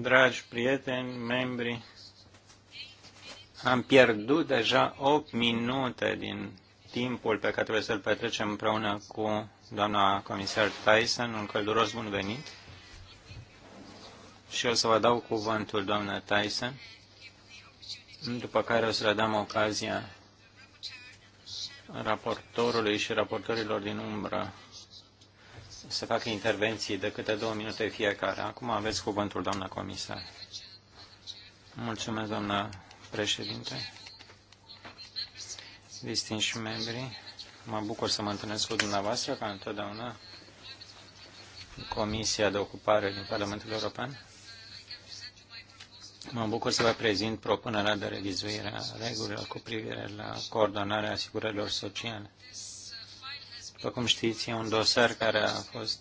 Dragi prieteni, membri, am pierdut deja 8 minute din timpul pe care trebuie să-l petrecem împreună cu doamna comisar Tyson. Un călduros bun venit! Și o să vă dau cuvântul, doamna Tyson, după care o să le dăm ocazia raportorului și raportorilor din umbră să facă intervenții de câte două minute fiecare. Acum aveți cuvântul, doamna comisar. Mulțumesc, doamna președinte. Distinși membri, mă bucur să mă întâlnesc cu dumneavoastră, ca întotdeauna, Comisia de Ocupare din Parlamentul European. Mă bucur să vă prezint propunerea de revizuire a regulilor cu privire la coordonarea asigurărilor sociale. După cum știți, e un dosar care a fost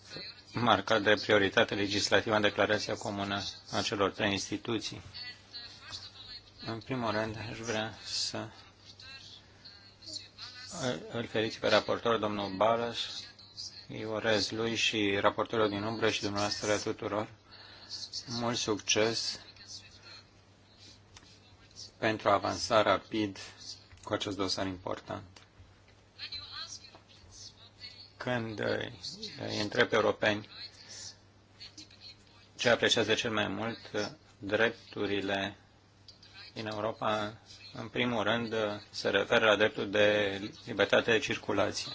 marcat de prioritate legislativă în declarația comună a celor trei instituții. În primul rând, aș vrea să îl felicit pe raportor, domnul Balas, îi urez lui și raportorul din umbră și dumneavoastră tuturor mult succes pentru a avansa rapid cu acest dosar important când uh, îi întreb pe europeni ce apreciază cel mai mult uh, drepturile din Europa, în primul rând, uh, se referă la dreptul de libertate de circulație.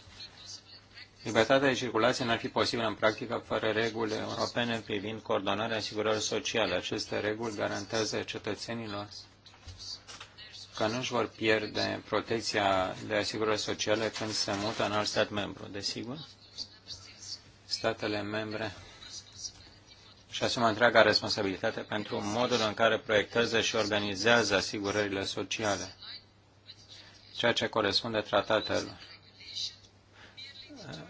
Libertatea de circulație n-ar fi posibilă în practică fără reguli europene privind coordonarea asigurării sociale. Aceste reguli garantează cetățenilor că nu își vor pierde protecția de asigurări sociale când se mută în alt stat membru. Desigur, statele membre și asumă întreaga responsabilitate pentru modul în care proiectează și organizează asigurările sociale, ceea ce corespunde tratatelor.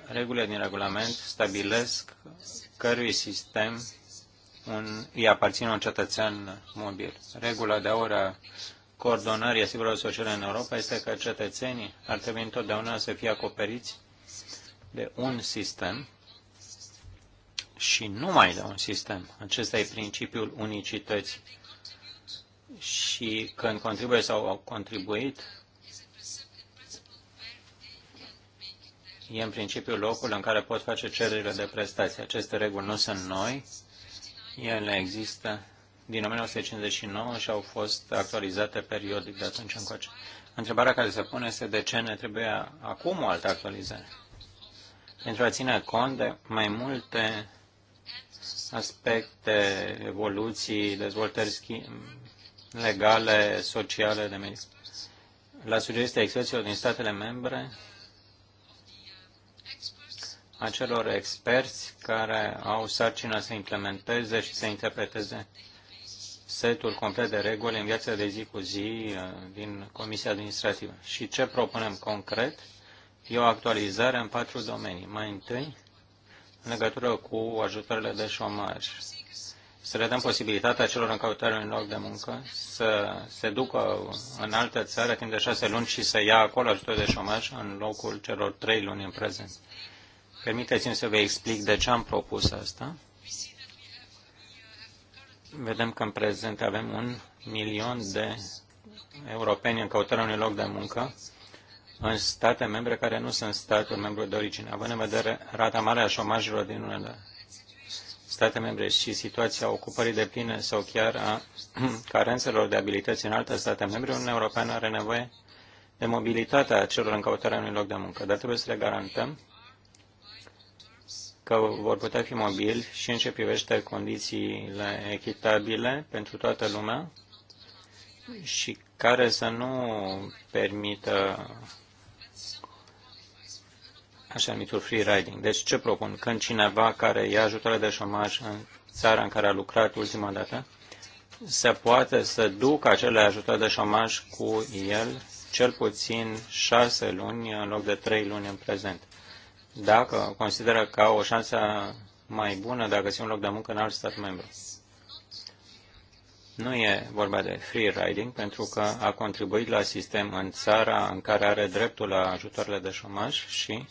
Regulile din regulament stabilesc cărui sistem un, îi aparține un cetățean mobil. Regula de ora coordonării asigurărilor sociale în Europa este că cetățenii ar trebui întotdeauna să fie acoperiți de un sistem și numai de un sistem. Acesta e principiul unicității. Și când contribuie sau au contribuit, e în principiu locul în care pot face cererile de prestații. Aceste reguli nu sunt noi, ele există din 1959 și au fost actualizate periodic de atunci încoace. Întrebarea care se pune este de ce ne trebuie acum o altă actualizare? Pentru a ține cont de mai multe aspecte, evoluții, dezvoltări legale, sociale, de mediu. La sugestia experților din statele membre, acelor experți care au sarcina să implementeze și să interpreteze setul complet de reguli în viața de zi cu zi uh, din Comisia Administrativă. Și ce propunem concret? E o actualizare în patru domenii. Mai întâi, în legătură cu ajutoarele de șomaj. Să le dăm posibilitatea celor în căutare în loc de muncă să se ducă în altă țară timp de șase luni și să ia acolo ajutor de șomaj în locul celor trei luni în prezent. Permiteți-mi să vă explic de ce am propus asta vedem că în prezent avem un milion de europeni în căutarea unui loc de muncă în state membre care nu sunt statul membru de origine. Având în vedere rata mare a șomajilor din unele state membre și situația ocupării de pline sau chiar a carențelor de abilități în alte state membre, Uniunea Europeană are nevoie de mobilitatea celor în căutarea unui loc de muncă. Dar trebuie să le garantăm că vor putea fi mobili și în ce privește condițiile echitabile pentru toată lumea și care să nu permită așa numitul free riding. Deci ce propun? Când cineva care ia ajutoare de șomaj în țara în care a lucrat ultima dată, se poate să ducă acele ajutoare de șomaj cu el cel puțin șase luni în loc de trei luni în prezent dacă consideră că au o șansă mai bună de a găsi un loc de muncă în alt stat membru. Nu e vorba de free riding, pentru că a contribuit la sistem în țara în care are dreptul la ajutoarele de șomaj și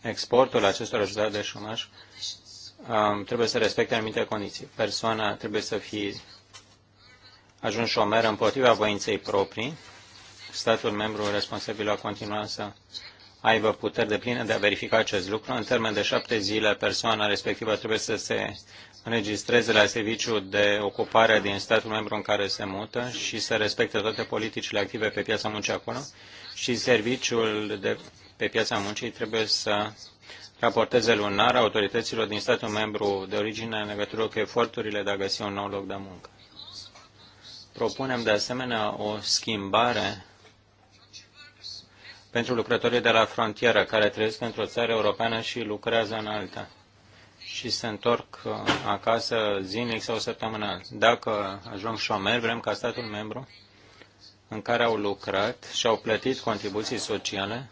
exportul acestor ajutoare de șomaj um, trebuie să respecte anumite condiții. Persoana trebuie să fie ajuns șomer împotriva voinței proprii, statul membru responsabil a continua să aibă puteri de pline de a verifica acest lucru. În termen de șapte zile, persoana respectivă trebuie să se înregistreze la serviciu de ocupare din statul membru în care se mută și să respecte toate politicile active pe piața muncii acolo și serviciul de pe piața muncii trebuie să raporteze lunar autorităților din statul membru de origine în legătură cu eforturile de a găsi un nou loc de muncă. Propunem de asemenea o schimbare pentru lucrătorii de la frontieră care trăiesc într-o țară europeană și lucrează în alta și se întorc uh, acasă zilnic sau săptămânal. Dacă ajung șomeri, vrem ca statul membru în care au lucrat și au plătit contribuții sociale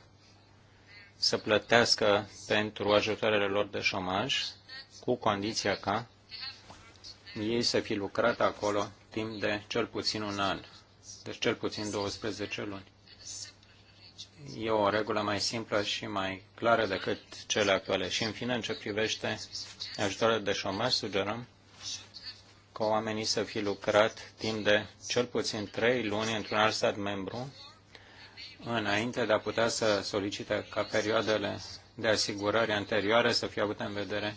să plătească pentru ajutoarele lor de șomaj, cu condiția ca ei să fi lucrat acolo timp de cel puțin un an, deci cel puțin 12 luni e o regulă mai simplă și mai clară decât cele actuale. Și în fine, în ce privește ajutorul de șomaj, sugerăm că oamenii să fi lucrat timp de cel puțin trei luni într-un alt stat membru, înainte de a putea să solicite ca perioadele de asigurări anterioare să fie avute în vedere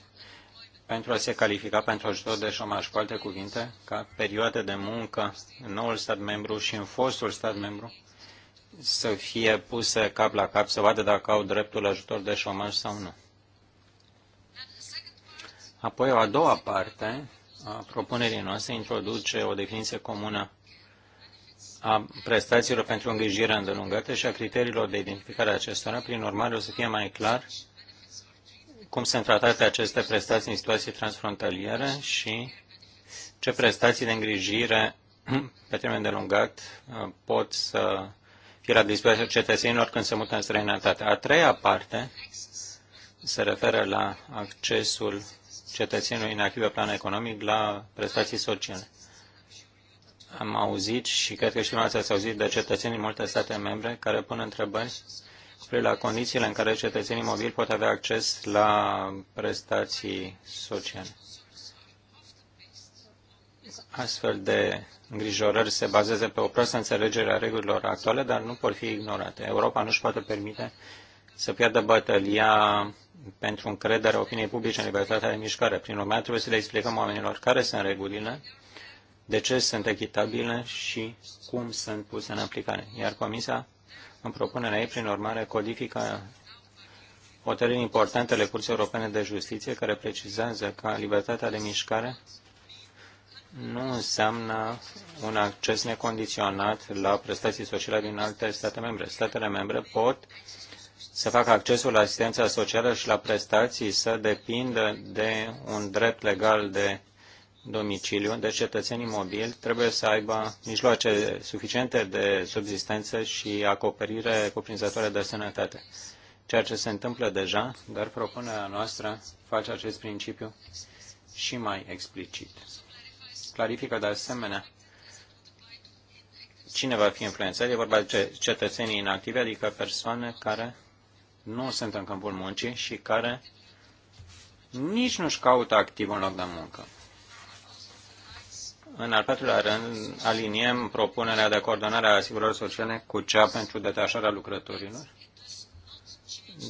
pentru a se califica pentru ajutor de șomaj. Cu alte cuvinte, ca perioade de muncă în noul stat membru și în fostul stat membru, să fie puse cap la cap, să vadă dacă au dreptul ajutor de șomaj sau nu. Apoi, o a doua parte a propunerii noastre introduce o definiție comună a prestațiilor pentru îngrijire îndelungată și a criteriilor de identificare a acestora. Prin urmare, o să fie mai clar cum sunt tratate aceste prestații în situații transfrontaliere și ce prestații de îngrijire pe termen îndelungat uh, pot să fi dispersă cetățenilor când se mută în străinătate. A treia parte se referă la accesul cetățenului în activă plan economic la prestații sociale. Am auzit și cred că și dumneavoastră ați auzit de cetățenii din multe state membre care pun întrebări spre la condițiile în care cetățenii mobili pot avea acces la prestații sociale. Astfel de îngrijorări se bazeze pe o proastă înțelegere a regulilor actuale, dar nu pot fi ignorate. Europa nu își poate permite să piardă bătălia pentru încrederea opiniei publice în libertatea de mișcare. Prin urmare, trebuie să le explicăm oamenilor care sunt regulile, de ce sunt echitabile și cum sunt puse în aplicare. Iar Comisia, în propunerea ei, prin urmare, codifică hotărâri importante ale Curții Europene de Justiție, care precizează că libertatea de mișcare nu înseamnă un acces necondiționat la prestații sociale din alte state membre. Statele membre pot să facă accesul la asistența socială și la prestații să depindă de un drept legal de domiciliu, deci cetățenii mobili trebuie să aibă mijloace suficiente de subzistență și acoperire cuprinzătoare de sănătate. Ceea ce se întâmplă deja, dar propunerea noastră face acest principiu și mai explicit clarifică de asemenea cine va fi influențat. E vorba de cetățenii inactivi, adică persoane care nu sunt în câmpul muncii și care nici nu-și caută activ un loc de muncă. În al patrulea rând, aliniem propunerea de coordonare a asigurării sociale cu cea pentru detașarea lucrătorilor,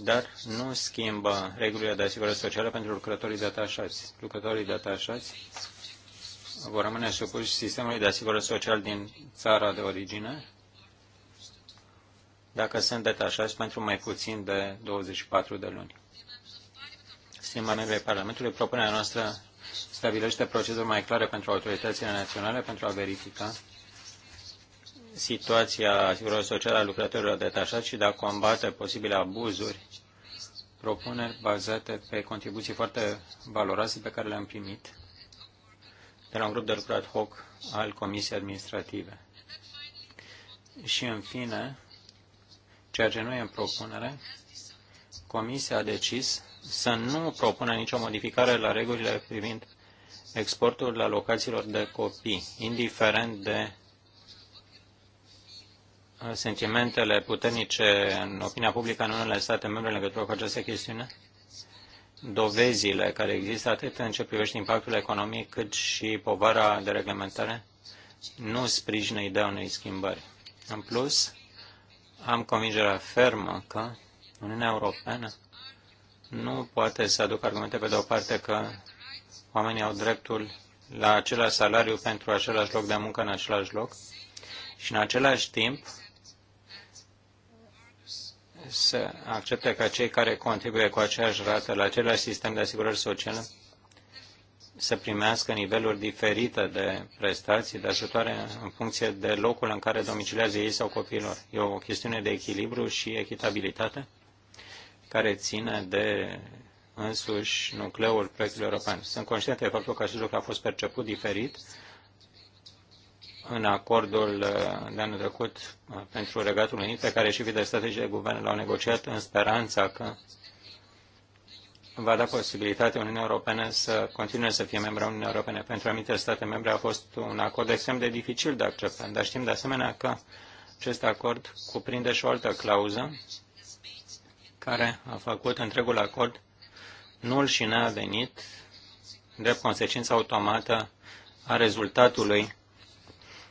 dar nu schimbă regulile de asigurări sociale pentru lucrătorii detașați. Lucrătorii detașați vor rămâne supuși sistemului de asigurări social din țara de origine dacă sunt detașați pentru mai puțin de 24 de luni. Stima membrii Parlamentului, propunerea noastră stabilește proceduri mai clare pentru autoritățile naționale pentru a verifica situația asigurării sociale a lucrătorilor detașați și de a combate posibile abuzuri, propuneri bazate pe contribuții foarte valoroase pe care le-am primit de la un grup de lucru ad hoc al Comisiei Administrative. Și, în fine, ceea ce nu e în propunere, Comisia a decis să nu propună nicio modificare la regulile privind exportul la locațiilor de copii, indiferent de uh, sentimentele puternice în opinia publică în unele state membre în legătură cu această chestiune dovezile care există atât în ce privește impactul economic cât și povara de reglementare nu sprijină ideea unei schimbări. În plus, am convingerea fermă că Uniunea Europeană nu poate să aducă argumente pe de o parte că oamenii au dreptul la același salariu pentru același loc de muncă în același loc și în același timp să accepte ca cei care contribuie cu aceeași rată la același sistem de asigurări sociale să primească niveluri diferite de prestații, de ajutoare în funcție de locul în care domiciliază ei sau copiilor. E o chestiune de echilibru și echitabilitate care ține de însuși nucleul proiectului european. Sunt conștient de faptul că acest lucru a fost perceput diferit în acordul uh, de anul trecut uh, pentru Regatul Unit, pe care șefii de state și de guverne l-au negociat în speranța că va da posibilitatea Uniunii Europene să continue să fie membra Uniunii Europene. Pentru anumite state membre a fost un acord extrem de dificil de acceptat, dar știm de asemenea că acest acord cuprinde și o altă clauză care a făcut întregul acord nul și neavenit drept consecință automată a rezultatului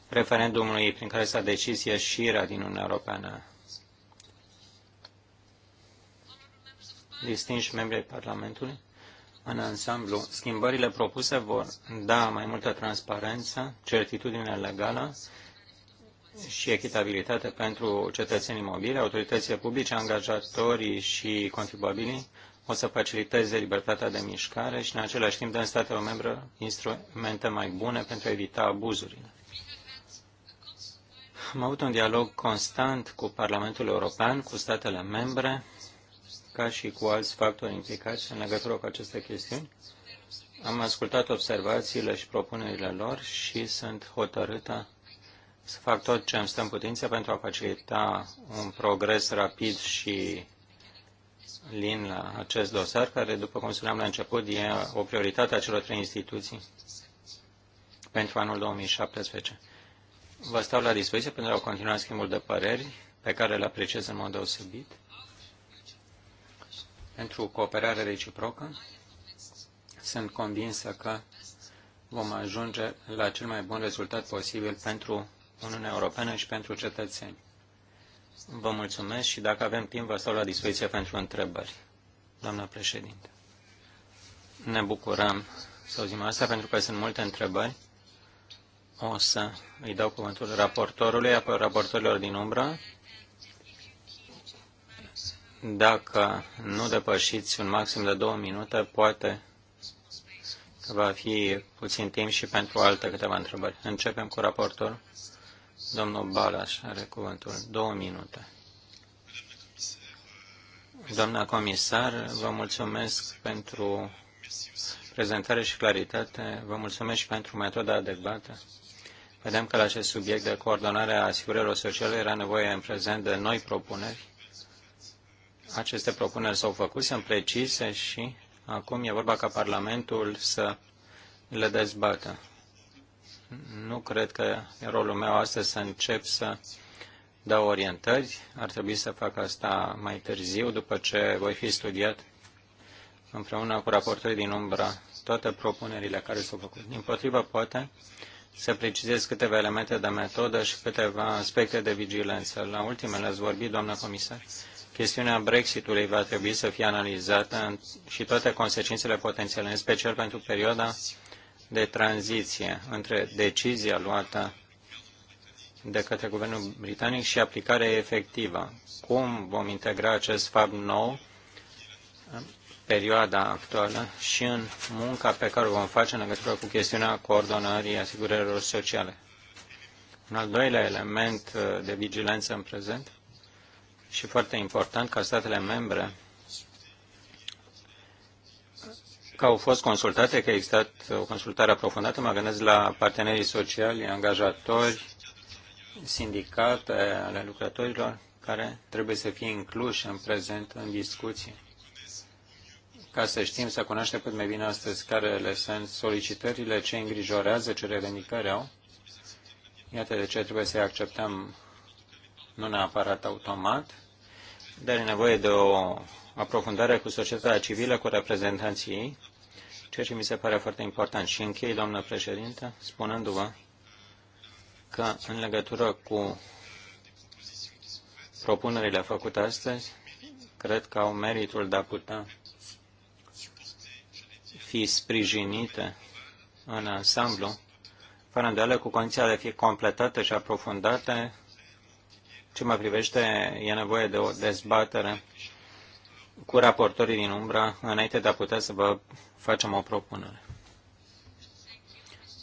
referendumului prin care s-a decis ieșirea din Uniunea Europeană. Distinși membrii Parlamentului, în ansamblu, schimbările propuse vor da mai multă transparență, certitudine legală și echitabilitate pentru cetățenii mobili, autoritățile publice, angajatorii și contribuabilii, o să faciliteze libertatea de mișcare și, în același timp, dă în statele membre instrumente mai bune pentru a evita abuzurile. Am avut un dialog constant cu Parlamentul European, cu statele membre, ca și cu alți factori implicați în legătură cu aceste chestiuni. Am ascultat observațiile și propunerile lor și sunt hotărâtă să fac tot ce îmi stă în putință pentru a facilita un progres rapid și lin la acest dosar, care, după cum spuneam la început, e o prioritate a celor trei instituții pentru anul 2017. Vă stau la dispoziție pentru a continua schimbul de păreri pe care le apreciez în mod deosebit pentru cooperare reciprocă. Sunt convinsă că vom ajunge la cel mai bun rezultat posibil pentru Uniunea Europeană și pentru cetățeni. Vă mulțumesc și dacă avem timp, vă stau la dispoziție pentru întrebări. Doamna președinte, ne bucurăm să auzim asta pentru că sunt multe întrebări o să îi dau cuvântul raportorului, apoi raportorilor din umbră. Dacă nu depășiți un maxim de două minute, poate că va fi puțin timp și pentru alte câteva întrebări. Începem cu raportor, Domnul Balas are cuvântul. Două minute. Doamna comisar, vă mulțumesc pentru prezentare și claritate. Vă mulțumesc și pentru metoda adecvată Vedem că la acest subiect de coordonare a asigurărilor sociale era nevoie în prezent de noi propuneri. Aceste propuneri s-au făcut, sunt precise și acum e vorba ca Parlamentul să le dezbată. Nu cred că e rolul meu astăzi să încep să dau orientări. Ar trebui să fac asta mai târziu, după ce voi fi studiat împreună cu raportorii din umbra toate propunerile care s-au făcut. Din potrivă, poate să precizez câteva elemente de metodă și câteva aspecte de vigilență. La ultimele ați vorbit, doamnă comisar, chestiunea Brexitului va trebui să fie analizată și toate consecințele potențiale, în special pentru perioada de tranziție între decizia luată de către guvernul britanic și aplicarea efectivă. Cum vom integra acest fapt nou perioada actuală și în munca pe care o vom face în legătură cu chestiunea coordonării asigurărilor sociale. Un al doilea element uh, de vigilență în prezent și foarte important ca statele membre că au fost consultate, că a existat o consultare aprofundată, mă gândesc la partenerii sociali, angajatori, sindicate ale lucrătorilor, care trebuie să fie incluși în prezent în discuții ca să știm, să cunoaștem cât mai bine astăzi care le sunt solicitările, ce îngrijorează, ce revendicări au. Iată de ce trebuie să-i acceptăm nu neapărat automat, dar e nevoie de o aprofundare cu societatea civilă, cu reprezentanții ei, ceea ce mi se pare foarte important. Și închei, doamnă președinte, spunându-vă că în legătură cu propunerile făcute astăzi, cred că au meritul de a putea fi sprijinite în ansamblu, fără îndoială cu condiția de a fi completate și aprofundate. Ce mă privește, e nevoie de o dezbatere cu raportorii din umbra înainte de a putea să vă facem o propunere.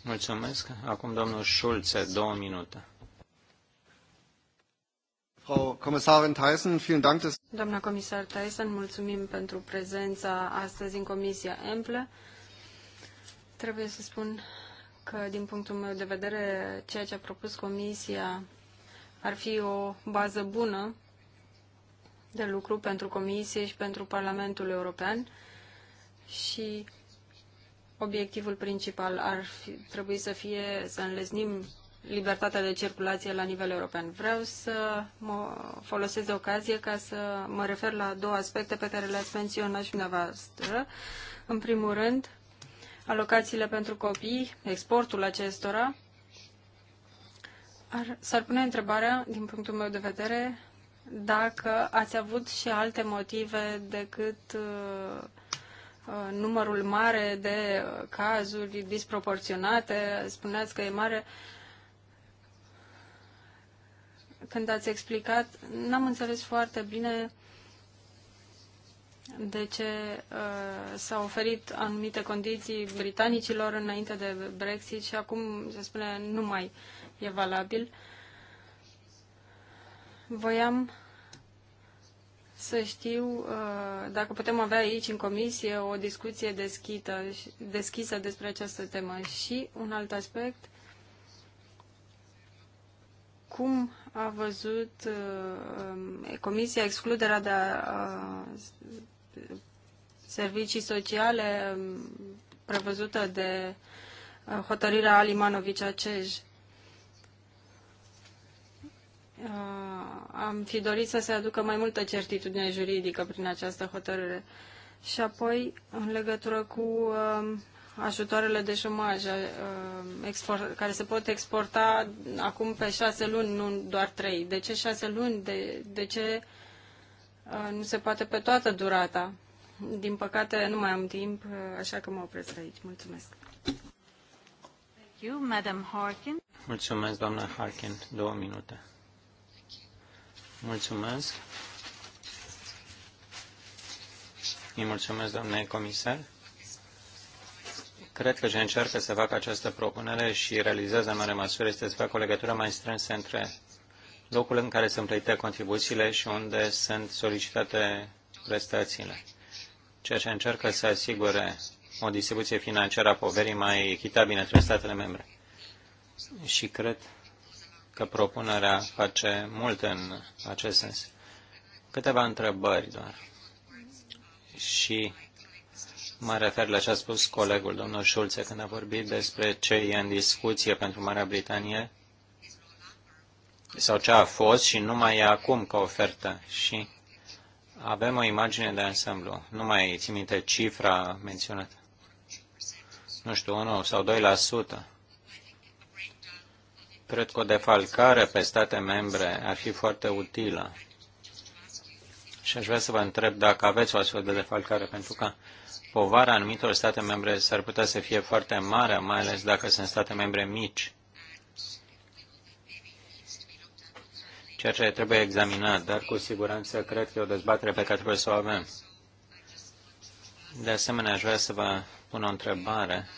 Mulțumesc. Acum domnul Șulțe, două minute. Frau Kommissarin vielen Dank. Doamna comisar Thyssen, mulțumim pentru prezența astăzi în Comisia EMPLE. Trebuie să spun că, din punctul meu de vedere, ceea ce a propus Comisia ar fi o bază bună de lucru pentru Comisie și pentru Parlamentul European și obiectivul principal ar fi, trebui să fie să înlesnim libertatea de circulație la nivel european. Vreau să mă folosesc de ocazie ca să mă refer la două aspecte pe care le-ați menționat și dumneavoastră. În primul rând, alocațiile pentru copii, exportul acestora. Ar, s-ar pune întrebarea, din punctul meu de vedere, dacă ați avut și alte motive decât uh, uh, numărul mare de uh, cazuri disproporționate, spuneați că e mare, când ați explicat, n-am înțeles foarte bine de ce uh, s-au oferit anumite condiții britanicilor înainte de Brexit și acum, se spune, nu mai e valabil. Voiam să știu uh, dacă putem avea aici, în comisie, o discuție deschită, deschisă despre această temă. Și un alt aspect, cum a văzut uh, um, Comisia excluderea de uh, servicii sociale um, prevăzută de uh, hotărârea Alimanovici Acej. Uh, am fi dorit să se aducă mai multă certitudine juridică prin această hotărâre. Și apoi, în legătură cu uh, ajutoarele de șomaj uh, care se pot exporta acum pe șase luni, nu doar trei. De ce șase luni? De, de ce uh, nu se poate pe toată durata? Din păcate nu mai am timp, uh, așa că mă opresc aici. Mulțumesc. Thank you, Madam Harkin. Mulțumesc, doamna Harkin. Două minute. Mulțumesc. Îi mulțumesc, doamne comisar. Cred că ce încearcă să facă această propunere și realizează în mare măsură este să facă o legătură mai strânsă între locul în care sunt plătite contribuțiile și unde sunt solicitate prestațiile. Ceea ce încearcă să asigure o distribuție financiară a poverii mai echitabilă între statele membre. Și cred că propunerea face mult în acest sens. Câteva întrebări doar. Și Mă refer la ce a spus colegul domnul Schulze când a vorbit despre ce e în discuție pentru Marea Britanie sau ce a fost și nu mai e acum ca ofertă. Și avem o imagine de ansamblu. Nu mai țin minte cifra menționată. Nu știu, 1 sau 2%. Cred că o defalcare pe state membre ar fi foarte utilă. Și aș vrea să vă întreb dacă aveți o astfel de defalcare, pentru că povara anumitor state membre s-ar putea să fie foarte mare, mai ales dacă sunt state membre mici. Ceea ce trebuie examinat, dar cu siguranță cred că e o dezbatere pe care trebuie să o avem. De asemenea, aș vrea să vă pun o întrebare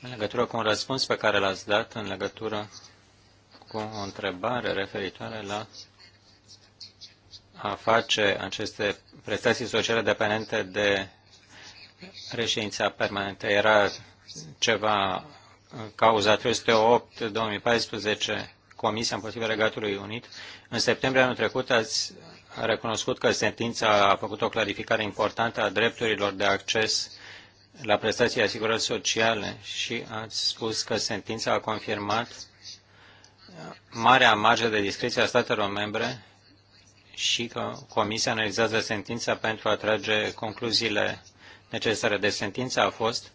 în legătură cu un răspuns pe care l-ați dat în legătură cu o întrebare referitoare la a face aceste prestații sociale dependente de reședința permanentă. Era ceva cauza 308-2014 Comisia împotriva Regatului Unit. În septembrie anul trecut ați recunoscut că sentința a făcut o clarificare importantă a drepturilor de acces la prestații asigurări sociale și ați spus că sentința a confirmat marea marge de discreție a statelor membre și că Comisia analizează sentința pentru a trage concluziile necesare. De deci sentință a fost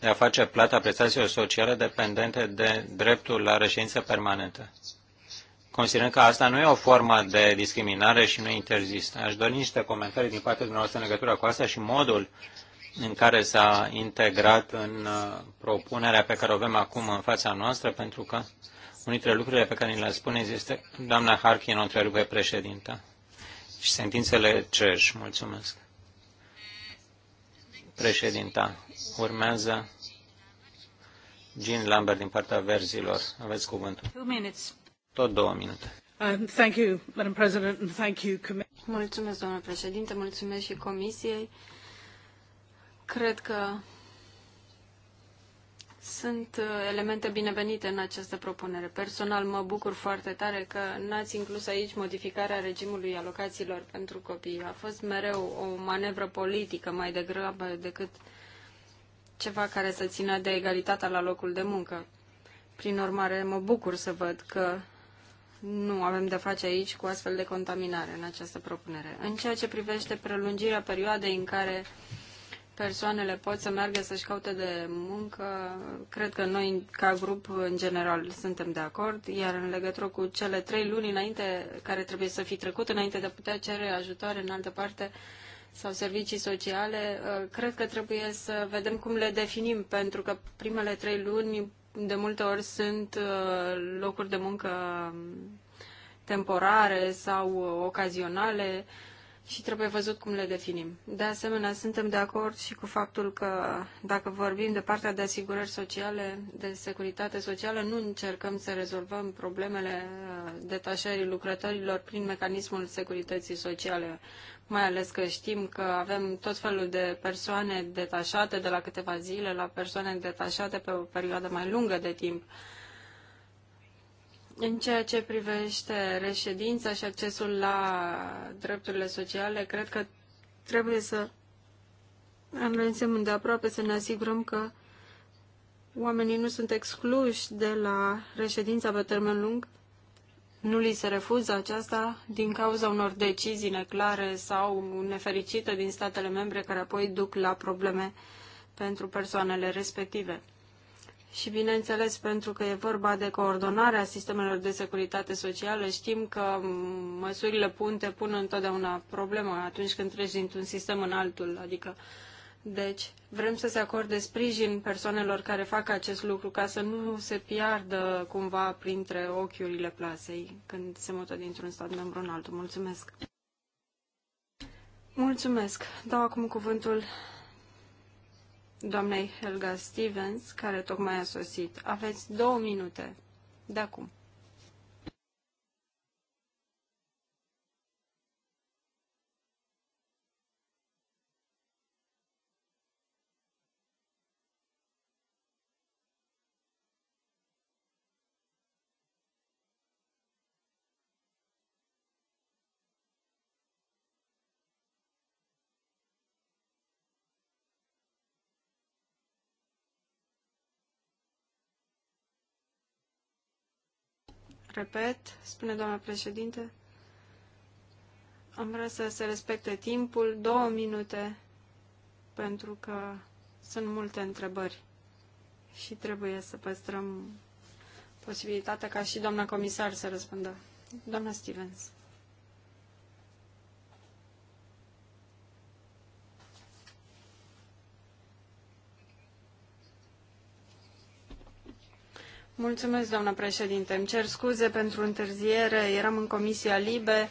de a face plata prestațiilor sociale dependente de dreptul la reședință permanentă. Considerând că asta nu e o formă de discriminare și nu interzisă. Aș dori niște comentarii din partea dumneavoastră în legătură cu asta și modul în care s-a integrat în uh, propunerea pe care o avem acum în fața noastră, pentru că unul dintre lucrurile pe care ni le spuneți este, doamna Harkin o întrerupe președinta și sentințele CEJ. Mulțumesc. Președinta, urmează Jean Lambert din partea verzilor. Aveți cuvântul. Tot două minute. Um, thank you, Madam President, and thank you, Mulțumesc, doamnă președinte, mulțumesc și comisiei. Cred că sunt uh, elemente binevenite în această propunere. Personal mă bucur foarte tare că n-ați inclus aici modificarea regimului alocațiilor pentru copii. A fost mereu o manevră politică mai degrabă decât ceva care să țină de egalitatea la locul de muncă. Prin urmare, mă bucur să văd că nu avem de face aici cu astfel de contaminare în această propunere. În ceea ce privește prelungirea perioadei în care persoanele pot să meargă să-și caute de muncă, cred că noi, ca grup, în general, suntem de acord, iar în legătură cu cele trei luni înainte, care trebuie să fi trecut înainte de a putea cere ajutoare în altă parte sau servicii sociale, uh, cred că trebuie să vedem cum le definim, pentru că primele trei luni, de multe ori, sunt uh, locuri de muncă um, temporare sau uh, ocazionale, uh, și trebuie văzut cum le definim. De asemenea, suntem de acord și cu faptul că dacă vorbim de partea de asigurări sociale, de securitate socială, nu încercăm să rezolvăm problemele uh, detașării lucrătorilor prin mecanismul securității sociale, mai ales că știm că avem tot felul de persoane detașate de la câteva zile la persoane detașate pe o perioadă mai lungă de timp. În ceea ce privește reședința și accesul la drepturile sociale, cred că trebuie să analizăm îndeaproape, să ne asigurăm că oamenii nu sunt excluși de la reședința pe termen lung, nu li se refuză aceasta din cauza unor decizii neclare sau nefericite din statele membre care apoi duc la probleme pentru persoanele respective și, bineînțeles, pentru că e vorba de coordonarea sistemelor de securitate socială, știm că măsurile punte pun întotdeauna problemă atunci când treci dintr-un sistem în altul. Adică, deci, vrem să se acorde sprijin persoanelor care fac acest lucru ca să nu se piardă cumva printre ochiurile plasei când se mută dintr-un stat membru în altul. Mulțumesc! Mulțumesc! Dau acum cuvântul doamnei Helga Stevens, care tocmai a sosit. Aveți două minute de acum. repet, spune doamna președinte, am vrea să se respecte timpul, două minute, pentru că sunt multe întrebări și trebuie să păstrăm posibilitatea ca și doamna comisar să răspundă. Doamna Stevens. Mulțumesc, doamnă președinte. Îmi cer scuze pentru întârziere. Eram în Comisia Libe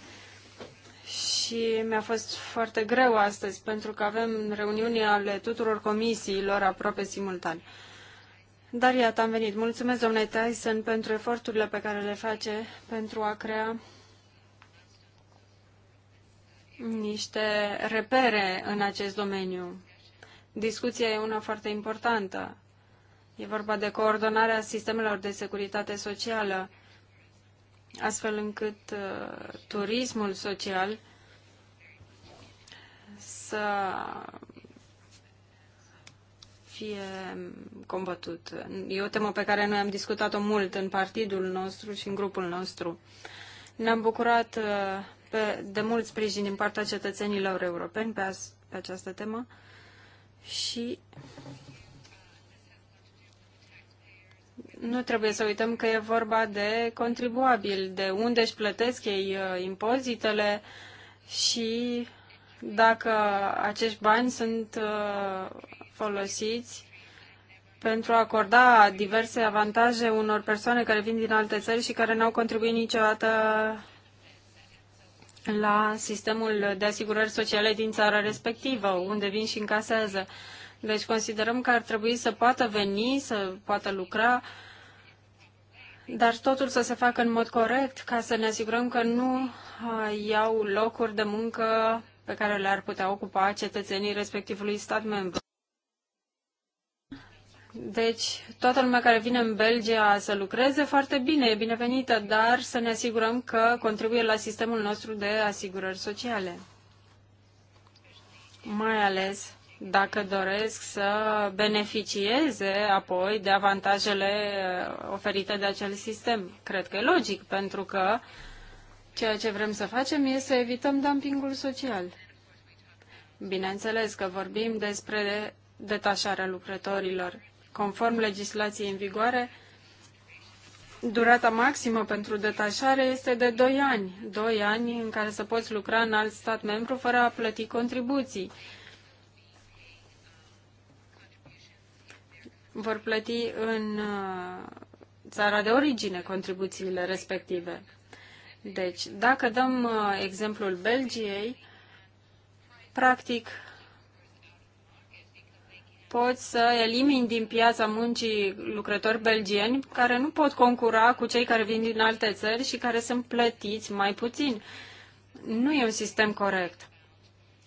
și mi-a fost foarte greu astăzi pentru că avem reuniuni ale tuturor comisiilor aproape simultan. Dar iată, am venit. Mulțumesc, domnule Tyson, pentru eforturile pe care le face pentru a crea niște repere în acest domeniu. Discuția e una foarte importantă E vorba de coordonarea sistemelor de securitate socială, astfel încât uh, turismul social să fie combătut. E o temă pe care noi am discutat-o mult în partidul nostru și în grupul nostru. Ne-am bucurat uh, pe, de mult sprijin din partea cetățenilor europeni pe, as, pe această temă și nu trebuie să uităm că e vorba de contribuabil, de unde își plătesc ei uh, impozitele și dacă acești bani sunt uh, folosiți pentru a acorda diverse avantaje unor persoane care vin din alte țări și care n-au contribuit niciodată la sistemul de asigurări sociale din țara respectivă, unde vin și încasează. Deci considerăm că ar trebui să poată veni, să poată lucra dar totul să se facă în mod corect ca să ne asigurăm că nu iau locuri de muncă pe care le-ar putea ocupa cetățenii respectivului stat membru. Deci, toată lumea care vine în Belgia să lucreze foarte bine, e binevenită, dar să ne asigurăm că contribuie la sistemul nostru de asigurări sociale. Mai ales dacă doresc să beneficieze apoi de avantajele uh, oferite de acel sistem. Cred că e logic, pentru că ceea ce vrem să facem este să evităm dumpingul social. Bineînțeles că vorbim despre detașarea lucrătorilor. Conform legislației în vigoare, durata maximă pentru detașare este de 2 ani. 2 ani în care să poți lucra în alt stat membru fără a plăti contribuții vor plăti în uh, țara de origine contribuțiile respective. Deci, dacă dăm uh, exemplul Belgiei, practic poți să elimini din piața muncii lucrători belgieni care nu pot concura cu cei care vin din alte țări și care sunt plătiți mai puțin. Nu e un sistem corect.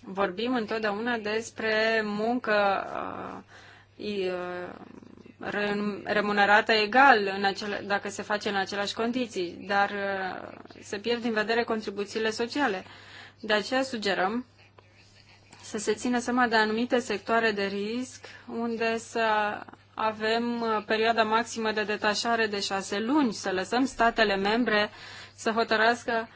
Vorbim întotdeauna despre muncă uh, remunerată egal în acele, dacă se face în aceleași condiții, dar uh, se pierd din vedere contribuțiile sociale. De aceea sugerăm să se țină seama de anumite sectoare de risc unde să avem uh, perioada maximă de detașare de șase luni, să lăsăm statele membre să hotărască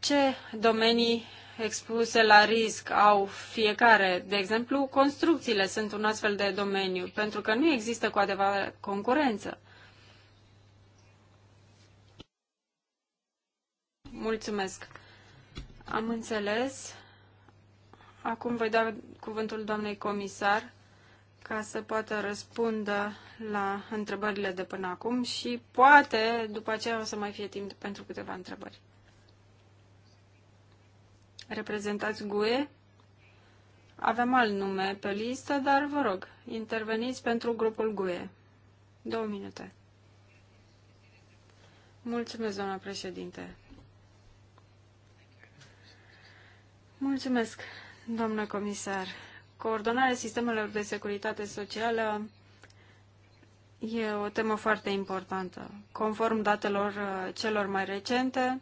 ce domenii expuse la risc au fiecare. De exemplu, construcțiile sunt un astfel de domeniu, pentru că nu există cu adevărat concurență. Mulțumesc. Am înțeles. Acum voi da cuvântul doamnei comisar ca să poată răspundă la întrebările de până acum și poate după aceea o să mai fie timp pentru câteva întrebări reprezentați GUE. Avem alt nume pe listă, dar vă rog, interveniți pentru grupul GUE. Două minute. Mulțumesc, doamna președinte. Mulțumesc, doamnă comisar. Coordonarea sistemelor de securitate socială e o temă foarte importantă. Conform datelor uh, celor mai recente,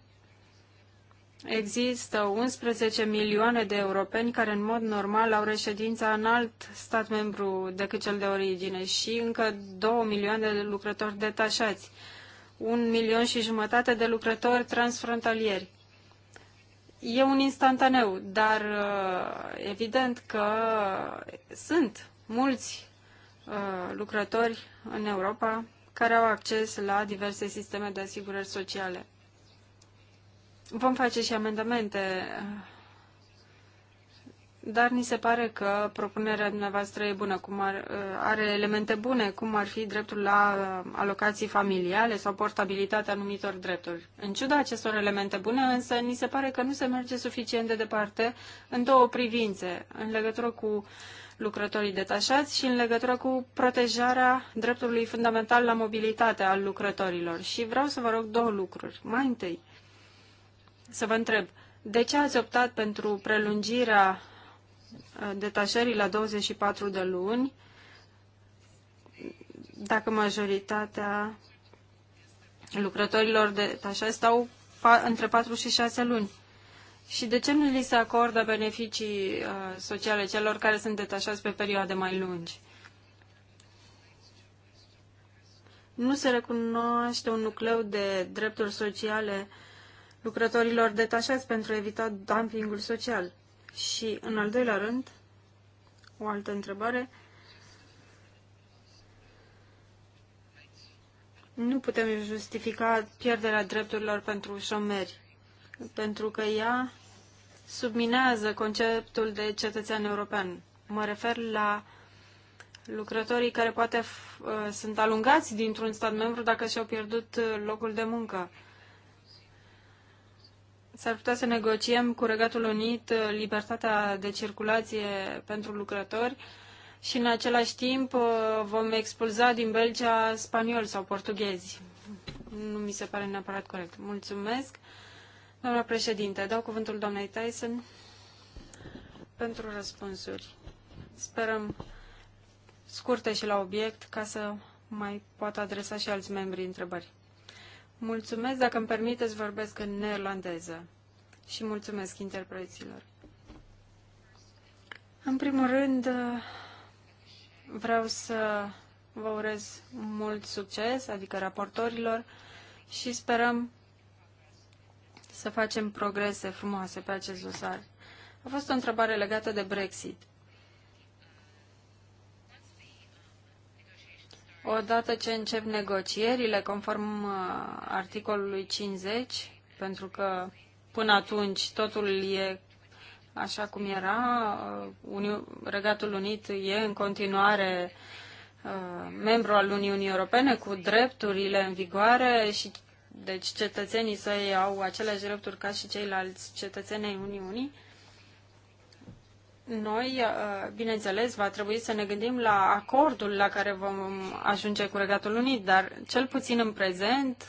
Există 11 milioane de europeni care în mod normal au reședința în alt stat membru decât cel de origine și încă 2 milioane de lucrători detașați, un milion și jumătate de lucrători transfrontalieri. E un instantaneu, dar uh, evident că sunt mulți uh, lucrători în Europa care au acces la diverse sisteme de asigurări sociale. Vom face și amendamente, dar ni se pare că propunerea dumneavoastră e bună, cum ar, are elemente bune, cum ar fi dreptul la uh, alocații familiale sau portabilitatea anumitor drepturi. În ciuda acestor elemente bune, însă, ni se pare că nu se merge suficient de departe în două privințe, în legătură cu lucrătorii detașați și în legătură cu protejarea dreptului fundamental la mobilitate al lucrătorilor. Și vreau să vă rog două lucruri. Mai întâi, să vă întreb, de ce ați optat pentru prelungirea uh, detașării la 24 de luni, dacă majoritatea lucrătorilor detașați stau între 4 și 6 luni? Și de ce nu li se acordă beneficii uh, sociale celor care sunt detașați pe perioade mai lungi? Nu se recunoaște un nucleu de drepturi sociale uh, lucrătorilor detașați pentru a evita dumpingul social? Și, în al doilea rând, o altă întrebare. Nu putem justifica pierderea drepturilor pentru șomeri, pentru că ea subminează conceptul de cetățean european. Mă refer la lucrătorii care poate uh, sunt alungați dintr-un stat membru dacă și-au pierdut uh, locul de muncă. S-ar putea să negociem cu Regatul Unit uh, libertatea de circulație pentru lucrători și în același timp uh, vom expulza din Belgia spanioli sau portughezi. Nu mi se pare neapărat corect. Mulțumesc. Doamna președinte, dau cuvântul doamnei Tyson pentru răspunsuri. Sperăm scurte și la obiect ca să mai poată adresa și alți membri întrebări. Mulțumesc, dacă îmi permiteți, vorbesc în neerlandeză și mulțumesc interpreților. În primul rând, vreau să vă urez mult succes, adică raportorilor, și sperăm să facem progrese frumoase pe acest dosar. A fost o întrebare legată de Brexit. Odată ce încep negocierile, conform uh, articolului 50, pentru că până atunci totul e așa cum era, uh, Regatul Unit e în continuare uh, membru al Uniunii Europene cu drepturile în vigoare și deci cetățenii săi au aceleași drepturi ca și ceilalți cetățeni Uniunii noi, uh, bineînțeles, va trebui să ne gândim la acordul la care vom ajunge cu Regatul Unit, dar cel puțin în prezent,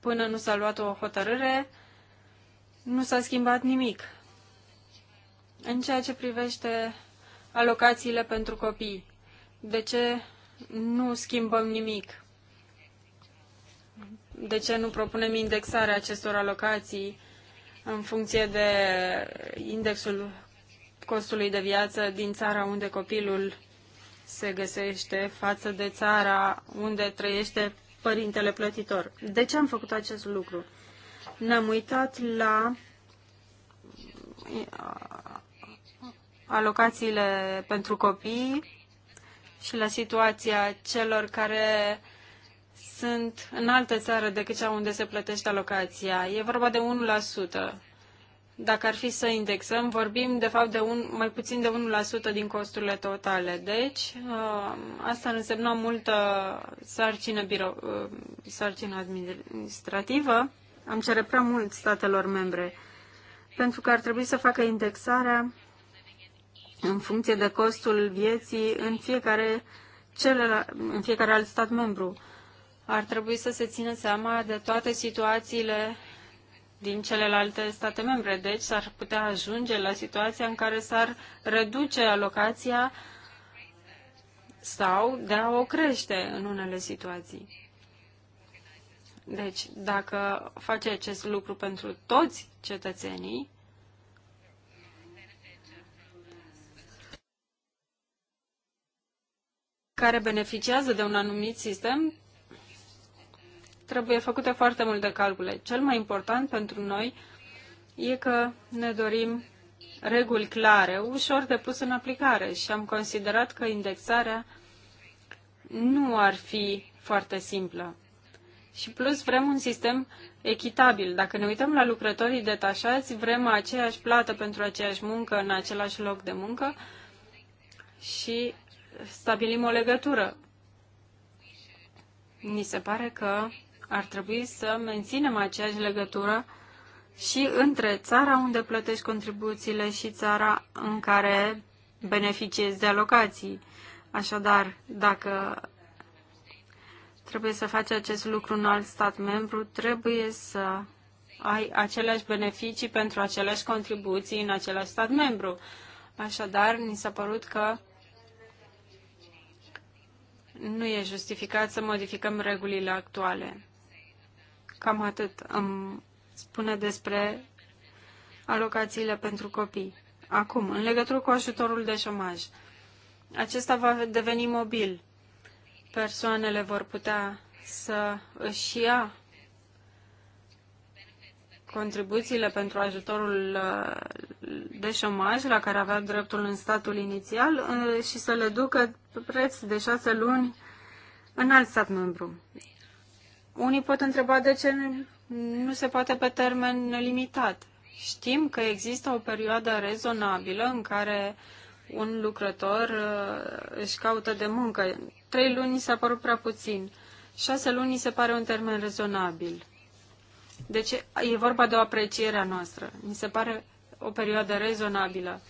până nu s-a luat o hotărâre, nu s-a schimbat nimic. În ceea ce privește alocațiile pentru copii, de ce nu schimbăm nimic? De ce nu propunem indexarea acestor alocații în funcție de indexul costului de viață din țara unde copilul se găsește față de țara unde trăiește părintele plătitor. De ce am făcut acest lucru? Ne-am uitat la uh, alocațiile pentru copii și la situația celor care sunt în altă țară decât cea unde se plătește alocația. E vorba de dacă ar fi să indexăm, vorbim de fapt de un, mai puțin de 1% din costurile totale. Deci, uh, asta însemna multă sarcină, biro, uh, sarcină administrativă. Am cere prea mult statelor membre, pentru că ar trebui să facă indexarea în funcție de costul vieții în fiecare, celălalt, în fiecare alt stat membru. Ar trebui să se țină seama de toate situațiile din celelalte state membre. Deci s-ar putea ajunge la situația în care s-ar reduce alocația sau de a o crește în unele situații. Deci, dacă face acest lucru pentru toți cetățenii, care beneficiază de un anumit sistem, trebuie făcute foarte multe calcule. Cel mai important pentru noi e că ne dorim reguli clare, ușor de pus în aplicare și am considerat că indexarea nu ar fi foarte simplă. Și plus vrem un sistem echitabil. Dacă ne uităm la lucrătorii detașați, vrem aceeași plată pentru aceeași muncă în același loc de muncă și stabilim o legătură. Ni se pare că ar trebui să menținem aceeași legătură și între țara unde plătești contribuțiile și țara în care beneficiezi de alocații. Așadar, dacă trebuie să faci acest lucru în alt stat membru, trebuie să ai aceleași beneficii pentru aceleași contribuții în același stat membru. Așadar, ni s-a părut că nu e justificat să modificăm regulile actuale. Cam atât îmi spune despre alocațiile pentru copii. Acum, în legătură cu ajutorul de șomaj, acesta va deveni mobil. Persoanele vor putea să își ia contribuțiile pentru ajutorul uh, de șomaj la care avea dreptul în statul inițial uh, și să le ducă preț de șase luni în alt stat membru. Unii pot întreba de ce nu se poate pe termen limitat. Știm că există o perioadă rezonabilă în care un lucrător uh, își caută de muncă. Trei luni s-a părut prea puțin. Șase luni se pare un termen rezonabil. Deci e vorba de o apreciere a noastră. Mi se pare o perioadă rezonabilă.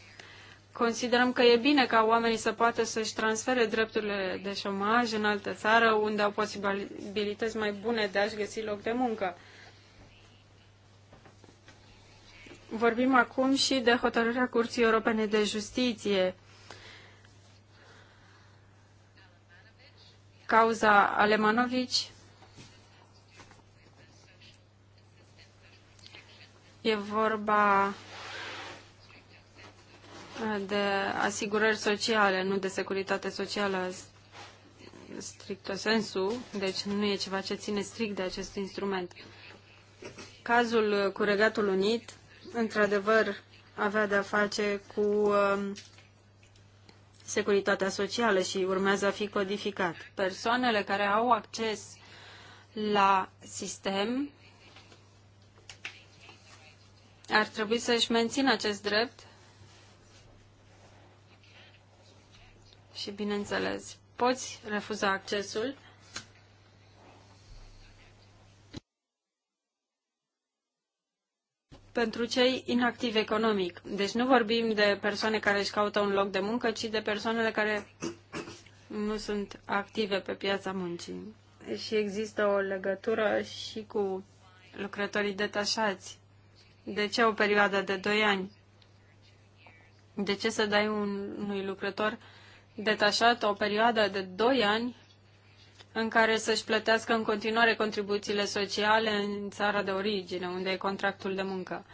Considerăm că e bine ca oamenii să poată să-și transfere drepturile de șomaj în altă țară, unde au posibilități mai bune de a-și găsi loc de muncă. Vorbim acum și de hotărârea Curții Europene de Justiție. Cauza Alemanovici e vorba de asigurări sociale, nu de securitate socială stricto sensu, deci nu e ceva ce ține strict de acest instrument. Cazul cu Regatul Unit, într-adevăr, avea de-a face cu um, securitatea socială și urmează a fi codificat. Persoanele care au acces la sistem ar trebui să-și mențină acest drept și, bineînțeles, poți refuza accesul pentru cei inactivi economic. Deci nu vorbim de persoane care își caută un loc de muncă, ci de persoanele care nu sunt active pe piața muncii. Și există o legătură și cu lucrătorii detașați. De ce o perioadă de 2 ani? De ce să dai unui lucrător detașat o perioadă de 2 ani în care să-și plătească în continuare contribuțiile sociale în țara de origine, unde e contractul de muncă.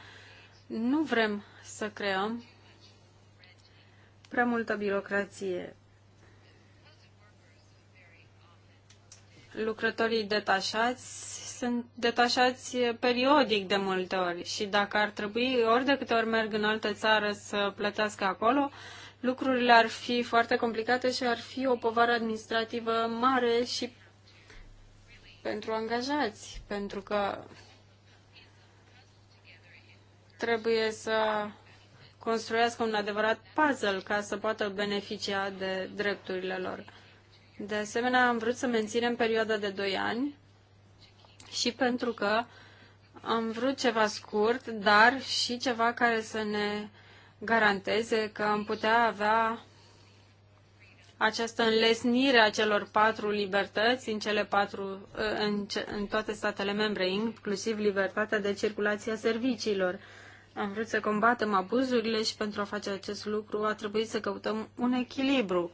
Nu vrem să creăm prea multă birocrație. Lucrătorii detașați sunt detașați periodic de multe ori și dacă ar trebui ori de câte ori merg în altă țară să plătească acolo, uh, lucrurile ar fi foarte complicate și ar fi o povară administrativă mare și pentru angajați, pentru că trebuie să construiască un adevărat puzzle ca să poată beneficia de drepturile lor. De asemenea, am vrut să menținem perioada de 2 ani și pentru că am vrut ceva scurt, dar și ceva care să ne garanteze că am putea avea această înlesnire a celor patru libertăți în, cele patru, uh, în, în toate statele membre, inclusiv libertatea de circulație a serviciilor. Am vrut să combatem abuzurile și pentru a face acest lucru a trebuit să căutăm un echilibru.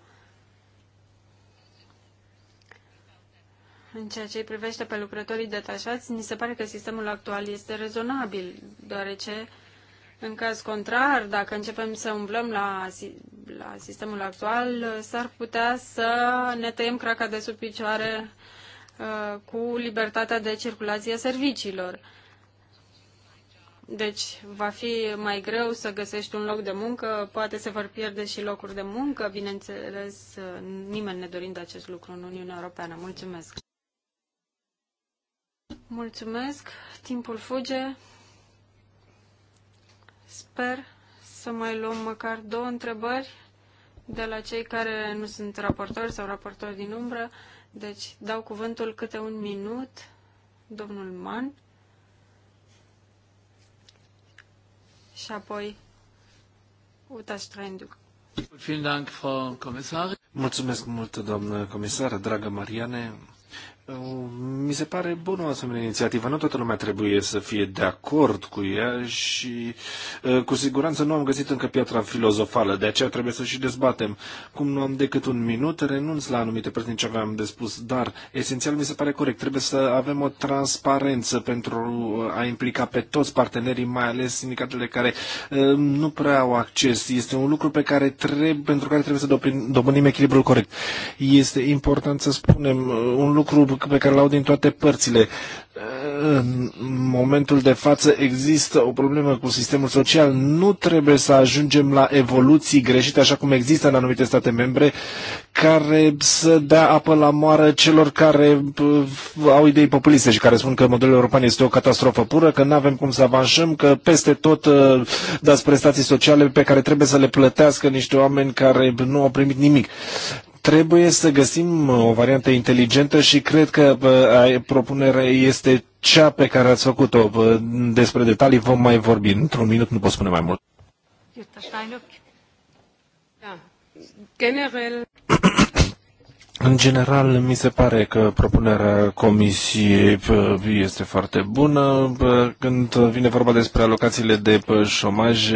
În ceea ce îi privește pe lucrătorii detașați, ni se pare că sistemul actual este rezonabil, deoarece uh, în caz contrar, dacă începem să umblăm la, la sistemul actual, s-ar putea să ne tăiem craca de sub picioare uh, cu libertatea de circulație a serviciilor. Deci va fi mai greu să găsești un loc de muncă, poate se vor pierde și locuri de muncă, bineînțeles, uh, nimeni ne dorind acest lucru în Uniunea Europeană. Mulțumesc! Mulțumesc, timpul fuge. Sper să mai luăm măcar două întrebări de la cei care nu sunt raportori sau raportori din umbră. Deci dau cuvântul câte un minut, domnul Man. Și apoi Uta Strenduc. Mulțumesc mult, doamnă comisară, dragă Mariane. Mi se pare bună o asemenea inițiativă. Nu toată lumea trebuie să fie de acord cu ea și uh, cu siguranță nu am găsit încă piatra filozofală, de aceea trebuie să și dezbatem. Cum nu am decât un minut, renunț la anumite ce aveam de spus, dar esențial mi se pare corect. Trebuie să avem o transparență pentru uh, a implica pe toți partenerii, mai ales sindicatele care uh, nu prea au acces. Este un lucru pe care trebuie, pentru care trebuie să dobândim echilibrul corect. Este important să spunem un lucru pe care l-au din toate părțile. În momentul de față există o problemă cu sistemul social. Nu trebuie să ajungem la evoluții greșite, așa cum există în anumite state membre, care să dea apă la moară celor care uh, au idei populiste și care spun că modelul european este o catastrofă pură, că nu avem cum să avansăm, că peste tot uh, dați prestații sociale pe care trebuie să le plătească niște oameni care nu au primit nimic. Trebuie să găsim uh, o variantă inteligentă și cred că uh, propunerea este cea pe care ați făcut-o. Uh, despre detalii vom mai vorbi. Într-un minut nu pot spune mai mult. Da. General. În general, mi se pare că propunerea comisiei este foarte bună. Când vine vorba despre alocațiile de șomaj,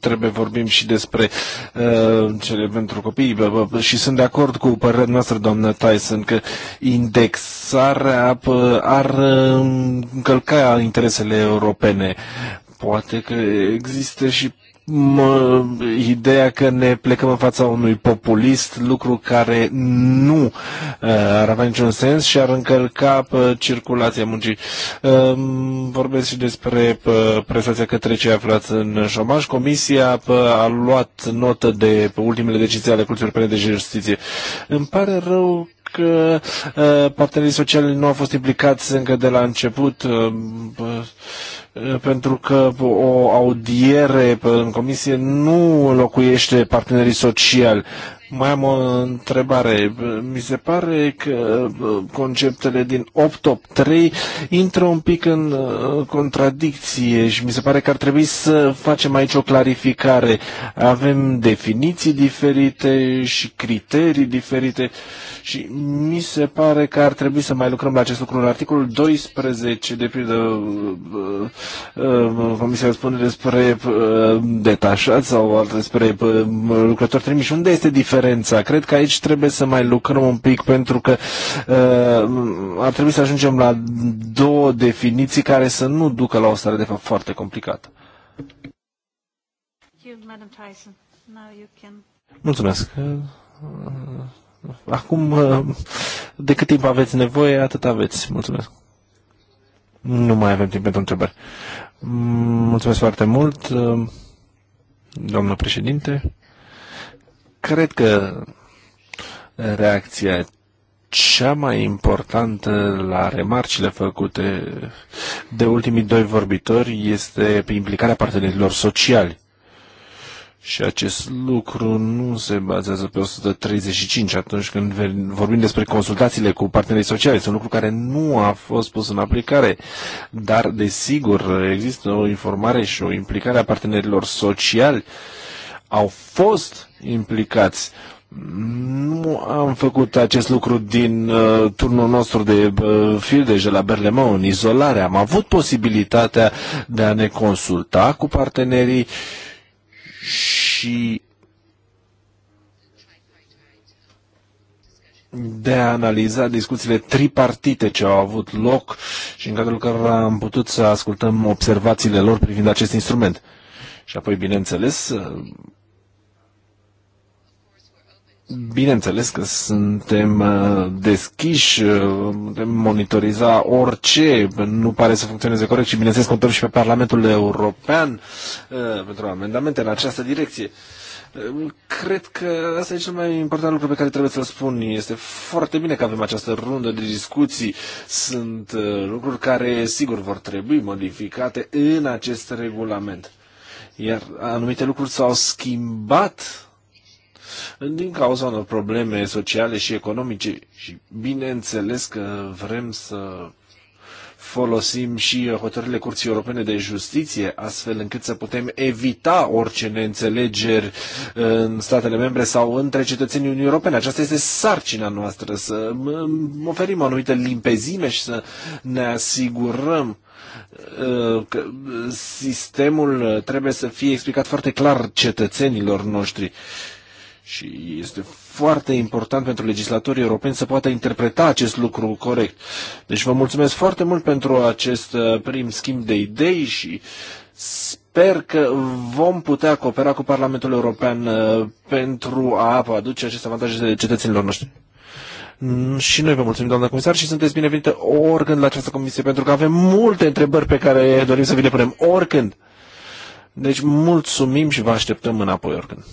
trebuie vorbim și despre uh, cele pentru copii. Și sunt de acord cu părerea noastră, doamnă Tyson, că indexarea ar ă, încălca interesele europene poate că există și ideea că ne plecăm în fața unui populist, lucru care nu uh, ar avea niciun sens și ar încălca uh, circulația muncii. Um, vorbesc și despre uh, prestația către cei aflați în șomaj. Comisia a luat notă de ultimele decizii ale Curții Europene de Justiție. Îmi pare rău că partenerii sociali nu au fost implicați încă de la început um, pentru că o audiere în comisie nu locuiește partenerii sociali. Mai am o întrebare. Mi se pare că conceptele din 883 intră un pic în uh, contradicție și mi se pare că ar trebui să facem aici o clarificare. Avem definiții diferite și criterii diferite și mi se pare că ar trebui să mai lucrăm la acest lucru. În articolul 12, de pildă, Uh, comisia spune despre uh, detașați sau despre uh, lucrători trimiși. Unde este diferența? Cred că aici trebuie să mai lucrăm un pic pentru că ar trebui să ajungem la două definiții care să nu ducă la o stare de fapt foarte complicată. Mulțumesc. Acum, de cât timp aveți nevoie, atât aveți. Mulțumesc. Nu mai avem timp pentru întrebări. Mulțumesc foarte mult, doamnă președinte. Cred că reacția cea mai importantă la remarcile făcute de ultimii doi vorbitori este implicarea partenerilor sociali. Și acest lucru nu se bazează pe 135 atunci când vorbim despre consultațiile cu partenerii sociali. Este un lucru care nu a fost pus în aplicare, dar desigur există o informare și o implicare a partenerilor sociali. Au fost implicați. Nu am făcut acest lucru din uh, turnul nostru de uh, Fildeș de la Berlemont, în izolare. Am avut posibilitatea de a ne consulta cu partenerii uh, și de a analiza discuțiile tripartite ce au avut loc și în cadrul cărora am putut să ascultăm observațiile lor privind acest instrument. Și apoi, bineînțeles, Bineînțeles că suntem uh, deschiși, uh, putem monitoriza orice, nu pare să funcționeze corect și bineînțeles contăm și pe Parlamentul European uh, pentru amendamente în această direcție. Cred că asta e cel mai important lucru pe care trebuie să-l spun. Este foarte bine că avem această rundă de discuții. Sunt lucruri care, sigur, vor trebui modificate în acest regulament. Iar anumite lucruri s-au schimbat din cauza unor probleme sociale și economice și bineînțeles că vrem să folosim și hotărârile Curții Europene de Justiție, astfel încât să putem evita orice neînțelegeri în statele membre sau între cetățenii Uniunii Europene. Aceasta este sarcina noastră, să oferim o anumită limpezime și să ne asigurăm uh, că sistemul trebuie să fie explicat foarte clar cetățenilor noștri. Și este foarte important pentru legislatorii europeni să poată interpreta acest lucru corect. Deci vă mulțumesc foarte mult pentru acest uh, prim schimb de idei și sper că vom putea coopera cu Parlamentul European uh, pentru a aduce aceste avantaje de cetățenilor noștri. Mm, și noi vă mulțumim, doamna comisar, și sunteți binevenită oricând la această comisie, pentru că avem multe întrebări pe care dorim să vi le punem oricând. Deci mulțumim și vă așteptăm înapoi oricând.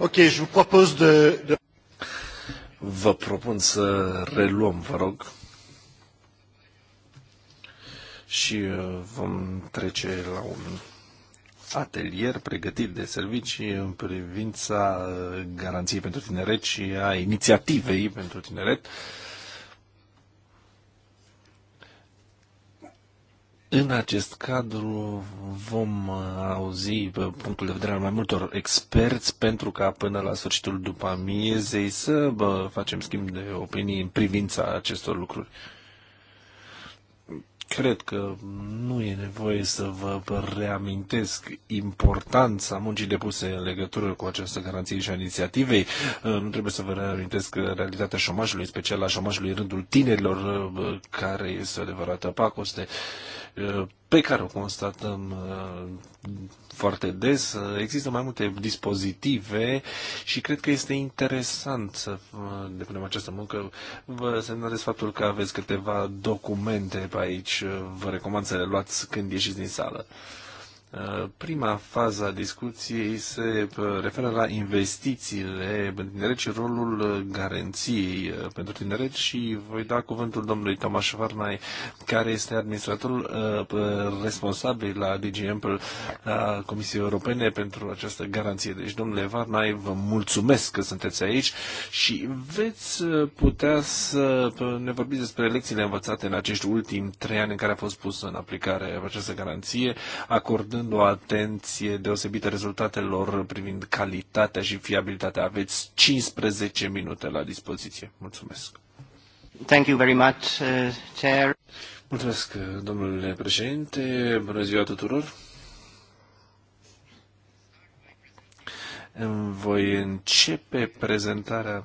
Ok, je vous propose de, de... Vă propun să reluăm, vă rog. Și uh, vom trece la un atelier pregătit de servicii în privința uh, garanției pentru tineret și a inițiativei pentru tineret. În acest cadru vom uh, auzi pe uh, punctul de vedere al mai multor experți pentru ca până la sfârșitul după amiezei să bă, facem schimb de opinii în privința acestor lucruri. Cred că nu e nevoie să vă reamintesc importanța muncii depuse în legătură cu această garanție și a inițiativei. Uh, nu trebuie să vă reamintesc realitatea șomajului, în special a șomajului în rândul tinerilor, care este o adevărată pacoste pe care o constatăm foarte des. Există mai multe dispozitive și cred că este interesant să depunem această muncă. Vă semnalez faptul că aveți câteva documente pe aici. Vă recomand să le luați când ieșiți din sală. Uh, prima fază a discuției se uh, referă la investițiile în tineret și rolul uh, garanției pentru tineret și voi da cuvântul domnului Tomaș Varnai, care este administratorul responsabil la DGM la Comisiei Europene pentru această garanție. Deci, domnule Varnai, vă mulțumesc că sunteți aici și veți putea să ne vorbiți despre lecțiile învățate în acești ultimi trei ani în care a fost pusă în aplicare această garanție, acordând acordând o atenție deosebită rezultatelor privind calitatea și fiabilitatea. Aveți 15 minute la dispoziție. Mulțumesc. Thank you very much, uh, Chair. Mulțumesc, domnule președinte. Bună ziua tuturor. Voi începe prezentarea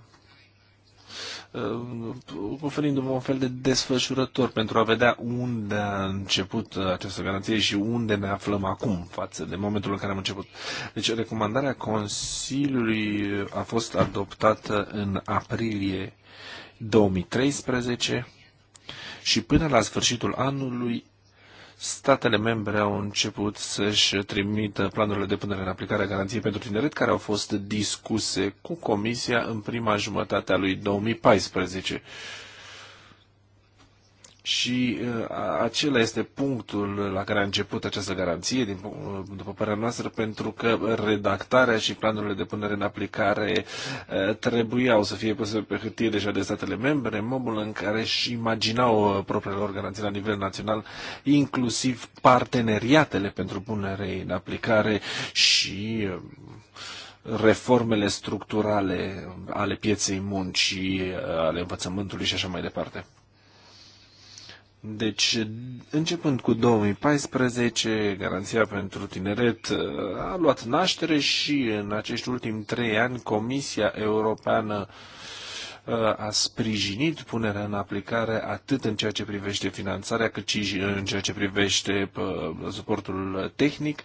Uh, oferindu-vă un fel de desfășurător pentru a vedea unde a început această garanție și unde ne aflăm acum față de momentul în care am început. Deci recomandarea Consiliului a fost adoptată în aprilie 2013 și până la sfârșitul anului statele membre au început să-și trimită planurile de punere în aplicare a garanției pentru tineret, care au fost discuse cu Comisia în prima jumătate a lui 2014. Și uh, acela este punctul la care a început această garanție, din, uh, după părerea noastră, pentru că redactarea și planurile de punere în aplicare uh, trebuiau să fie puse pe hârtie deja de statele membre, în modul în care își imaginau propriile lor garanții la nivel național, inclusiv parteneriatele pentru punere în aplicare și reformele structurale ale pieței muncii, ale învățământului și așa mai departe. Deci, începând cu 2014, Garanția pentru Tineret uh, a luat naștere și în acești ultimi trei ani Comisia Europeană uh, a sprijinit punerea în aplicare atât în ceea ce privește finanțarea, cât și în ceea ce privește uh, suportul tehnic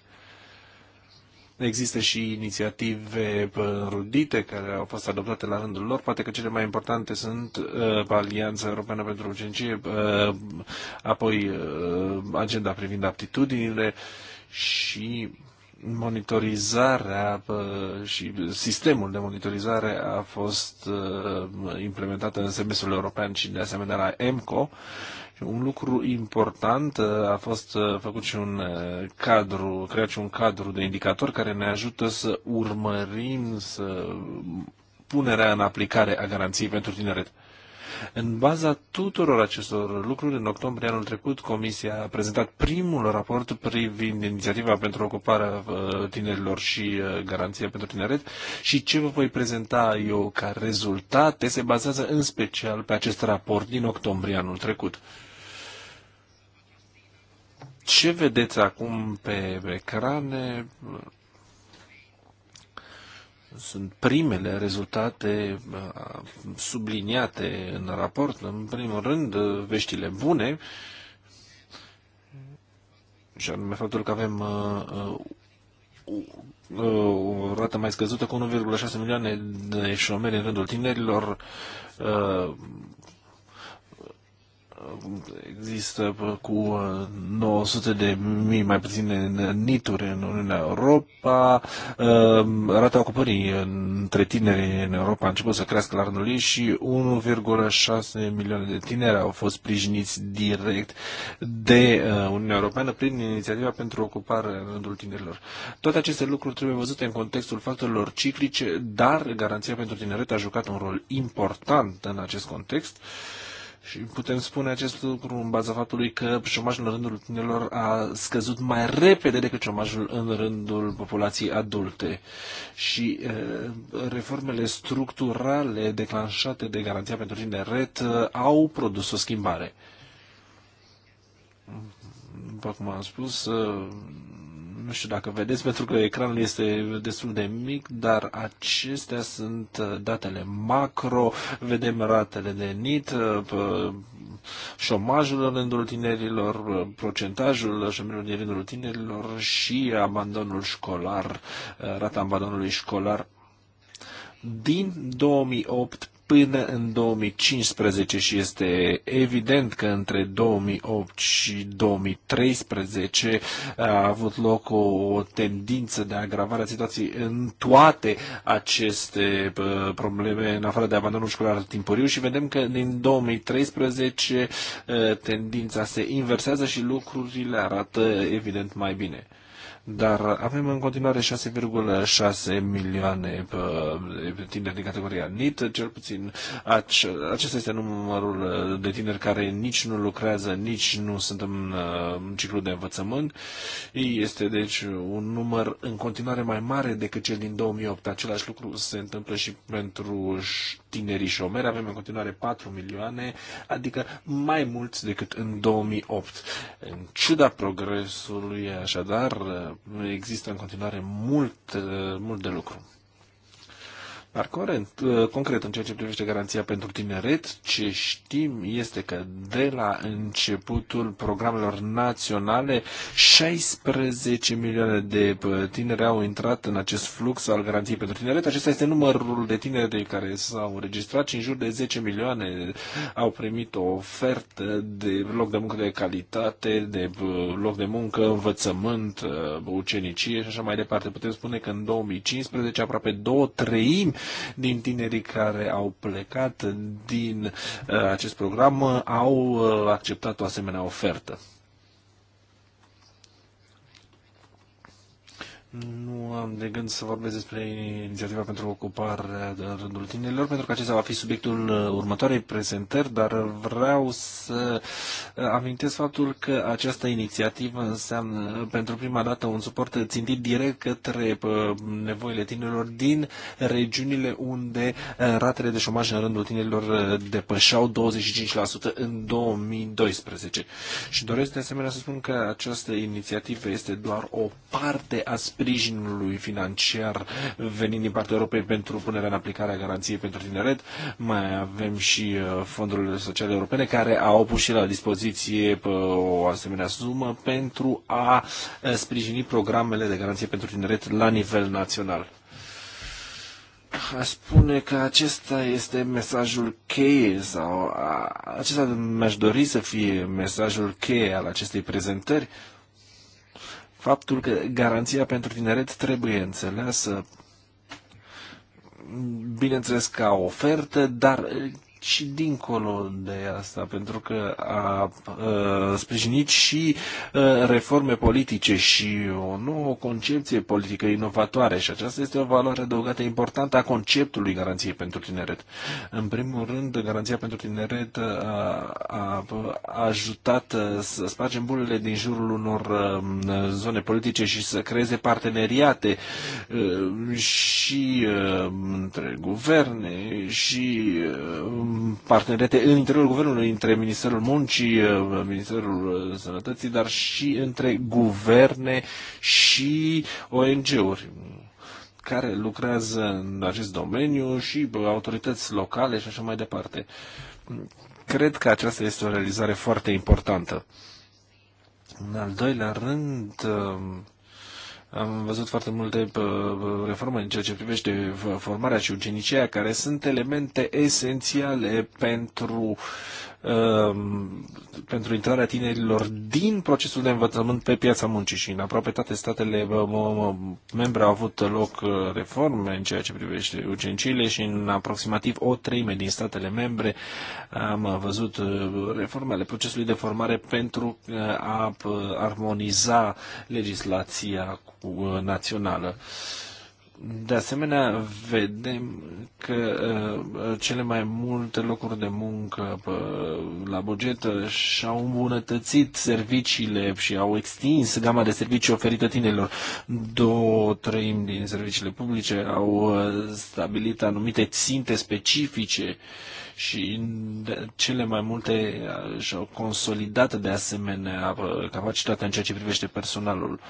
Există și inițiative uh, rudite care au fost adoptate la rândul lor. Poate că cele mai importante sunt uh, Alianța Europeană pentru Urgencie, uh, apoi uh, agenda privind aptitudinile și monitorizarea uh, și sistemul de monitorizare a fost uh, implementat în semestrul european și de asemenea la EMCO un lucru important uh, a fost uh, făcut și un uh, cadru, creat și un cadru de indicator care ne ajută să urmărim să punerea în aplicare a garanției pentru tineret. În baza tuturor acestor lucruri, în octombrie anul trecut, Comisia a prezentat primul raport privind inițiativa pentru ocuparea tinerilor și garanția pentru tineret și ce vă voi prezenta eu ca rezultate se bazează în special pe acest raport din octombrie anul trecut ce vedeți acum pe ecrane sunt primele rezultate uh, subliniate în raport. În primul rând, uh, veștile bune, și anume faptul că avem uh, o rată mai scăzută cu 1,6 milioane de șomeri în rândul tinerilor, există cu 900 de mii mai puține nituri în Uniunea Europa. Ehm, rata ocupării între tineri în Europa a început să crească la rândul ei și 1,6 milioane de tineri au fost sprijiniți direct de eh, Uniunea Europeană prin inițiativa pentru ocupare în rândul tinerilor. Toate aceste lucruri trebuie văzute în contextul factorilor ciclice, dar garanția pentru tineret a jucat un rol important în acest context. Și putem spune acest lucru în baza faptului că șomajul în rândul tinerilor a scăzut mai repede decât șomajul în rândul populației adulte. Și reformele structurale declanșate de Garanția pentru Tineret au produs o schimbare. După cum am spus, nu știu dacă vedeți, pentru că ecranul este destul de mic, dar acestea sunt uh, datele macro, vedem ratele de NIT, uh, șomajul în rândul tinerilor, uh, procentajul șomajului în rândul tinerilor și abandonul școlar, rata abandonului școlar din 2008 până în 2015 și este evident că între 2008 și 2013 a avut loc o tendință de agravare a situației în toate aceste probleme, în afară de abandonul școlar timpuriu și vedem că din 2013 ă, tendința se inversează și lucrurile arată evident mai bine. Dar avem în continuare 6,6 milioane de uh, tineri din categoria NIT, cel puțin acesta este numărul uh, de tineri care nici nu lucrează, nici nu sunt în uh, ciclu de învățământ. Este deci un număr în continuare mai mare decât cel din 2008. Același lucru se întâmplă și pentru tinerii șomeri. Avem în continuare 4 milioane, adică mai mulți decât în 2008. În ciuda progresului, așadar, există în continuare mult, mult de lucru. Dar corent, uh, concret, în ceea ce privește garanția pentru tineret, ce știm este că de la începutul programelor naționale, 16 milioane de uh, tineri au intrat în acest flux al garanției pentru tineret. Acesta este numărul de tineri care s-au înregistrat și în jur de 10 milioane au primit o ofertă de loc de muncă de calitate, de uh, loc de muncă, învățământ, ucenicie și așa mai departe. Putem spune că în 2015 aproape două treimi din tinerii care au plecat din uh, acest program uh, au uh, acceptat o asemenea ofertă. Nu am de gând să vorbesc despre inițiativa pentru ocuparea în rândul tinerilor, pentru că acesta va fi subiectul uh, următoarei prezentări, dar vreau să uh, amintesc faptul că această inițiativă înseamnă uh, pentru prima dată un suport țintit direct către nevoile tinerilor din regiunile unde ratele de șomaj în rândul tinerilor depășeau 25% în 2012. Și doresc de asemenea să spun că această inițiativă este doar o parte a sprijinului financiar venind din partea Europei pentru punerea în aplicare a garanției pentru tineret. Mai avem și uh, fondurile sociale europene care au pus și la dispoziție uh, o asemenea sumă pentru a uh, sprijini programele de garanție pentru tineret la nivel național. Aș spune că acesta este mesajul cheie sau a, acesta mi-aș dori să fie mesajul cheie al acestei prezentări. Uh, faptul că garanția pentru tineret trebuie înțeleasă bineînțeles ca ofertă, dar și dincolo de asta, pentru că a, a sprijinit și a, reforme politice și o nouă concepție politică inovatoare și aceasta este o valoare adăugată importantă a conceptului garanției pentru tineret. În primul rând, garanția pentru tineret a, a, a ajutat să spargem bulele din jurul unor zone politice și să creeze parteneriate și între guverne și parteneriate în interiorul guvernului, între Ministerul Muncii, eh, Ministerul eh, Sănătății, dar și între guverne și ONG-uri care lucrează în acest domeniu și autorități locale și așa mai departe. Cred că aceasta este o realizare foarte importantă. În al doilea rând, eh, am văzut foarte multe reforme în ceea ce privește formarea și ucenicia, care sunt elemente esențiale pentru Um, pentru intrarea tinerilor din procesul de învățământ pe piața muncii și în aproape toate statele membre au avut loc uh, reforme în ceea ce privește ucenciile și în aproximativ o treime din statele membre am uh, văzut uh, reformele procesului de formare pentru a armoniza legislația națională. De asemenea, vedem că uh, cele mai multe locuri de muncă uh, la buget uh, și-au îmbunătățit serviciile și au extins gama de servicii oferită tinerilor. Două treimi din serviciile publice au stabilit anumite ținte specifice și cele mai multe și-au consolidat de asemenea capacitatea în ceea ce privește personalul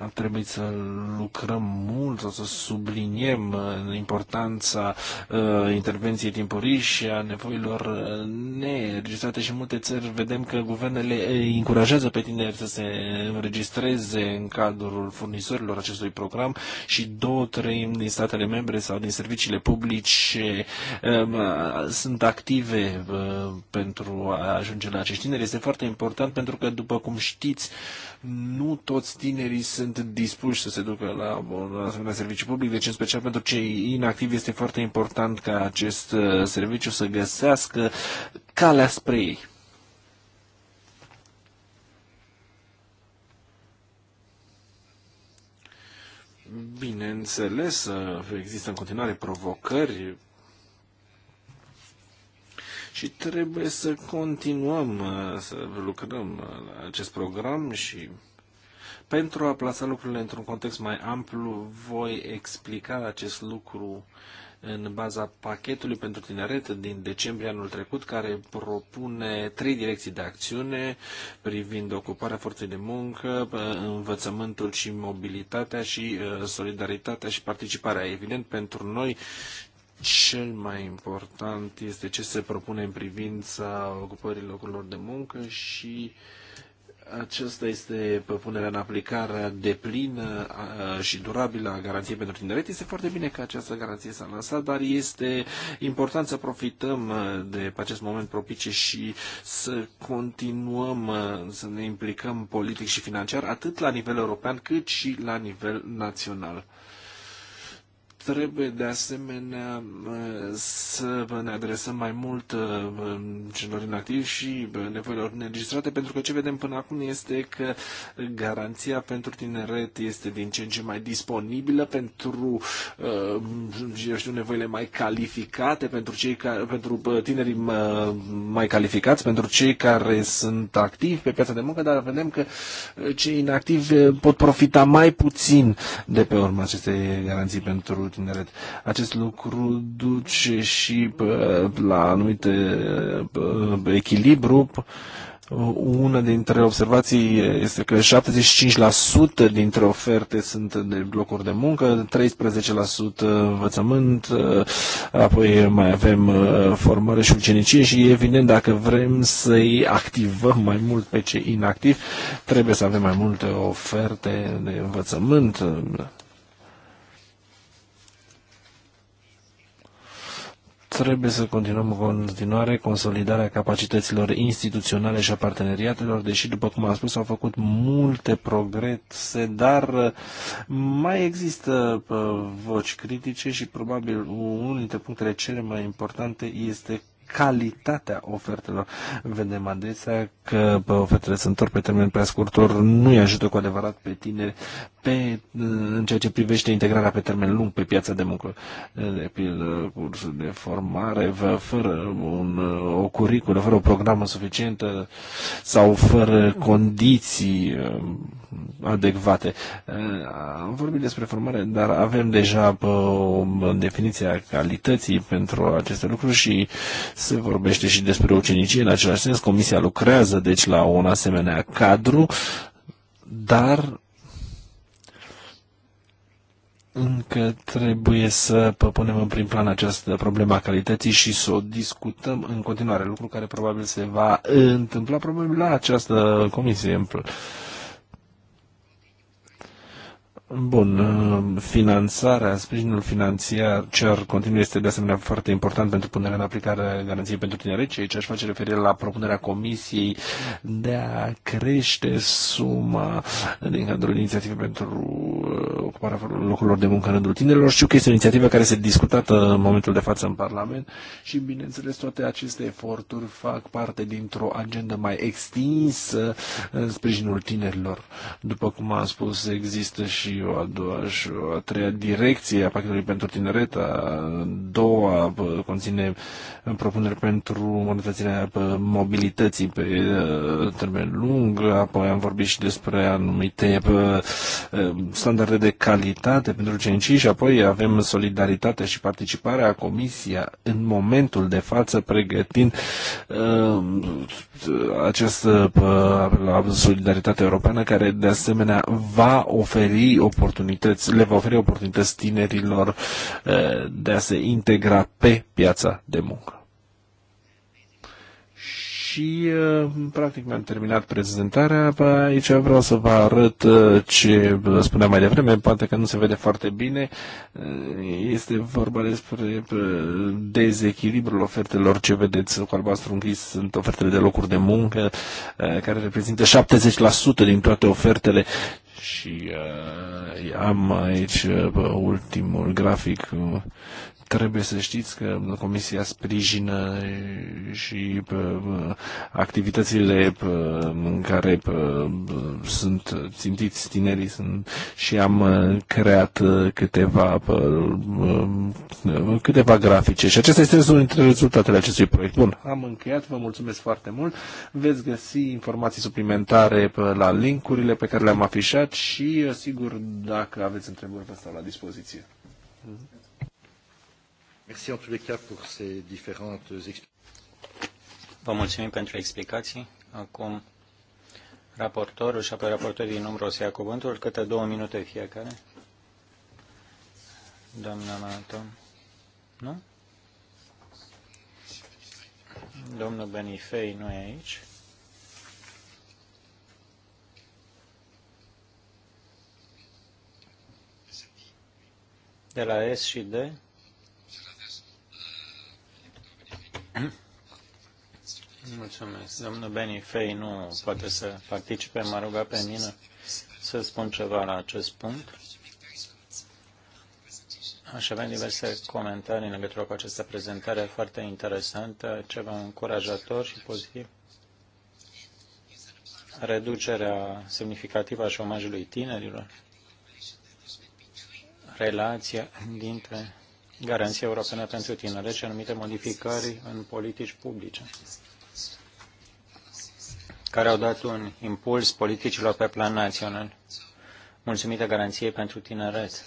ar trebui să lucrăm mult sau să subliniem uh, importanța uh, intervenției timpurii și a nevoilor uh, neregistrate și în multe țări vedem că guvernele încurajează pe tineri să se înregistreze în cadrul furnizorilor acestui program și două treimi din statele membre sau din serviciile publice um, sunt active pentru a ajunge la acești tineri. Este foarte important pentru că, după cum știți, nu toți tinerii sunt sunt dispuși să se ducă la un asemenea serviciu public, deci în special pentru cei inactivi este foarte important ca acest uh, serviciu să găsească calea spre ei. Bineînțeles, uh, există în continuare provocări și trebuie să continuăm uh, să lucrăm la acest program și pentru a plasa lucrurile într-un context mai amplu, voi explica acest lucru în baza pachetului pentru tineret din decembrie anul trecut, care propune trei direcții de acțiune privind ocuparea forței de muncă, învățământul și mobilitatea și ă, solidaritatea și participarea. Evident, pentru noi cel mai important este ce se propune în privința ocupării locurilor de muncă și uh, aceasta este propunerea în aplicare deplină și durabilă a garanției pentru tineret. Este foarte bine că această garanție s-a lansat, dar este important să profităm de acest moment propice și să continuăm să ne implicăm politic și financiar, atât la nivel european cât și la nivel național. Trebuie de asemenea uh, să ne adresăm mai mult uh, celor inactivi și uh, nevoilor neregistrate, pentru că ce vedem până acum este că garanția pentru tineret este din ce în ce mai disponibilă pentru, eu știu, nevoile mai calificate, pentru, cei care, pentru tinerii mai calificați, pentru cei care sunt activi pe piața de muncă, dar vedem că cei inactivi pot profita mai puțin de pe urma acestei garanții pentru tineret. Acest lucru duce și la anumite echilibru una dintre observații este că 75% dintre oferte sunt de locuri de muncă, 13% învățământ, apoi mai avem formare și ucenicie și evident dacă vrem să-i activăm mai mult pe cei inactivi, trebuie să avem mai multe oferte de învățământ, trebuie să continuăm în continuare consolidarea capacităților instituționale și a parteneriatelor, deși, după cum am spus, au făcut multe progrese, dar uh, mai există uh, voci critice și probabil unul dintre punctele cele mai importante este calitatea ofertelor. Vedem adesea că uh, ofertele se întorc pe termen prea scurt, ori nu i ajută cu adevărat pe tineri pe, în ceea ce privește integrarea pe termen lung pe piața de muncă, de pildă cursuri de formare, fără un, o curiculă, fără o programă suficientă sau fără condiții um, adecvate. Uh, am vorbit despre formare, dar avem deja o definiție a calității pentru aceste lucruri și se vorbește și despre ucenicie în același sens. Comisia lucrează deci la un asemenea cadru, dar încă trebuie să punem în prim plan această problemă a calității și să o discutăm în continuare, lucru care probabil se va întâmpla probabil la această comisie. Bun, uh, finanțarea, sprijinul financiar cer continuu este de asemenea foarte important pentru punerea în aplicare a garanției pentru tineri. ceea ce aș face referire la propunerea Comisiei de a crește suma din cadrul inițiativei pentru uh, ocuparea locurilor de muncă în rândul tinerilor. Știu că este o inițiativă care se discutată în momentul de față în Parlament și, bineînțeles, toate aceste eforturi fac parte dintr-o agendă mai extinsă în sprijinul tinerilor. După cum am spus, există și o a doua și o a treia direcție a pachetului pentru tineret, a doua conține propuneri pentru îmbunătățirea mobilității pe termen lung, apoi am vorbit și despre anumite standarde de calitate pentru CNC și apoi avem solidaritate și participarea Comisia în momentul de față pregătind această solidaritate europeană care de asemenea va oferi oportunități, le va oferi oportunități tinerilor eh, de a se integra pe piața de muncă. Și, eh, practic, mi-am terminat prezentarea. Aici vreau să vă arăt eh, ce spuneam mai devreme, poate că nu se vede foarte bine. Este vorba despre dezechilibrul ofertelor. Ce vedeți cu albastru închis sunt ofertele de locuri de muncă, care reprezintă 70% din toate ofertele, și uh, am aici uh, ultimul grafic uh, Trebuie să știți că Comisia sprijină și activitățile în care sunt țintiți tinerii sunt, și am uh, creat uh, câteva, uh, câteva grafice și acesta este unul dintre rezultatele acestui proiect. Bun, am încheiat, vă mulțumesc foarte mult. Veți găsi informații suplimentare la linkurile pe care le-am afișat și, sigur, dacă aveți întrebări, vă stau la dispoziție. Mm-hmm. Merci en tous les cas pour ces différentes Vă mulțumim pentru explicații. Acum raportorul și apoi raportorul din umbră o să ia cuvântul, câte două minute fiecare. Doamna Matom. Nu? Domnul Benifei nu e aici. De la S și D. Mulțumesc. Domnul Fei, nu poate să participe, m-a rugat pe mine să spun ceva la acest punct. Aș avea diverse comentarii în legătură cu această prezentare foarte interesantă, ceva încurajator și pozitiv. Reducerea semnificativă a șomajului tinerilor, relația dintre Garanția Europeană pentru tineri, și anumite modificări în politici publice care au dat un impuls politicilor pe plan național, mulțumită garanției pentru tineret.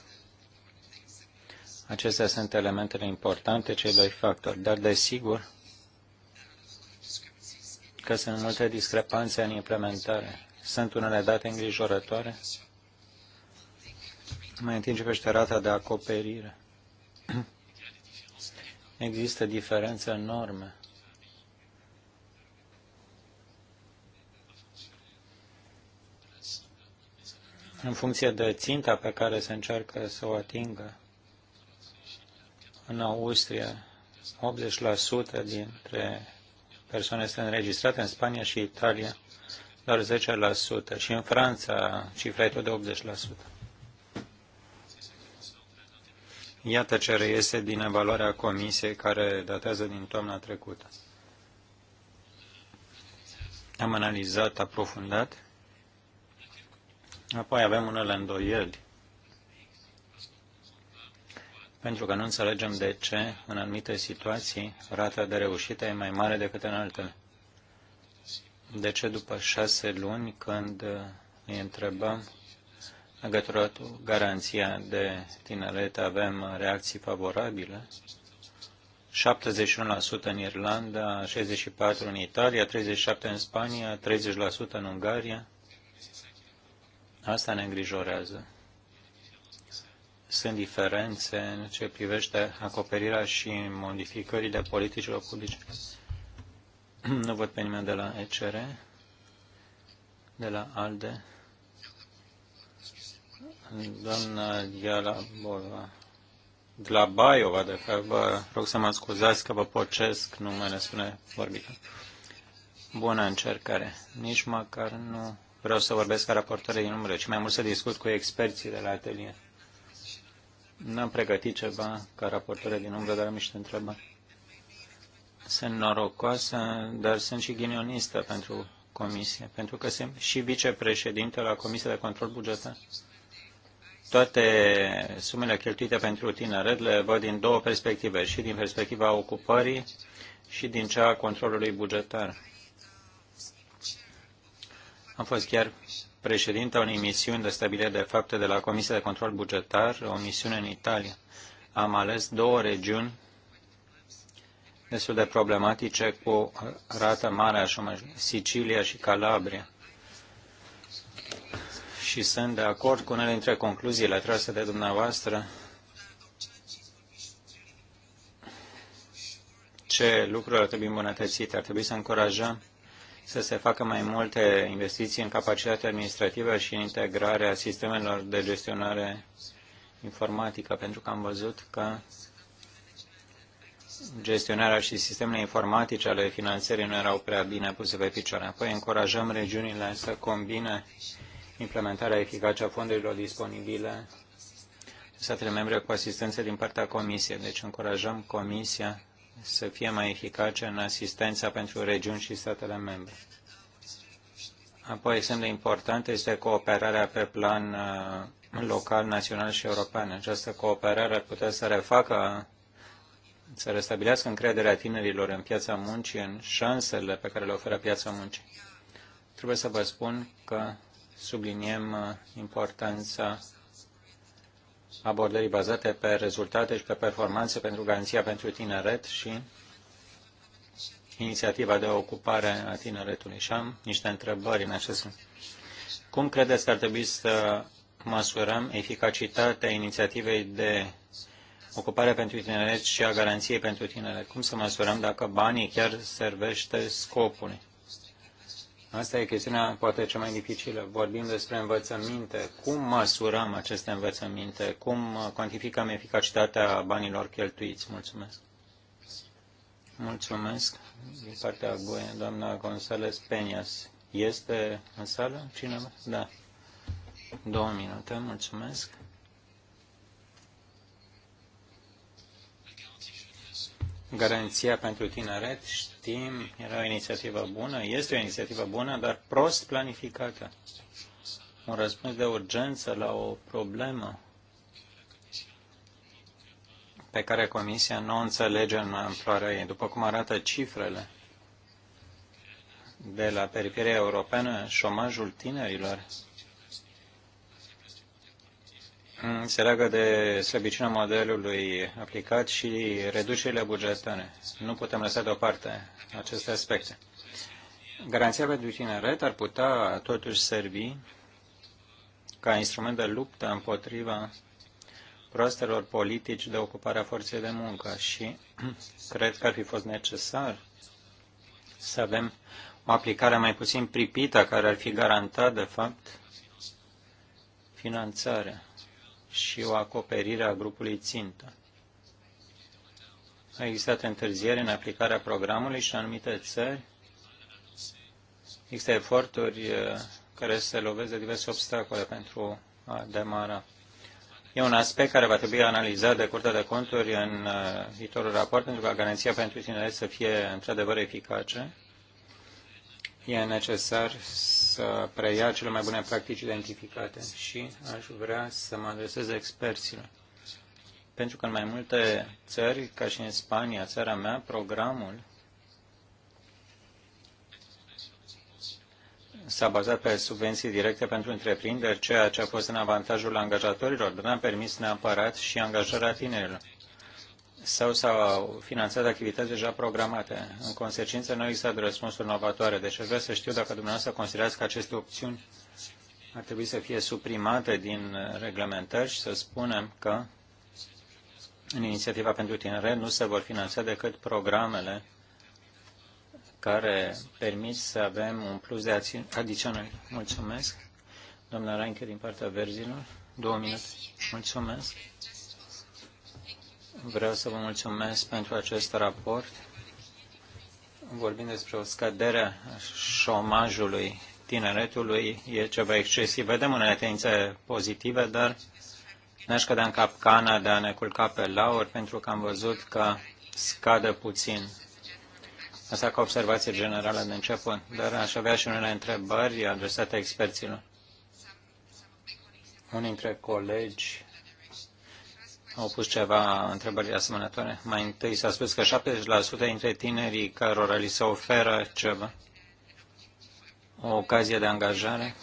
Acestea sunt elementele importante, cei doi factori, dar desigur că sunt multe discrepanțe în implementare. Sunt unele date îngrijorătoare. Mai întinge pește rata de acoperire. Există diferențe enorme în funcție de ținta pe care se încearcă să o atingă. În Austria, 80% dintre persoane sunt înregistrate în Spania și Italia, doar 10%, și în Franța cifra e tot de 80%. Iată ce reiese din evaluarea comisiei care datează din toamna trecută. Am analizat aprofundat Apoi avem unele îndoieli pentru că nu înțelegem de ce, în anumite situații, rata de reușită e mai mare decât în altele. De ce după șase luni, când îi întrebăm legătură cu garanția de tineret, avem reacții favorabile? 71% în Irlanda, 64% în Italia, 37% în Spania, 30% în Ungaria, Asta ne îngrijorează. Sunt diferențe în ce privește acoperirea și modificările politicilor publice. Nu văd pe nimeni de la ECR, de la ALDE. Doamna Diala Borva, de la Baiova, de fapt, vă rog să mă scuzați că vă pocesc numele, spune vorbitor. Bună încercare. Nici măcar nu vreau să vorbesc ca raportare din umbră, ci mai mult să discut cu experții de la atelier. N-am pregătit ceva ca raportare din umbră, dar am niște întrebări. Sunt norocoasă, dar sunt și ghinionistă pentru comisie, pentru că sunt și vicepreședinte la Comisia de Control Bugetar. Toate sumele cheltuite pentru tineret le văd din două perspective, și din perspectiva ocupării și din cea a controlului bugetar am fost chiar președinte a unei misiuni de stabilire de fapte de la Comisia de Control Bugetar, o misiune în Italia. Am ales două regiuni destul de problematice cu rată mare așa mai, Sicilia și Calabria. Și sunt de acord cu unele dintre concluziile trase de dumneavoastră ce lucruri ar trebui îmbunătățite. Ar trebui să încurajăm să se facă mai multe investiții în capacitatea administrativă și în integrarea sistemelor de gestionare informatică, pentru că am văzut că gestionarea și sistemele informatice ale finanțării nu erau prea bine puse pe picioare. Apoi încurajăm regiunile să combine implementarea eficace a fondurilor disponibile statele membre cu asistență din partea Comisiei. Deci încurajăm Comisia să fie mai eficace în asistența pentru regiuni și statele membre. Apoi, exemplu important este cooperarea pe plan uh, local, național și european. Această cooperare ar putea să refacă, să restabilească încrederea tinerilor în piața muncii, în șansele pe care le oferă piața muncii. Trebuie să vă spun că subliniem uh, importanța abordării bazate pe rezultate și pe performanțe pentru garanția pentru tineret și inițiativa de ocupare a tineretului. Și am niște întrebări în acest sens. Cum credeți că ar trebui să măsurăm eficacitatea inițiativei de ocupare pentru tineret și a garanției pentru tineret? Cum să măsurăm dacă banii chiar servește scopului? Asta e chestiunea poate cea mai dificilă. Vorbim despre învățăminte. Cum măsurăm aceste învățăminte? Cum cuantificăm eficacitatea banilor cheltuiți? Mulțumesc. Mulțumesc. Din partea GUE, doamna González Peñas. Este în sală cineva? Da. Două minute, mulțumesc. Garanția pentru tineret știm, era o inițiativă bună, este o inițiativă bună, dar prost planificată. Un răspuns de urgență la o problemă pe care Comisia nu o înțelege în amploarea ei. După cum arată cifrele de la periferia europeană, șomajul tinerilor Mm, se leagă de slăbiciunea modelului aplicat și reducerile bugetare. Nu putem lăsa deoparte aceste aspecte. Garanția pentru tineret ar putea totuși servi ca instrument de luptă împotriva proastelor politici de ocupare a forței de muncă și cred că ar fi fost necesar să avem o aplicare mai puțin pripită care ar fi garantat, de fapt, finanțarea și o acoperire a grupului țintă. A existat întârziere în aplicarea programului și în anumite țări există eforturi uh, care se lovesc de diverse obstacole pentru a demara. E un aspect care va trebui analizat de Curtea de Conturi în uh, viitorul raport pentru ca garanția pentru tineret să fie într-adevăr eficace. E necesar să preia cele mai bune practici identificate și aș vrea să mă adresez experților. Pentru că în mai multe țări, ca și în Spania, țara mea, programul s-a bazat pe subvenții directe pentru întreprinderi, ceea ce a fost în avantajul angajatorilor, dar n-a permis neapărat și angajarea tinerilor sau s-au finanțat activități deja programate. În consecință, nu există răspunsuri novatoare. Deci aș vrea să știu dacă dumneavoastră considerați că aceste opțiuni ar trebui să fie suprimate din reglementări și să spunem că în inițiativa pentru tineret nu se vor finanța decât programele care permit să avem un plus de adițional. Mulțumesc. Doamna Reinke, din partea verzilor, două minute. Mulțumesc. Vreau să vă mulțumesc pentru acest raport. Vorbim despre o scădere a șomajului tineretului, e ceva excesiv. Vedem unele tendințe pozitive, dar ne-aș cădea în capcana de a ne culca pe laur, pentru că am văzut că scade puțin. Asta ca observație generală de început, dar aș avea și unele întrebări adresate experților. Unii dintre colegi au pus ceva întrebări asemănătoare. Mai întâi s-a spus că 70% dintre tinerii cărora li se oferă ceva, o ocazie de angajare,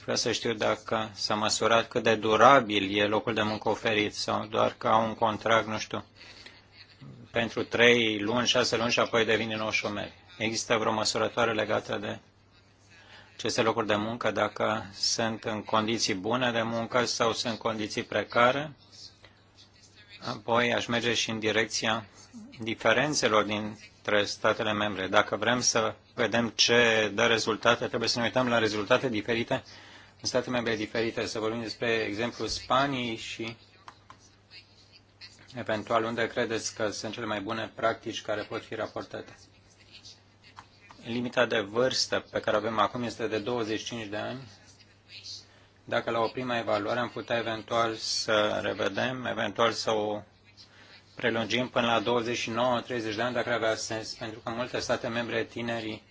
Vreau să știu dacă s-a măsurat cât de durabil e locul de muncă oferit sau doar că au un contract, nu știu, pentru trei luni, 6 luni și apoi devin din nou șomeri. Există vreo măsurătoare legată de aceste locuri de muncă, dacă sunt în condiții bune de muncă sau sunt în condiții precare Apoi aș merge și în direcția diferențelor dintre statele membre. Dacă vrem să vedem ce dă rezultate, trebuie să ne uităm la rezultate diferite în state membre diferite. Să vorbim despre exemplu Spanii și eventual unde credeți că sunt cele mai bune practici care pot fi raportate. Limita de vârstă pe care o avem acum este de 25 de ani dacă la o primă evaluare am putea eventual să revedem, eventual să o prelungim până la 29-30 de ani, dacă avea sens, pentru că multe state membre tinerii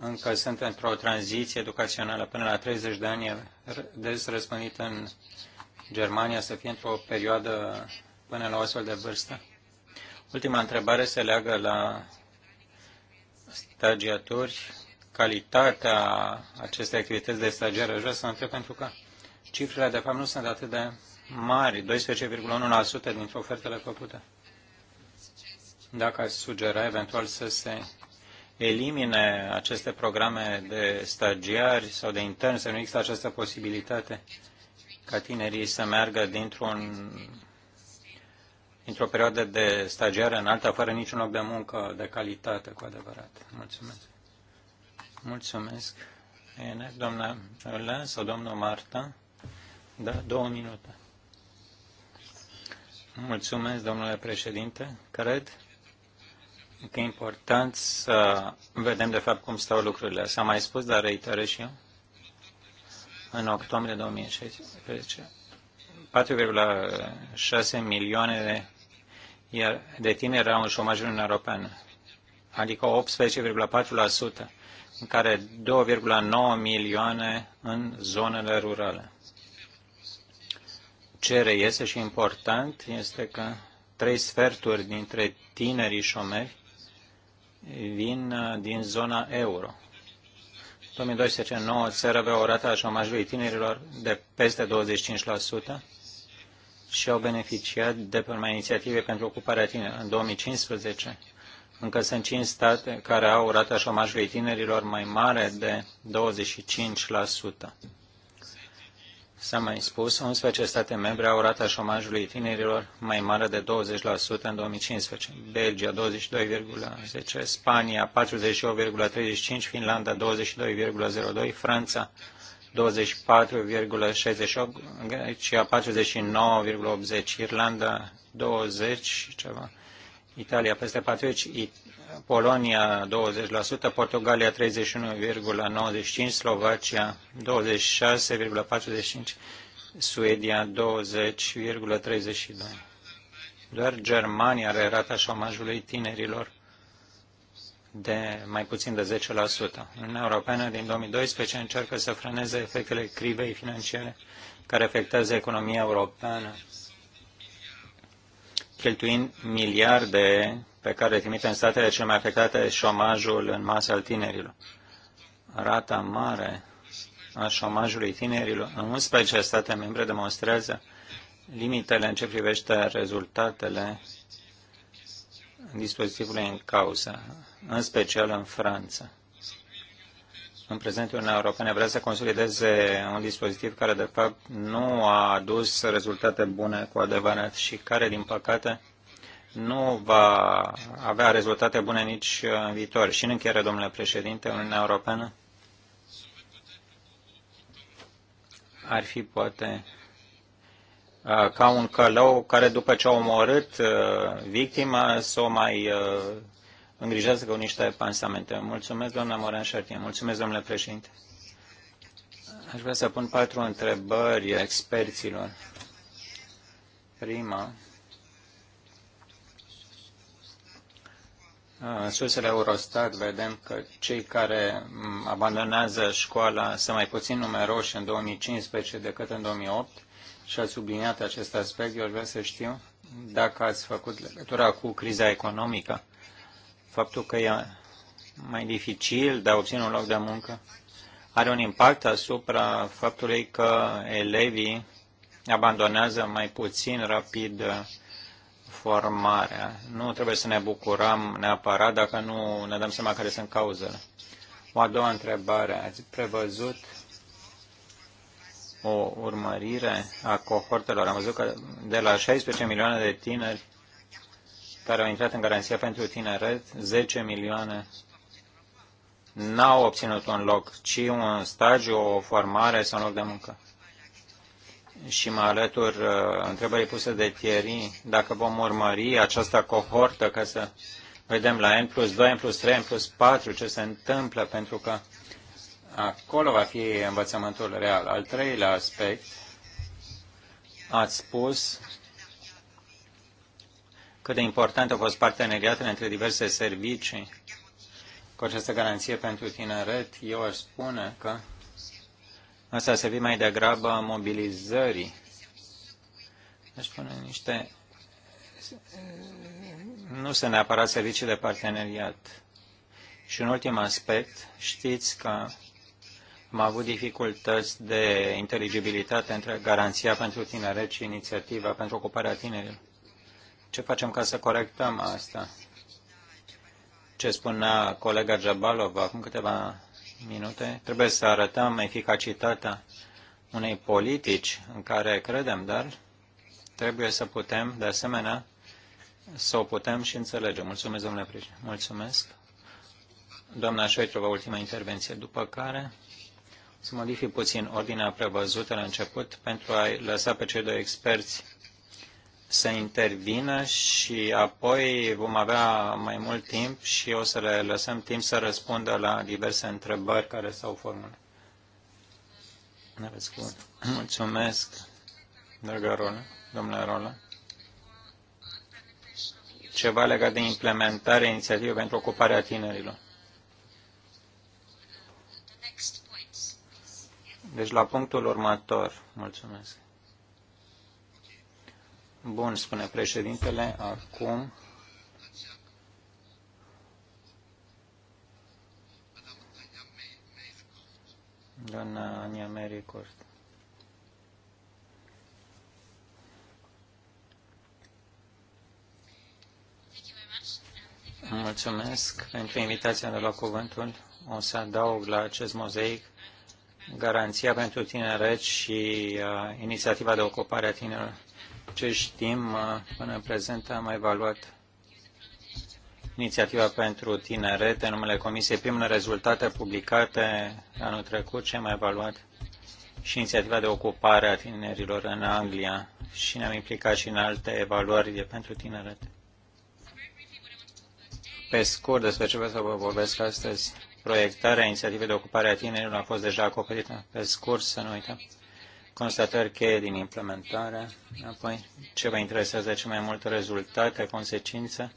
încă sunt într-o tranziție educațională până la 30 de ani, des răspândit în Germania să fie într-o perioadă până la o astfel de vârstă. Ultima întrebare se leagă la stagiaturi calitatea acestei activități de stagiară jos să întreb pentru că cifrele de fapt nu sunt atât de mari, 12,1% dintre ofertele făcute. Dacă aș sugera eventual să se elimine aceste programe de stagiari sau de intern, să nu există această posibilitate ca tinerii să meargă dintr-un într-o perioadă de stagiară în alta, fără niciun loc de muncă de calitate, cu adevărat. Mulțumesc. Mulțumesc. Bine, doamna Len sau doamna Marta? Da, două minute. Mulțumesc, domnule președinte. Cred că e important să vedem de fapt cum stau lucrurile. S-a mai spus, dar reiterez și eu. În octombrie 2016, 4,6 milioane de, de tineri erau în șomajul în european, adică 18,4% în care 2,9 milioane în zonele rurale. Ce reiese și important este că trei sferturi dintre tinerii șomeri vin uh, din zona euro. În 2012, 9 țări aveau o rată a șomajului tinerilor de peste 25% și au beneficiat de pe urma inițiative pentru ocuparea tinerilor. În 2015, încă sunt cinci state care au rata șomajului tinerilor mai mare de 25%. S-a mai spus, 11 state membre au rata șomajului tinerilor mai mare de 20% în 2015. Belgia 22,10%, Spania 48,35%, Finlanda 22,02%, Franța 24,68%, Grecia 49,80%, Irlanda 20 și ceva, Italia peste 40, Polonia 20%, Portugalia 31,95%, Slovacia 26,45%, Suedia 20,32%. Doar Germania are rata șomajului tinerilor de mai puțin de 10%. Uniunea Europeană din 2012 încearcă să frâneze efectele crivei financiare care afectează economia europeană cheltuind miliarde pe care le trimite în statele cele mai afectate șomajul în masă al tinerilor. Rata mare a șomajului tinerilor în 11 state membre demonstrează limitele în ce privește rezultatele dispozitivului în cauză, în special în Franța. În prezent, Uniunea Europeană vrea să consolideze un dispozitiv care, de fapt, nu a adus rezultate bune cu adevărat și care, din păcate, nu va avea rezultate bune nici în viitor. Și în încheiere, domnule președinte, Uniunea Europeană ar fi poate ca un călău care după ce a omorât victima să o mai îngrijează cu niște pansamente. Mulțumesc, doamna Moran Șartie. Mulțumesc, domnule președinte. Aș vrea să pun patru întrebări experților. Prima, În sursele Eurostat vedem că cei care abandonează școala sunt mai puțin numeroși în 2015 decât în 2008 și ați subliniat acest aspect. Eu aș vrea să știu dacă ați făcut legătura cu criza economică faptul că e mai dificil de a obține un loc de muncă are un impact asupra faptului că elevii abandonează mai puțin rapid uh, formarea. Nu trebuie să ne bucurăm neapărat dacă nu ne dăm seama care sunt cauzele. O a doua întrebare. Ați prevăzut o urmărire a cohortelor? Am văzut că de la 16 milioane de tineri care au intrat în garanția pentru tineret, 10 milioane n-au obținut un loc, ci un stagiu, o formare sau un loc de muncă. Și mă alătur uh, întrebării puse de Thierry, dacă vom urmări această cohortă ca să vedem la N plus 2, N plus 3, N plus 4 ce se întâmplă, pentru că acolo va fi învățământul real. Al treilea aspect, ați spus cât de important a fost parteneriatul între diverse servicii cu această garanție pentru tineret, eu aș spune că asta se vii mai degrabă a mobilizării. Aș spune niște... Nu sunt neapărat servicii de parteneriat. Și un ultim aspect, știți că am avut dificultăți de inteligibilitate între garanția pentru tineret și inițiativa pentru ocuparea tinerilor. Ce facem ca să corectăm asta? Ce spunea colega Jabalov acum câteva minute? Trebuie să arătăm eficacitatea unei politici în care credem, dar trebuie să putem, de asemenea, să o putem și înțelege. Mulțumesc, domnule președinte. Mulțumesc. Doamna Șoitrova, ultima intervenție, după care să modific puțin ordinea prevăzută la început pentru a lăsa pe cei doi experți să intervină și apoi vom avea mai mult timp și o să le lăsăm timp să răspundă la diverse întrebări care s-au formulat. Mulțumesc, dragă Rola, domnule Rola. Ceva legat de implementarea inițiativei pentru ocuparea tinerilor. Deci la punctul următor. Mulțumesc. Bun, spune președintele, acum doamna Ania Mericord. Mulțumesc pentru invitația de la cuvântul. O să adaug la acest mozaic garanția pentru tineret și uh, inițiativa de ocupare a tinerilor ce știm, uh, până în prezent am evaluat inițiativa pentru tinerete în numele Comisiei. Primele rezultate publicate anul trecut ce am evaluat și inițiativa de ocupare a tinerilor în Anglia și ne-am implicat și în alte evaluări de pentru tinerete. Pe scurt, despre ce vreau să vă vorbesc astăzi, proiectarea inițiativei de ocupare a tinerilor a fost deja acoperită. Pe scurt, să nu uităm constatări cheie din implementare, apoi ce vă interesează ce mai mult rezultate, consecințe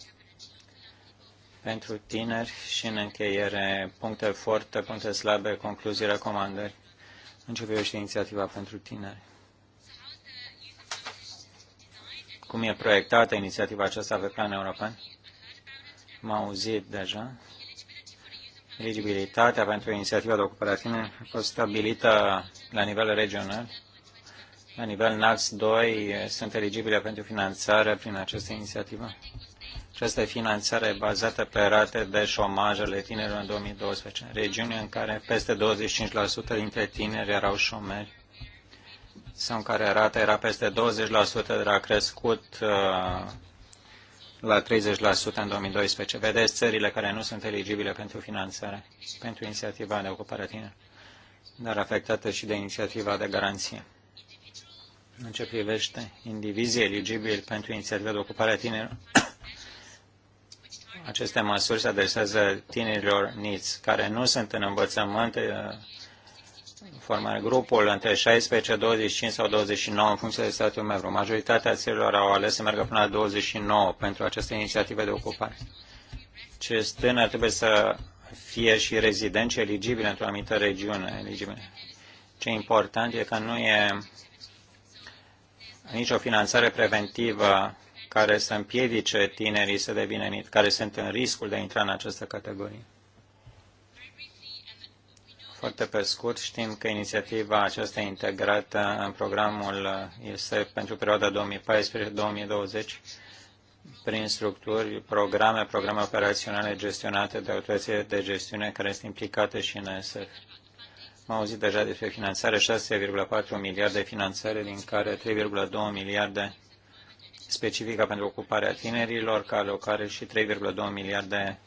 pentru tineri și în încheiere puncte forte, puncte slabe, concluzii, recomandări. Începe și inițiativa pentru tineri. Cum e proiectată inițiativa aceasta pe plan european? M-au auzit deja. Eligibilitatea pentru inițiativa de ocupare a tineri a fost stabilită la nivel regional la nivel NAX 2 sunt eligibile pentru finanțare prin această inițiativă? Această finanțare e bazată pe rate de șomaj ale tinerilor în 2012, regiune în care peste 25% dintre tineri erau șomeri sau în care rata era peste 20%, dar a crescut uh, la 30% în 2012. Vedeți țările care nu sunt eligibile pentru finanțare, pentru inițiativa de ocupare a tineri, dar afectate și de inițiativa de garanție în ce privește indivizii eligibili pentru inițiativa de ocupare a tinerilor. Aceste măsuri se adresează tinerilor niți, care nu sunt în învățământ, uh, formare grupul între 16, 25 sau 29 în funcție de statul membru. Majoritatea țărilor au ales să meargă până la 29 pentru aceste inițiative de ocupare. Ce tânăr trebuie să fie și rezidenți eligibili într-o anumită regiune. eligibile. Ce important e că nu e nicio finanțare preventivă care să împiedice tinerii să devină, care sunt în riscul de a intra în această categorie. Foarte pe scurt, știm că inițiativa aceasta integrată în programul este pentru perioada 2014-2020 prin structuri, programe, programe operaționale gestionate de autorității de gestiune care sunt implicate și în ESF. Am auzit deja despre finanțare, 6,4 miliarde finanțare, din care 3,2 miliarde specifică pentru ocuparea tinerilor ca alocare și 3,2 miliarde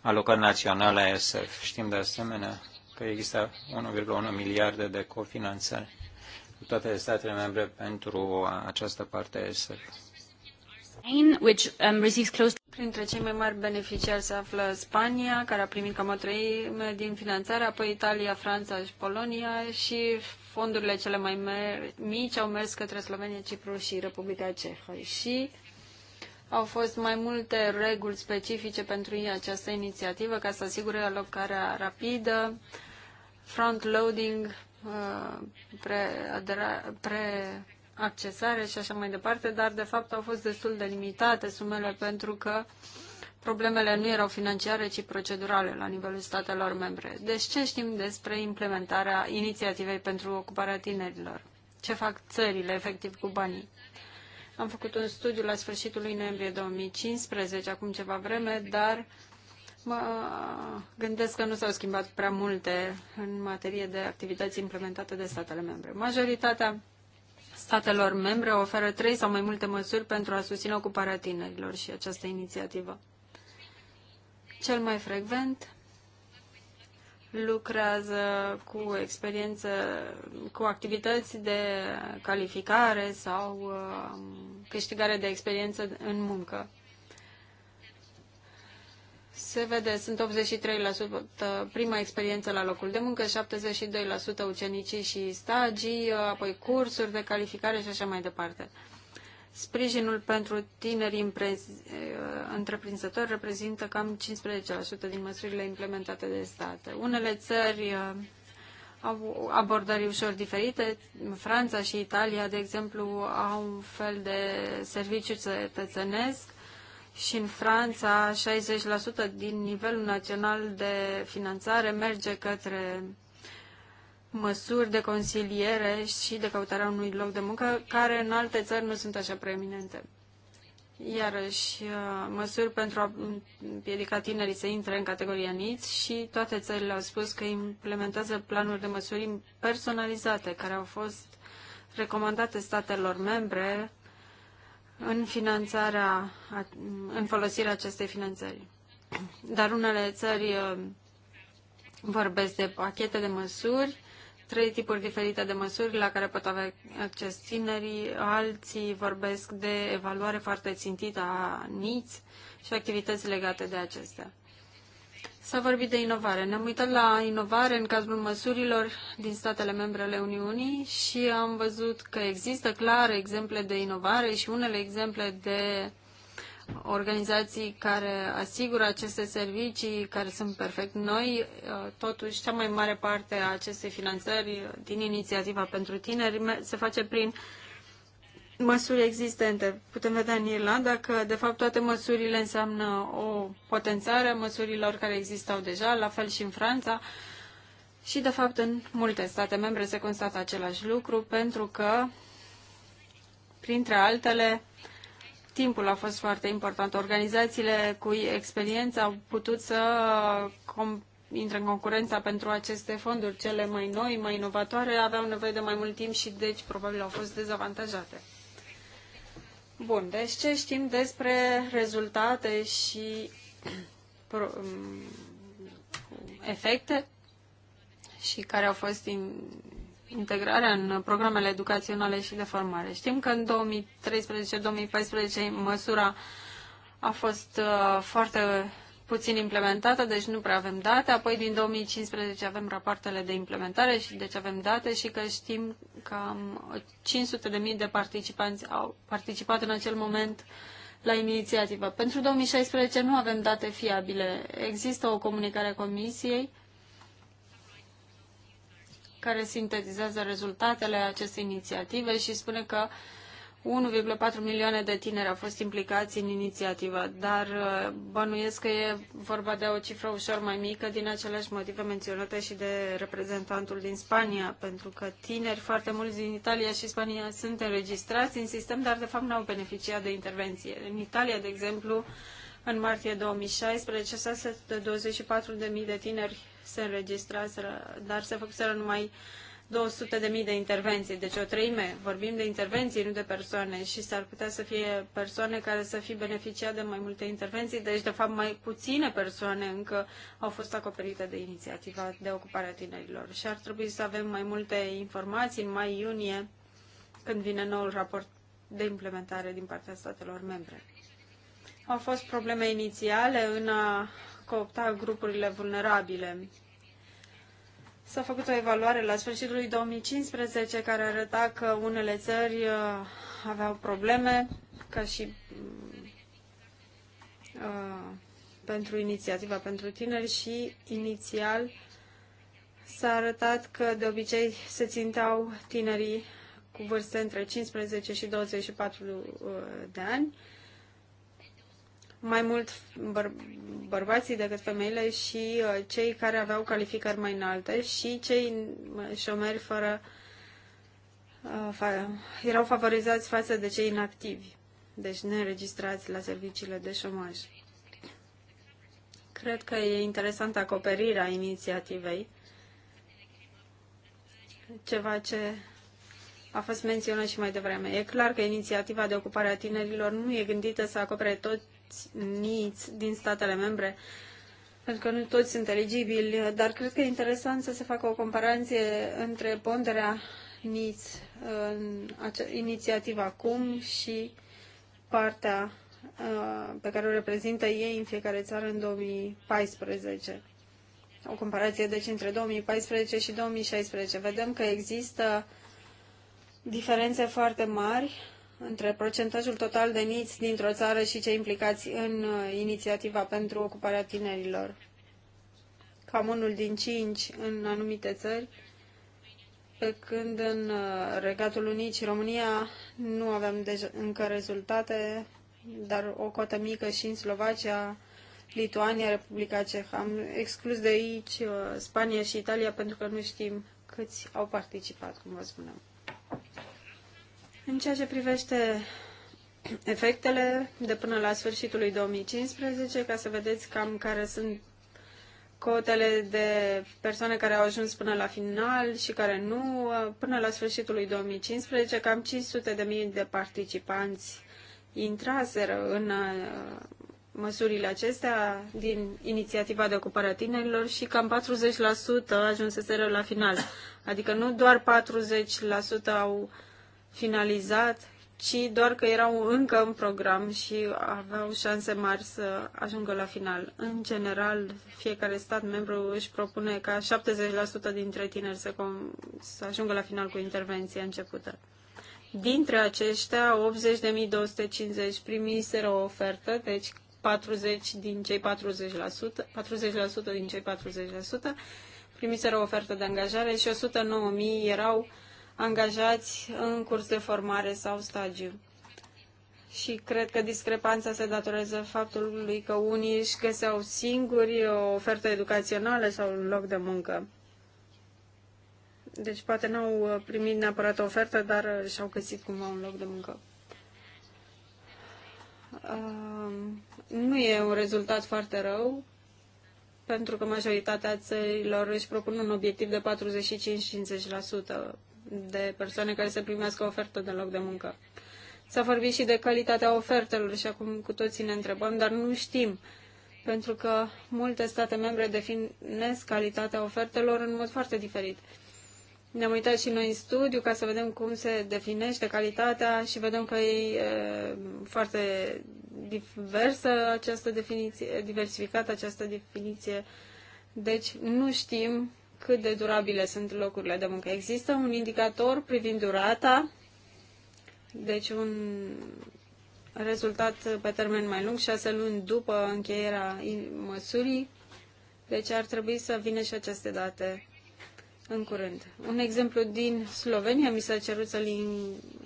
alocări naționale a ESF. Știm de asemenea că există 1,1 miliarde de cofinanțare cu toate statele membre pentru această parte a ESF. Um, Printre cei mai mari beneficiari se află Spania, care a primit cam o treime din finanțare, apoi Italia, Franța și Polonia și fondurile cele mai mici au mers către Slovenia, Cipru și Republica Cehă. Și au fost mai multe reguli specifice pentru această inițiativă ca să asigure alocarea rapidă, front-loading, uh, pre, pre accesare și așa mai departe, dar de fapt au fost destul de limitate sumele pentru că problemele nu erau financiare, ci procedurale la nivelul statelor membre. Deci ce știm despre implementarea inițiativei pentru ocuparea tinerilor? Ce fac țările efectiv cu banii? Am făcut un studiu la sfârșitul lui noiembrie 2015, acum ceva vreme, dar mă gândesc că nu s-au schimbat prea multe în materie de activități implementate de statele membre. Majoritatea statelor membre oferă trei sau mai multe măsuri pentru a susține ocuparea tinerilor și această inițiativă. Cel mai frecvent lucrează cu experiență, cu activități de calificare sau uh, câștigare de experiență în muncă. Se vede, sunt 83% prima experiență la locul de muncă, 72% ucenicii și stagii, apoi cursuri de calificare și așa mai departe. Sprijinul pentru tineri eh, întreprinzători reprezintă cam 15% din măsurile implementate de state. Unele țări eh, au abordări ușor diferite. Franța și Italia, de exemplu, au un fel de serviciu cetățenesc și în Franța 60% din nivelul național de finanțare merge către măsuri de consiliere și de căutarea unui loc de muncă, care în alte țări nu sunt așa preeminente. Iarăși, uh, măsuri pentru a împiedica tinerii să intre în categoria NITS și toate țările au spus că implementează planuri de măsuri personalizate care au fost recomandate statelor membre în finanțarea, în folosirea acestei finanțări. Dar unele țări uh, vorbesc de pachete de măsuri, trei tipuri diferite de măsuri la care pot avea acces tinerii, alții vorbesc de evaluare foarte țintită a niți și activități legate de acestea. S-a vorbit de inovare. Ne-am uitat la inovare în cazul măsurilor din statele membre ale Uniunii și am văzut că există clar exemple de inovare și unele exemple de organizații care asigură aceste servicii, care sunt perfect noi. Totuși, cea mai mare parte a acestei finanțări din inițiativa pentru tineri se face prin măsuri existente. Putem vedea în Irlanda că, de fapt, toate măsurile înseamnă o potențare a măsurilor care existau deja, la fel și în Franța. Și, de fapt, în multe state membre se constată același lucru, pentru că, printre altele, timpul a fost foarte important. Organizațiile cu experiență au putut să intre în concurența pentru aceste fonduri. Cele mai noi, mai inovatoare, aveau nevoie de mai mult timp și deci probabil au fost dezavantajate. Bun, deci ce știm despre rezultate și um, efecte și care au fost in, integrarea în programele educaționale și de formare. Știm că în 2013-2014 măsura a fost uh, foarte puțin implementată, deci nu prea avem date. Apoi din 2015 avem rapoartele de implementare și deci avem date și că știm că 500.000 uh, de participanți au participat în acel moment la inițiativă. Pentru 2016 nu avem date fiabile. Există o comunicare a Comisiei care sintetizează rezultatele acestei inițiative și spune că uh, 1,4 milioane de tineri au fost implicați în inițiativă, dar uh, bănuiesc că e vorba de o cifră ușor mai mică din aceleași motive menționate și de reprezentantul din Spania, pentru că tineri foarte mulți din Italia și Spania sunt înregistrați în sistem, dar de fapt n-au beneficiat de intervenție. În Italia, de exemplu, în martie 2016, 624.000 de tineri se înregistraseră, dar se făcuseră numai 200 de mii de intervenții, deci o treime. Vorbim de intervenții, nu de persoane și s-ar putea să fie persoane care să fie beneficiate de mai multe intervenții, deci de fapt mai puține persoane încă au fost acoperite de inițiativa de ocupare a tinerilor. Și ar trebui să avem mai multe informații în mai iunie, când vine noul raport de implementare din partea statelor membre. Au fost probleme inițiale în a coopta grupurile vulnerabile S-a făcut o evaluare la sfârșitul lui 2015 care arăta că unele țări uh, aveau probleme, ca și mm, uh, pentru inițiativa pentru tineri și inițial s-a arătat că de obicei se ținteau tinerii cu vârste între 15 și 24 uh, de ani mai mult băr- bărbații decât femeile și uh, cei care aveau calificări mai înalte și cei uh, șomeri fără uh, erau favorizați față de cei inactivi, deci neregistrați la serviciile de șomaj. Cred că e interesantă acoperirea inițiativei, ceva ce a fost menționat și mai devreme. E clar că inițiativa de ocupare a tinerilor nu e gândită să acopere tot nici din statele membre, pentru că nu toți sunt eligibili, dar cred că e interesant să se facă o comparație între ponderea NITS în inițiativă acum și partea uh, pe care o reprezintă ei în fiecare țară în 2014. O comparație, deci, între 2014 și 2016. Vedem că există diferențe foarte mari între procentajul total de niți dintr-o țară și cei implicați în uh, inițiativa pentru ocuparea tinerilor. Cam unul din cinci în anumite țări, pe când în uh, Regatul Unit și România nu aveam deja încă rezultate, dar o cotă mică și în Slovacia, Lituania, Republica Cehă. Am exclus de aici uh, Spania și Italia pentru că nu știm câți au participat, cum vă spuneam. În ceea ce privește efectele de până la sfârșitul lui 2015, ca să vedeți cam care sunt cotele de persoane care au ajuns până la final și care nu, până la sfârșitul lui 2015, cam 500 de mii de participanți intraseră în uh, măsurile acestea din inițiativa de ocupare a tinerilor și cam 40% ajunseseră la final. Adică nu doar 40% au finalizat, ci doar că erau încă în program și aveau șanse mari să ajungă la final. În general, fiecare stat membru își propune ca 70% dintre tineri să, să ajungă la final cu intervenția începută. Dintre aceștia, 80.250 primiseră o ofertă, deci 40 din cei 40%, 40% din cei 40% primiseră o ofertă de angajare și 109.000 erau angajați în curs de formare sau stagiu. Și cred că discrepanța se datorează faptului că unii își găseau singuri o ofertă educațională sau un loc de muncă. Deci poate n-au uh, primit neapărat o ofertă, dar uh, și-au găsit cumva un loc de muncă. Uh, nu e un rezultat foarte rău, pentru că majoritatea țărilor își propun un obiectiv de 45-50% de persoane care să primească ofertă de loc de muncă. S-a vorbit și de calitatea ofertelor și acum cu toții ne întrebăm, dar nu știm, pentru că multe state membre definesc calitatea ofertelor în mod foarte diferit. Ne-am uitat și noi în studiu ca să vedem cum se definește calitatea și vedem că e, e foarte diversă această definiție, diversificată această definiție. Deci nu știm cât de durabile sunt locurile de muncă. Există un indicator privind durata, deci un rezultat pe termen mai lung, șase luni după încheierea măsurii, deci ar trebui să vină și aceste date în curând. Un exemplu din Slovenia mi s-a cerut să-l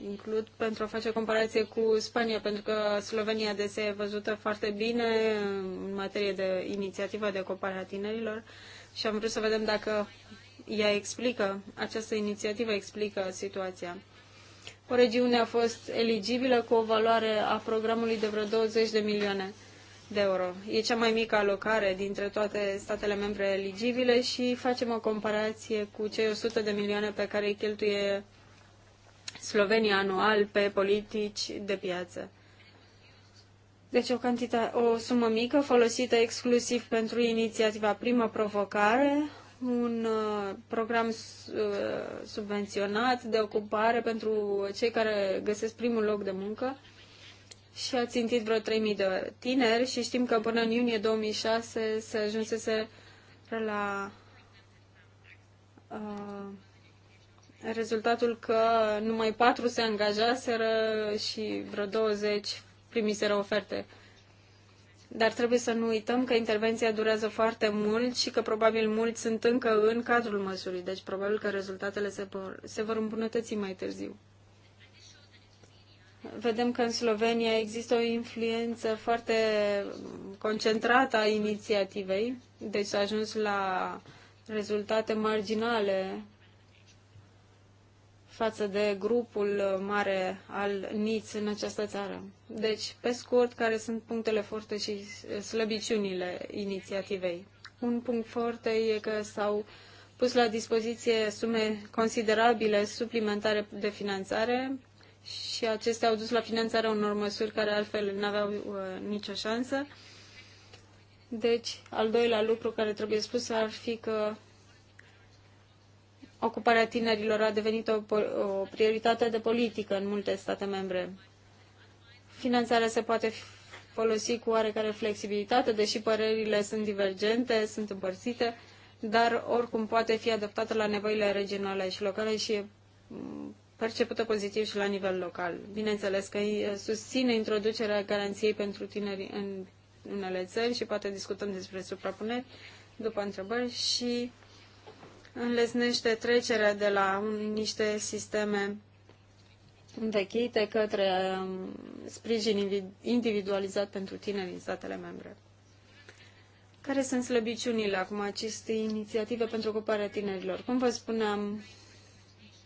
includ pentru a face o comparație cu Spania, pentru că Slovenia se e văzută foarte bine în materie de inițiativă de ocupare a tinerilor și am vrut să vedem dacă ea explică, această inițiativă explică situația. O regiune a fost eligibilă cu o valoare a programului de vreo 20 de milioane de euro. E cea mai mică alocare dintre toate statele membre eligibile și facem o comparație cu cei 100 de milioane pe care îi cheltuie Slovenia anual pe politici de piață. Deci o, cantita, o sumă mică folosită exclusiv pentru inițiativa Prima Provocare, un uh, program uh, subvenționat de ocupare pentru cei care găsesc primul loc de muncă și a țintit vreo 3.000 de tineri și știm că până în iunie 2006 se ajunsese la uh, rezultatul că numai 4 se angajaseră și vreo 20 primiseră oferte. Dar trebuie să nu uităm că intervenția durează foarte mult și că probabil mulți sunt încă în cadrul măsurii, deci probabil că rezultatele se vor, se vor îmbunătăți mai târziu. Vedem că în Slovenia există o influență foarte concentrată a inițiativei, deci s-a ajuns la rezultate marginale față de grupul mare al NITS în această țară. Deci, pe scurt, care sunt punctele forte și slăbiciunile inițiativei? Un punct forte e că s-au pus la dispoziție sume considerabile suplimentare de finanțare și acestea au dus la finanțarea unor măsuri care altfel nu aveau uh, nicio șansă. Deci, al doilea lucru care trebuie spus ar fi că ocuparea tinerilor a devenit o, o prioritate de politică în multe state membre. Finanțarea se poate folosi cu oarecare flexibilitate, deși părerile sunt divergente, sunt împărțite, dar oricum poate fi adaptată la nevoile regionale și locale și percepută pozitiv și la nivel local. Bineînțeles că susține introducerea garanției pentru tineri în unele țări și poate discutăm despre suprapuneri după întrebări și înlesnește trecerea de la niște sisteme învechite către um, sprijin individualizat pentru tineri din statele membre. Care sunt slăbiciunile acum acestei inițiative pentru ocuparea tinerilor? Cum vă spuneam,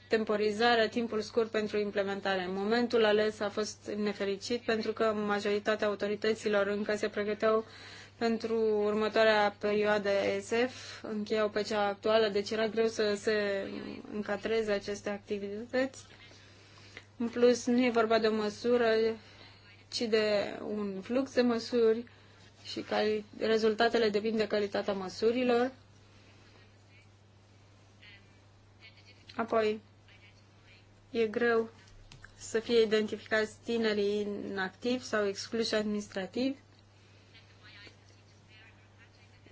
temporizarea, timpul scurt pentru implementare. Momentul ales a fost nefericit pentru că majoritatea autorităților încă se pregăteau pentru următoarea perioadă ESF, încheiau pe cea actuală, deci era greu să se încatreze aceste activități. În plus, nu e vorba de o măsură, ci de un flux de măsuri și cali- rezultatele depind de calitatea măsurilor. Apoi, e greu să fie identificați tinerii inactivi sau excluși administrativ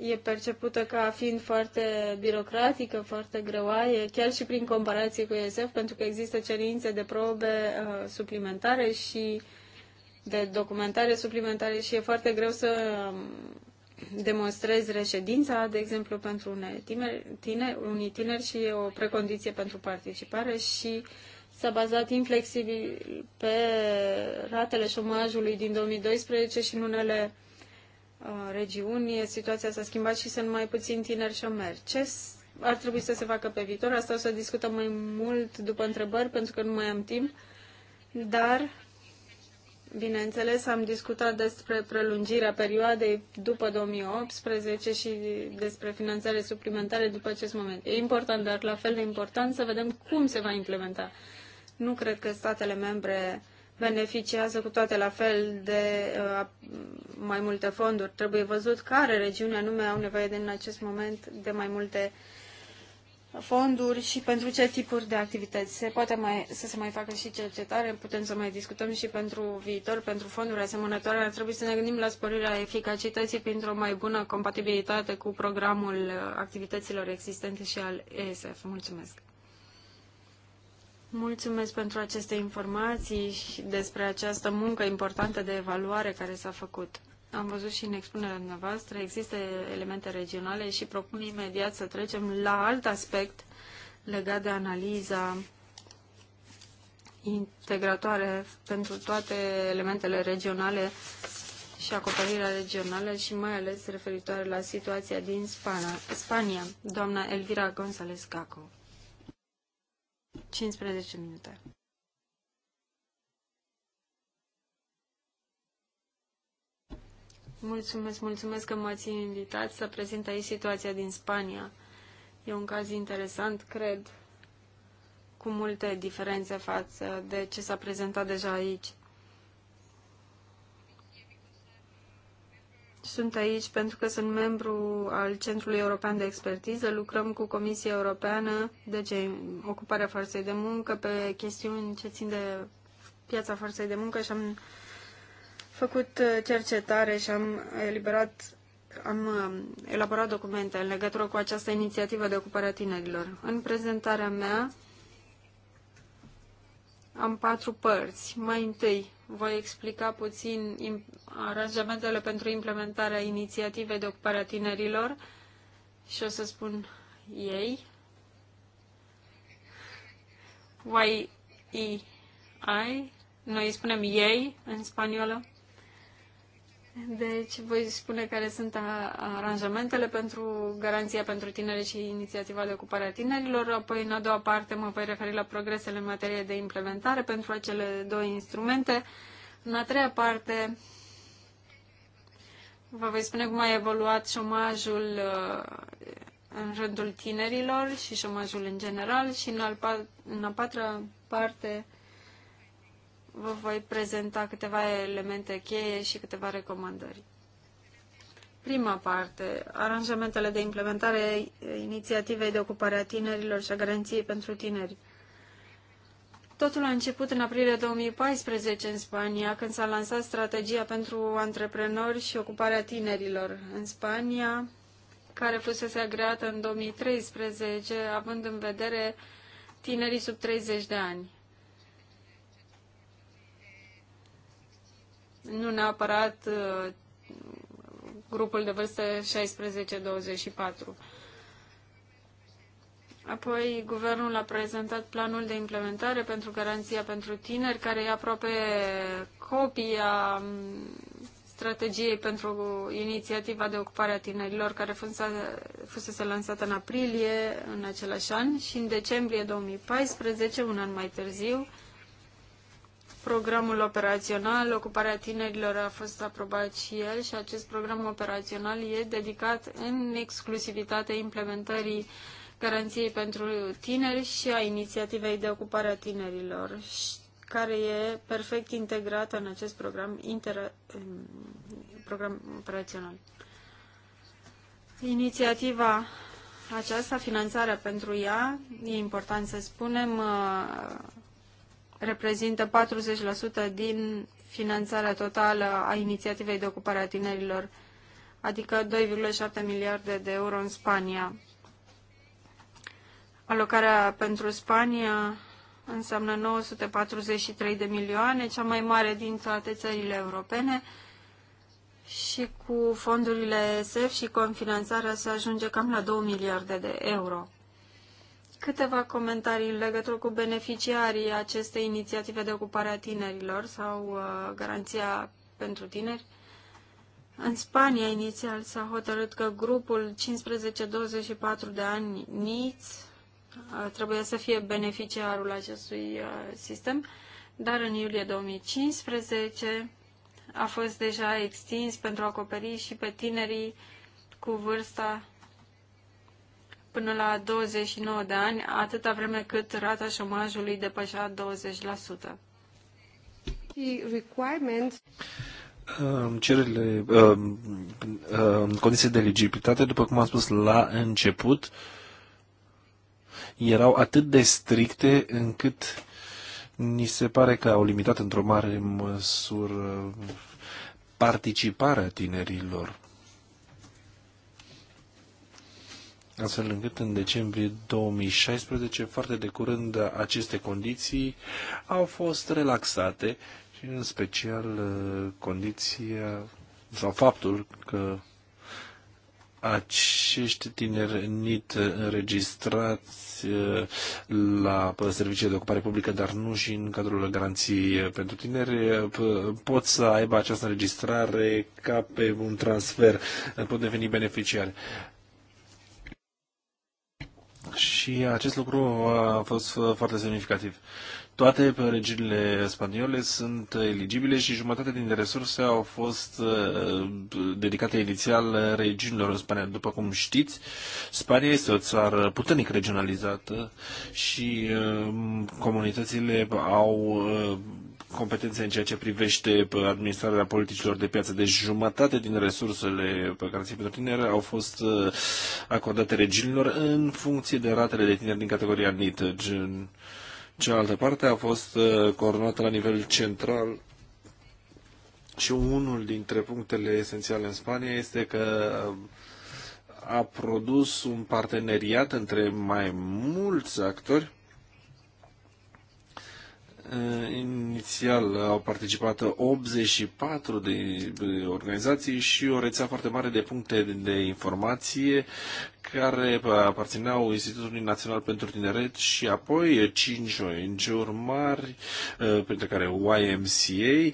e percepută ca fiind foarte birocratică, foarte greoaie, chiar și prin comparație cu ESF, pentru că există cerințe de probe uh, suplimentare și de documentare suplimentare și e foarte greu să um, demonstrezi reședința, de exemplu, pentru un tineri, tine, unii tineri și e o precondiție pentru participare și s-a bazat inflexibil pe ratele șomajului din 2012 și în unele Uh, regiuni, situația s-a schimbat și sunt mai puțin tineri șomeri. Ce ar trebui să se facă pe viitor? Asta o să discutăm mai mult după întrebări, pentru că nu mai am timp. Dar, bineînțeles, am discutat despre prelungirea perioadei după 2018 și despre finanțare suplimentare după acest moment. E important, dar la fel de important să vedem cum se va implementa. Nu cred că statele membre beneficiază cu toate la fel de uh, mai multe fonduri. Trebuie văzut care regiuni anume au nevoie de, în acest moment de mai multe fonduri și pentru ce tipuri de activități. Se poate mai, să se mai facă și cercetare, putem să mai discutăm și pentru viitor, pentru fonduri asemănătoare. Ar trebui să ne gândim la sporirea eficacității printr-o mai bună compatibilitate cu programul uh, activităților existente și al ESF. Mulțumesc! Mulțumesc pentru aceste informații și despre această muncă importantă de evaluare care s-a făcut. Am văzut și în expunerea dumneavoastră, există elemente regionale și propun imediat să trecem la alt aspect legat de analiza integratoare pentru toate elementele regionale și acoperirea regională și mai ales referitoare la situația din Spania, doamna Elvira González caco 15 minute. Mulțumesc, mulțumesc că m-ați invitat să prezint aici situația din Spania. E un caz interesant, cred, cu multe diferențe față de ce s-a prezentat deja aici. Sunt aici pentru că sunt membru al Centrului European de Expertiză. Lucrăm cu Comisia Europeană de deci ocuparea forței de muncă pe chestiuni ce țin de piața forței de muncă și am făcut uh, cercetare și am eliberat am uh, elaborat documente în legătură cu această inițiativă de ocupare a tinerilor. În prezentarea mea am patru părți. Mai întâi, voi explica puțin aranjamentele pentru implementarea inițiativei de ocupare a tinerilor și o să spun ei. Y-I-I, noi spunem ei în spaniolă. Deci voi spune care sunt aranjamentele pentru garanția pentru tineri și inițiativa de ocupare a tinerilor. Apoi, în a doua parte, mă voi referi la progresele în materie de implementare pentru acele două instrumente. În a treia parte, vă voi spune cum a evoluat șomajul uh, în rândul tinerilor și șomajul în general. Și în, al pat- în a patra parte, vă voi prezenta câteva elemente cheie și câteva recomandări. Prima parte, aranjamentele de implementare inițiativei de ocupare a tinerilor și a garanției pentru tineri. Totul a început în aprilie 2014 în Spania, când s-a lansat strategia pentru antreprenori și ocuparea tinerilor în Spania, care fusese agreată în 2013, având în vedere tinerii sub 30 de ani. nu neapărat uh, grupul de vârstă 16-24. Apoi, guvernul a prezentat planul de implementare pentru garanția pentru tineri, care e aproape copia um, strategiei pentru inițiativa de ocupare a tinerilor, care fusese lansată în aprilie în același an și în decembrie 2014, un an mai târziu, Programul operațional, ocuparea tinerilor a fost aprobat și el și acest program operațional e dedicat în exclusivitate implementării garanției pentru tineri și a inițiativei de ocupare a tinerilor, care e perfect integrată în acest program, inter, program operațional. Inițiativa aceasta, finanțarea pentru ea, e important să spunem, reprezintă 40% din finanțarea totală a inițiativei de ocupare a tinerilor, adică 2,7 miliarde de euro în Spania. Alocarea pentru Spania înseamnă 943 de milioane, cea mai mare din toate țările europene și cu fondurile SEF și confinanțarea se ajunge cam la 2 miliarde de euro. Câteva comentarii în legătură cu beneficiarii acestei inițiative de ocupare a tinerilor sau uh, garanția pentru tineri. În Spania, inițial, s-a hotărât că grupul 15-24 de ani NITS uh, trebuie să fie beneficiarul acestui uh, sistem, dar în iulie 2015 a fost deja extins pentru a acoperi și pe tinerii cu vârsta până la 29 de ani, atâta vreme cât rata șomajului depășea 20%. Cererile, condiții de eligibilitate, după cum am spus la început, erau atât de stricte încât ni se pare că au limitat într-o mare măsură participarea tinerilor astfel încât în decembrie 2016, foarte de curând, aceste condiții au fost relaxate și în special condiția sau faptul că acești tineri NIT înregistrați uh, la serviciile de ocupare publică, dar nu și în cadrul garanției pentru tineri, pot să aibă această înregistrare ca pe un transfer, pot deveni beneficiari. Și acest lucru a fost foarte semnificativ. Toate regiunile spaniole sunt eligibile și jumătate din resurse au fost uh, dedicate inițial regiunilor în Spania. După cum știți, Spania este o țară puternic regionalizată și uh, comunitățile au uh, competențe în ceea ce privește administrarea politicilor de piață. Deci jumătate din resursele pe care ți pentru tineri au fost ă, acordate regiunilor în funcție de ratele de tineri din categoria NIT. Gen, cealaltă parte a fost ă, coordonată la nivel central și unul dintre punctele esențiale în Spania este că a produs un parteneriat între mai mulți actori Eh, inițial au participat 84 de organizații și o rețea foarte mare de puncte de informație care aparțineau Institutului Național pentru Tineret și apoi 5 ONG-uri mari, eh, printre care YMCA, eh,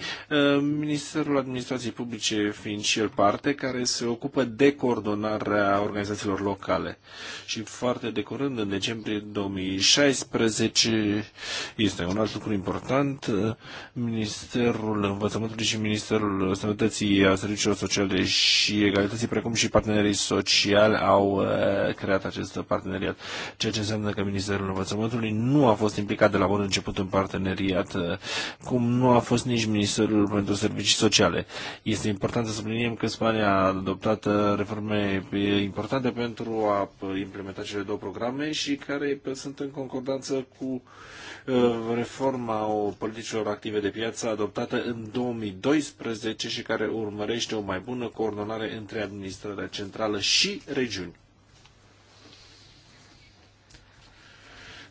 Ministerul Administrației Publice fiind și el parte, care se ocupă de coordonarea organizațiilor locale. Și foarte de curând, în decembrie 2016, este un alt lucru important. Ministerul Învățământului și Ministerul Sănătății a Serviciilor Sociale și Egalității, precum și partenerii sociali, au uh, creat acest parteneriat, ceea ce înseamnă că Ministerul Învățământului nu a fost implicat de la bun început în parteneriat, uh, cum nu a fost nici Ministerul pentru Servicii Sociale. Este important să subliniem că Spania a adoptat uh, reforme importante pentru a implementa cele două programe și care sunt în concordanță cu uh, Uh, reforma politicilor active de piață adoptată în 2012 și care urmărește o mai bună coordonare între administrarea centrală și regiuni.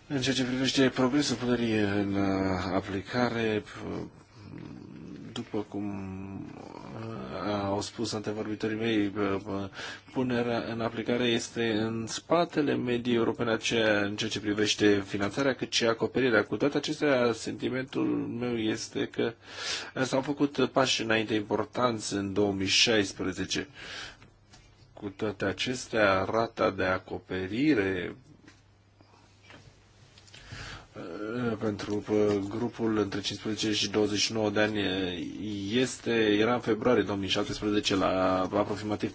În ceea ce privește progresul puterii în uh, aplicare, uh, după cum au spus antevorbitorii mei, punerea în aplicare este în spatele mediei europene aceea în ceea ce privește finanțarea, cât și acoperirea. Cu toate acestea, sentimentul meu este că s-au făcut pași înainte importanți în 2016. Cu toate acestea, rata de acoperire Eh, pentru grupul între 15 și 29 de ani eh, este, era în februarie 2017 la aproximativ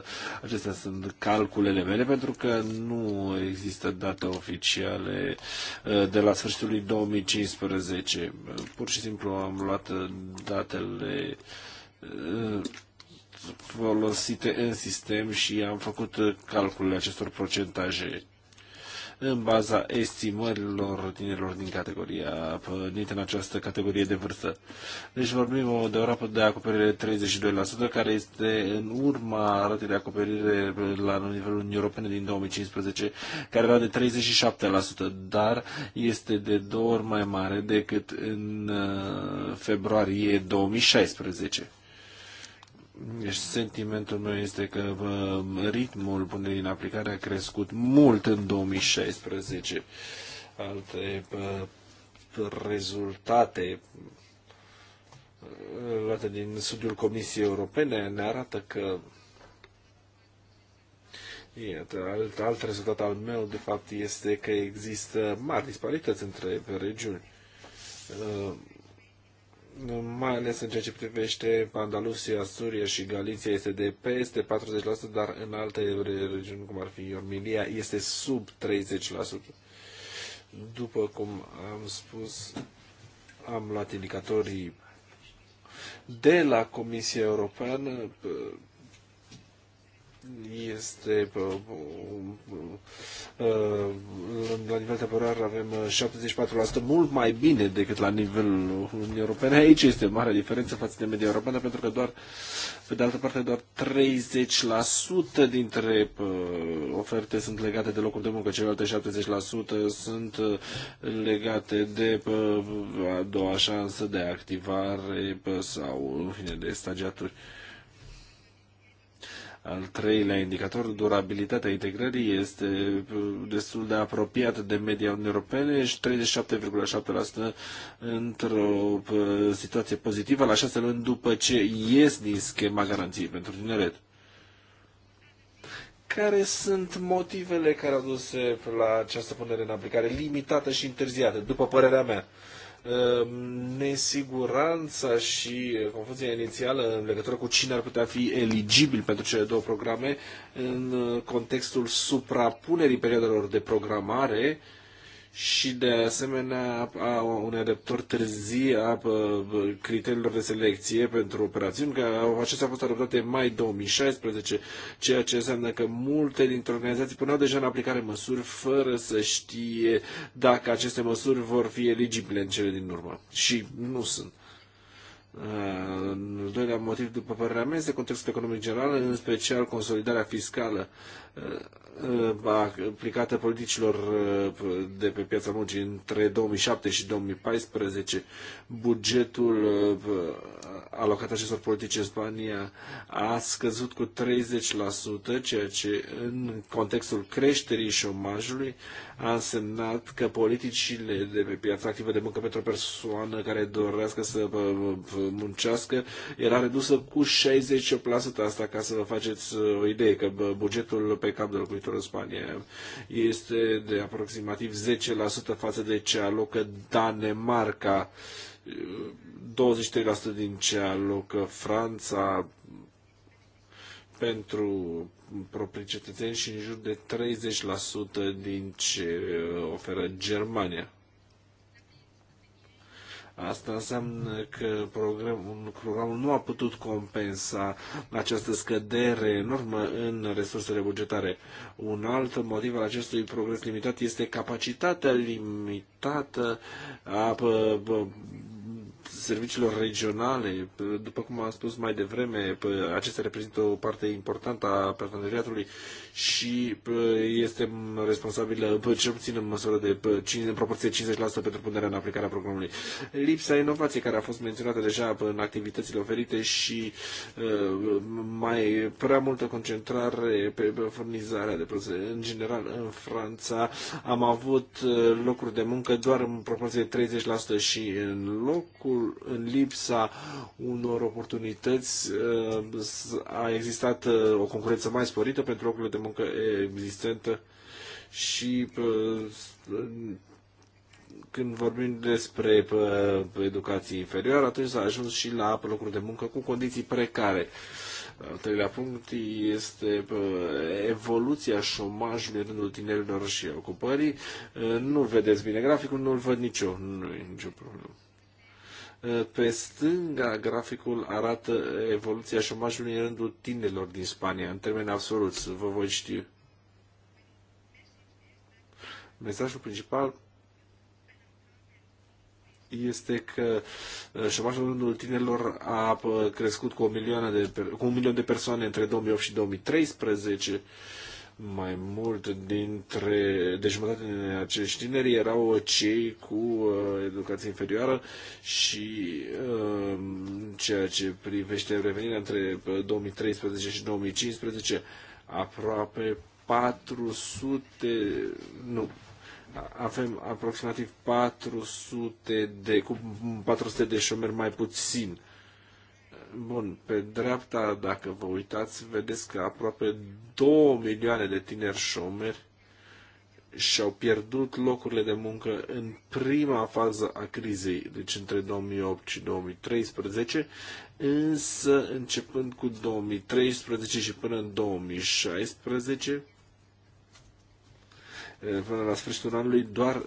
32%. Acestea sunt calculele mele pentru că nu există date oficiale eh, de la sfârșitul lui 2015. Pur și simplu am luat datele folosite în sistem și am făcut calculele acestor procentaje în baza estimărilor tinerilor din categoria, din această categorie de vârstă. Deci vorbim de o rapă de acoperire 32%, care este în urma ratei de acoperire la nivelul Uniunii Europene din 2015, care era de 37%, dar este de două ori mai mare decât în uh, februarie 2016 și deci sentimentul meu este că ritmul punerii în aplicare a crescut mult în 2016. Alte rezultate uh, luate din studiul Comisiei Europene ne arată că Iată, alt, alt rezultat al meu, de fapt, este că există mari disparități între regiuni uh, mai ales în ceea ce privește Andalusia, Asturia și Galiția, este de peste 40%, dar în alte regiuni, cum ar fi Ormilia, este sub 30%. După cum am spus, am luat indicatorii de la Comisia Europeană este uh, uh, uh, la nivel temporar avem 74% mult mai bine decât la nivelul Uniunii Europene. Aici este mare diferență față de media europeană pentru că doar pe de altă parte doar 30% dintre oferte sunt legate de locuri de muncă, celelalte 70% sunt legate de a doua șansă de activare sau în fine de stagiaturi. Uh, al treilea indicator, durabilitatea integrării, este uh, destul de apropiat de media Uniunii Europene și 37,7% într-o uh, situație pozitivă la șase luni după ce ies din schema garanției pentru tineret care sunt motivele care au dus la această punere în aplicare limitată și întârziată, după părerea mea. Ehm, nesiguranța și confuzia inițială în legătură cu cine ar putea fi eligibil pentru cele două programe în uh, contextul suprapunerii perioadelor de programare și de asemenea a unui adaptor târzii a criteriilor de selecție pentru operațiuni, că acestea au fost adoptate în mai 2016, ceea ce înseamnă că multe dintre organizații puneau deja în aplicare măsuri fără să știe dacă aceste măsuri vor fi eligibile în cele din urmă. Și nu sunt. Eh, al doilea motiv, după părerea mea, este contextul economic general, în special consolidarea fiscală eh, eh, aplicată politicilor de pe piața muncii între 2007 și 2014. Bugetul alocată acestor politici în Spania a scăzut cu 30%, ceea ce în contextul creșterii șomajului a însemnat că politicile de pe piața activă de muncă pentru o persoană care dorească să muncească era redusă cu 68%. Asta ca să vă faceți uh, o idee că bugetul pe cap de locuitor în Spania este de aproximativ 10% față de ce alocă Danemarca. Uh, 23% din ce alocă Franța pentru proprii cetățeni și în jur de 30% din ce oferă Germania. Asta înseamnă că programul, programul nu a putut compensa această scădere enormă în resursele bugetare. Un alt motiv al acestui progres limitat este capacitatea limitată a serviciilor regionale. După cum am spus mai devreme, acestea reprezintă o parte importantă a parteneriatului și este responsabilă cel puțin în măsură de 5, în proporție 50% pentru punerea în aplicare a programului. Lipsa inovației care a fost menționată deja în activitățile oferite și ă, mai prea multă concentrare pe furnizarea de produse. În general, în Franța am avut ă, locuri de muncă doar în proporție de 30% și în locul, în lipsa unor oportunități ă, a existat o concurență mai sporită pentru locurile de muncă existentă și când vorbim despre educație inferioară, atunci s-a ajuns și la locuri de muncă cu condiții precare. Al treilea punct este evoluția șomajului în rândul tinerilor și ocupării. Nu vedeți bine graficul, nu-l văd nicio, nu e nicio problemă. Eh, pe stânga graficul arată evoluția șomajului în rândul tinerilor din Spania, în termeni absoluți, vă voi ști. Mesajul principal este că eh, șomajul în rândul tinerilor a eh, crescut cu, o milioană de, cu un milion de persoane între 2008 și 2013 mai mult dintre, de deci jumătate din acești tineri erau cei cu uh, educație inferioară și uh, ceea ce privește revenirea între 2013 uh, și 2015, aproape 400, nu, avem aproximativ 400 de, cu 400 de șomeri mai puțin Bun, pe dreapta, dacă vă uitați, vedeți că aproape 2 milioane de tineri șomeri și-au pierdut locurile de muncă în prima fază a crizei, deci între 2008 și 2013, însă începând cu 2013 și până în 2016, până la sfârșitul anului, doar 21.000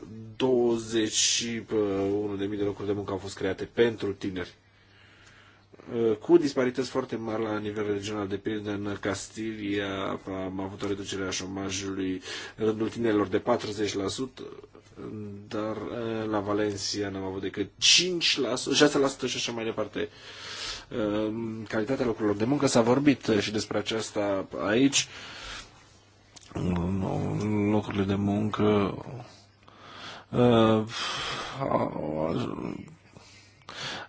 de locuri de muncă au fost create pentru tineri. Uh, cu disparități foarte mari la nivel regional. De pildă, în Castilia am avut o reducere a șomajului rândul tinerilor de 40%, dar uh, la Valencia n-am avut decât 5%, 6% și așa mai departe. Uh, calitatea locurilor de muncă s-a vorbit și despre aceasta aici. Locurile de muncă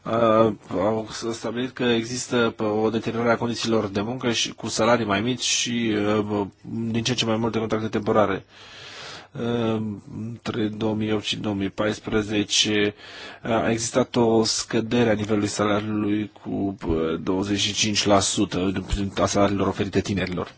Uh, au stabilit că există o deteriorare a condițiilor de muncă și cu salarii mai mici și uh, din ce în ce mai multe contracte temporare uh, între 2008 și 2014 a existat o scădere a nivelului salariului cu 25% a salariilor oferite tinerilor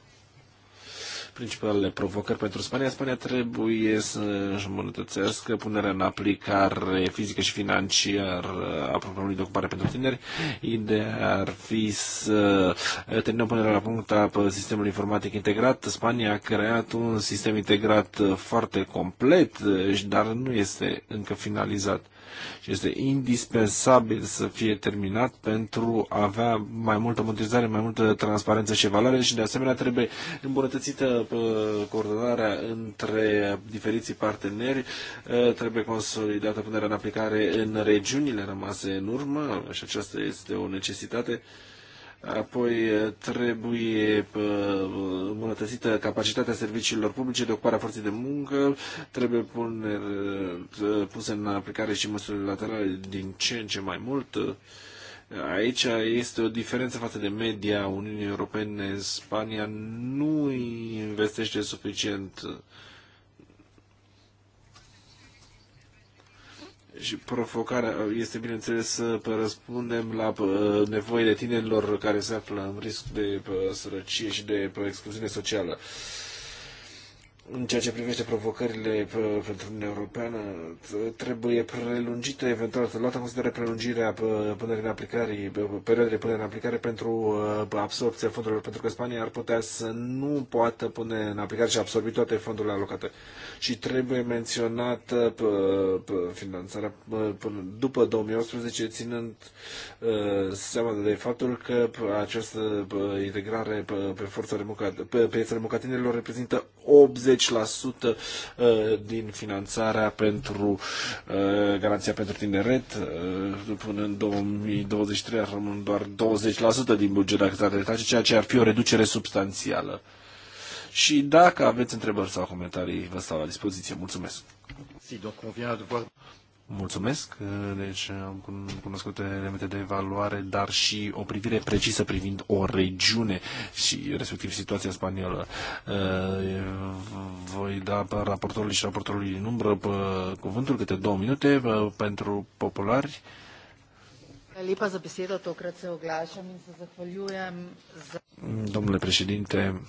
principalele provocări pentru Spania. Spania trebuie să își îmbunătățească punerea în aplicare fizică și financiar a programului de ocupare pentru tineri. Ideea ar fi să terminăm punerea la punct a sistemului informatic integrat. Spania a creat un sistem integrat foarte complet, dar nu este încă finalizat și este indispensabil să fie terminat pentru a avea mai multă monitorizare, mai multă transparență și evaluare și de asemenea trebuie îmbunătățită uh, coordonarea între diferiții parteneri, uh, trebuie consolidată punerea în aplicare în regiunile rămase în urmă și aceasta este o necesitate Apoi eh, trebuie eh, îmbunătățită capacitatea serviciilor publice de ocupare a forței de muncă, trebuie pune, eh, puse în aplicare și măsurile laterale din ce în ce mai mult. Aici este o diferență față de media Uniunii Europene. Spania nu investește suficient uh, Și provocarea este, bineînțeles, să răspundem la uh, nevoile tinerilor care se află în risc de uh, sărăcie și de uh, excluziune socială în ceea ce privește provocările uh, pentru Uniunea Europeană, trebuie prelungită, eventual, luată în considerare prelungirea uh, punerii în aplicare, uh, perioadele de punere în aplicare pentru absorpția fondurilor, pentru că Spania ar putea să nu poată pune în aplicare și absorbi toate fondurile alocate. Și trebuie menționată finanțarea până după 2018, ținând seama de faptul că această integrare pe forța de muncă, pe piețele muncatinerilor reprezintă 80 50% uh, din finanțarea pentru uh, garanția pentru tineret. Uh, până în 2023 ar rămân doar 20% din buget dacă s-ar retrage, ceea ce ar fi o reducere substanțială. Și dacă aveți întrebări sau comentarii, vă stau la dispoziție. Mulțumesc! Mulțumesc, deci am cunoscut elemente de evaluare, dar și o privire precisă privind o regiune și respectiv situația spaniolă. Eh, voi da raportorului și raportorului din umbră cuvântul câte două minute pentru populari. Lepa za besedo, tokrat se oglašam in se zahvaljujem za... Domnule președinte,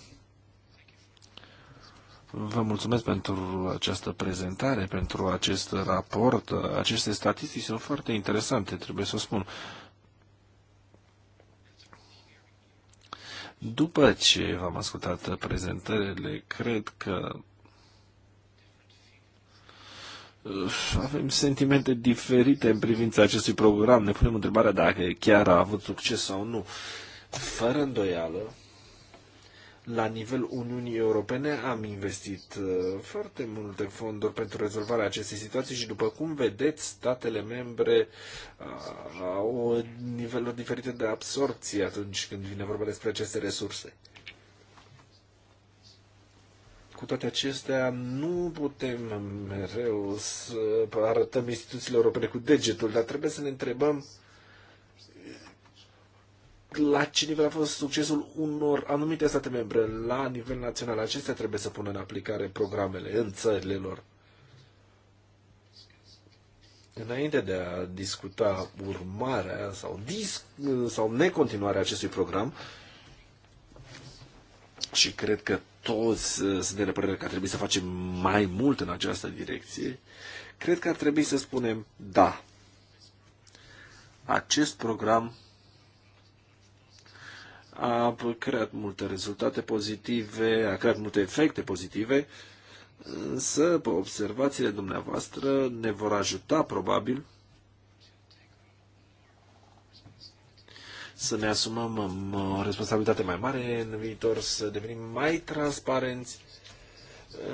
Vă mulțumesc pentru această prezentare, pentru acest raport. Aceste statistici sunt foarte interesante, trebuie să o spun. După ce v-am ascultat prezentările, cred că avem sentimente diferite în privința acestui program. Ne punem întrebarea dacă chiar a avut succes sau nu. Fără îndoială, la nivel Uniunii Europene am investit uh, foarte multe fonduri pentru rezolvarea acestei situații și, după cum vedeți, statele membre uh, au niveluri diferite de absorpție atunci când vine vorba despre aceste resurse. Cu toate acestea, nu putem mereu să arătăm instituțiile europene cu degetul, dar trebuie să ne întrebăm la ce nivel a fost succesul unor anumite state membre la nivel național. Acestea trebuie să pună în aplicare programele în țările lor. Înainte de a discuta urmarea sau, disc, sau necontinuarea acestui program, și cred că toți uh, suntem de părere că ar trebui să facem mai mult în această direcție, cred că ar trebui să spunem da. Acest program a creat multe rezultate pozitive, a creat multe efecte pozitive, însă observațiile dumneavoastră ne vor ajuta probabil să ne asumăm mm, o responsabilitate mai mare în viitor, să devenim mai transparenți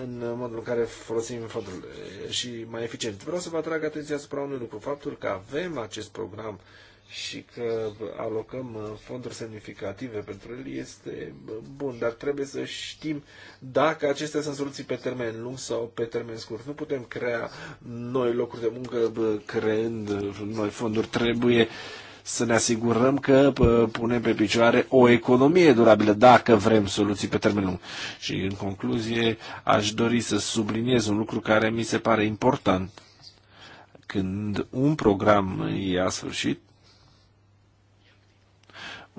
în modul în care folosim fondurile și mai eficient. Vreau să vă atrag atenția asupra unui lucru, faptul că avem acest program uh, și că alocăm uh, fonduri semnificative pentru el este uh, bun, dar trebuie să știm dacă acestea sunt soluții pe termen lung sau pe termen scurt. Nu putem crea noi locuri de muncă creând uh, noi fonduri. Trebuie să ne asigurăm că punem pe picioare o economie durabilă dacă vrem soluții pe termen lung. Și în concluzie aș dori să subliniez un lucru care mi se pare important. Când un program e a sfârșit,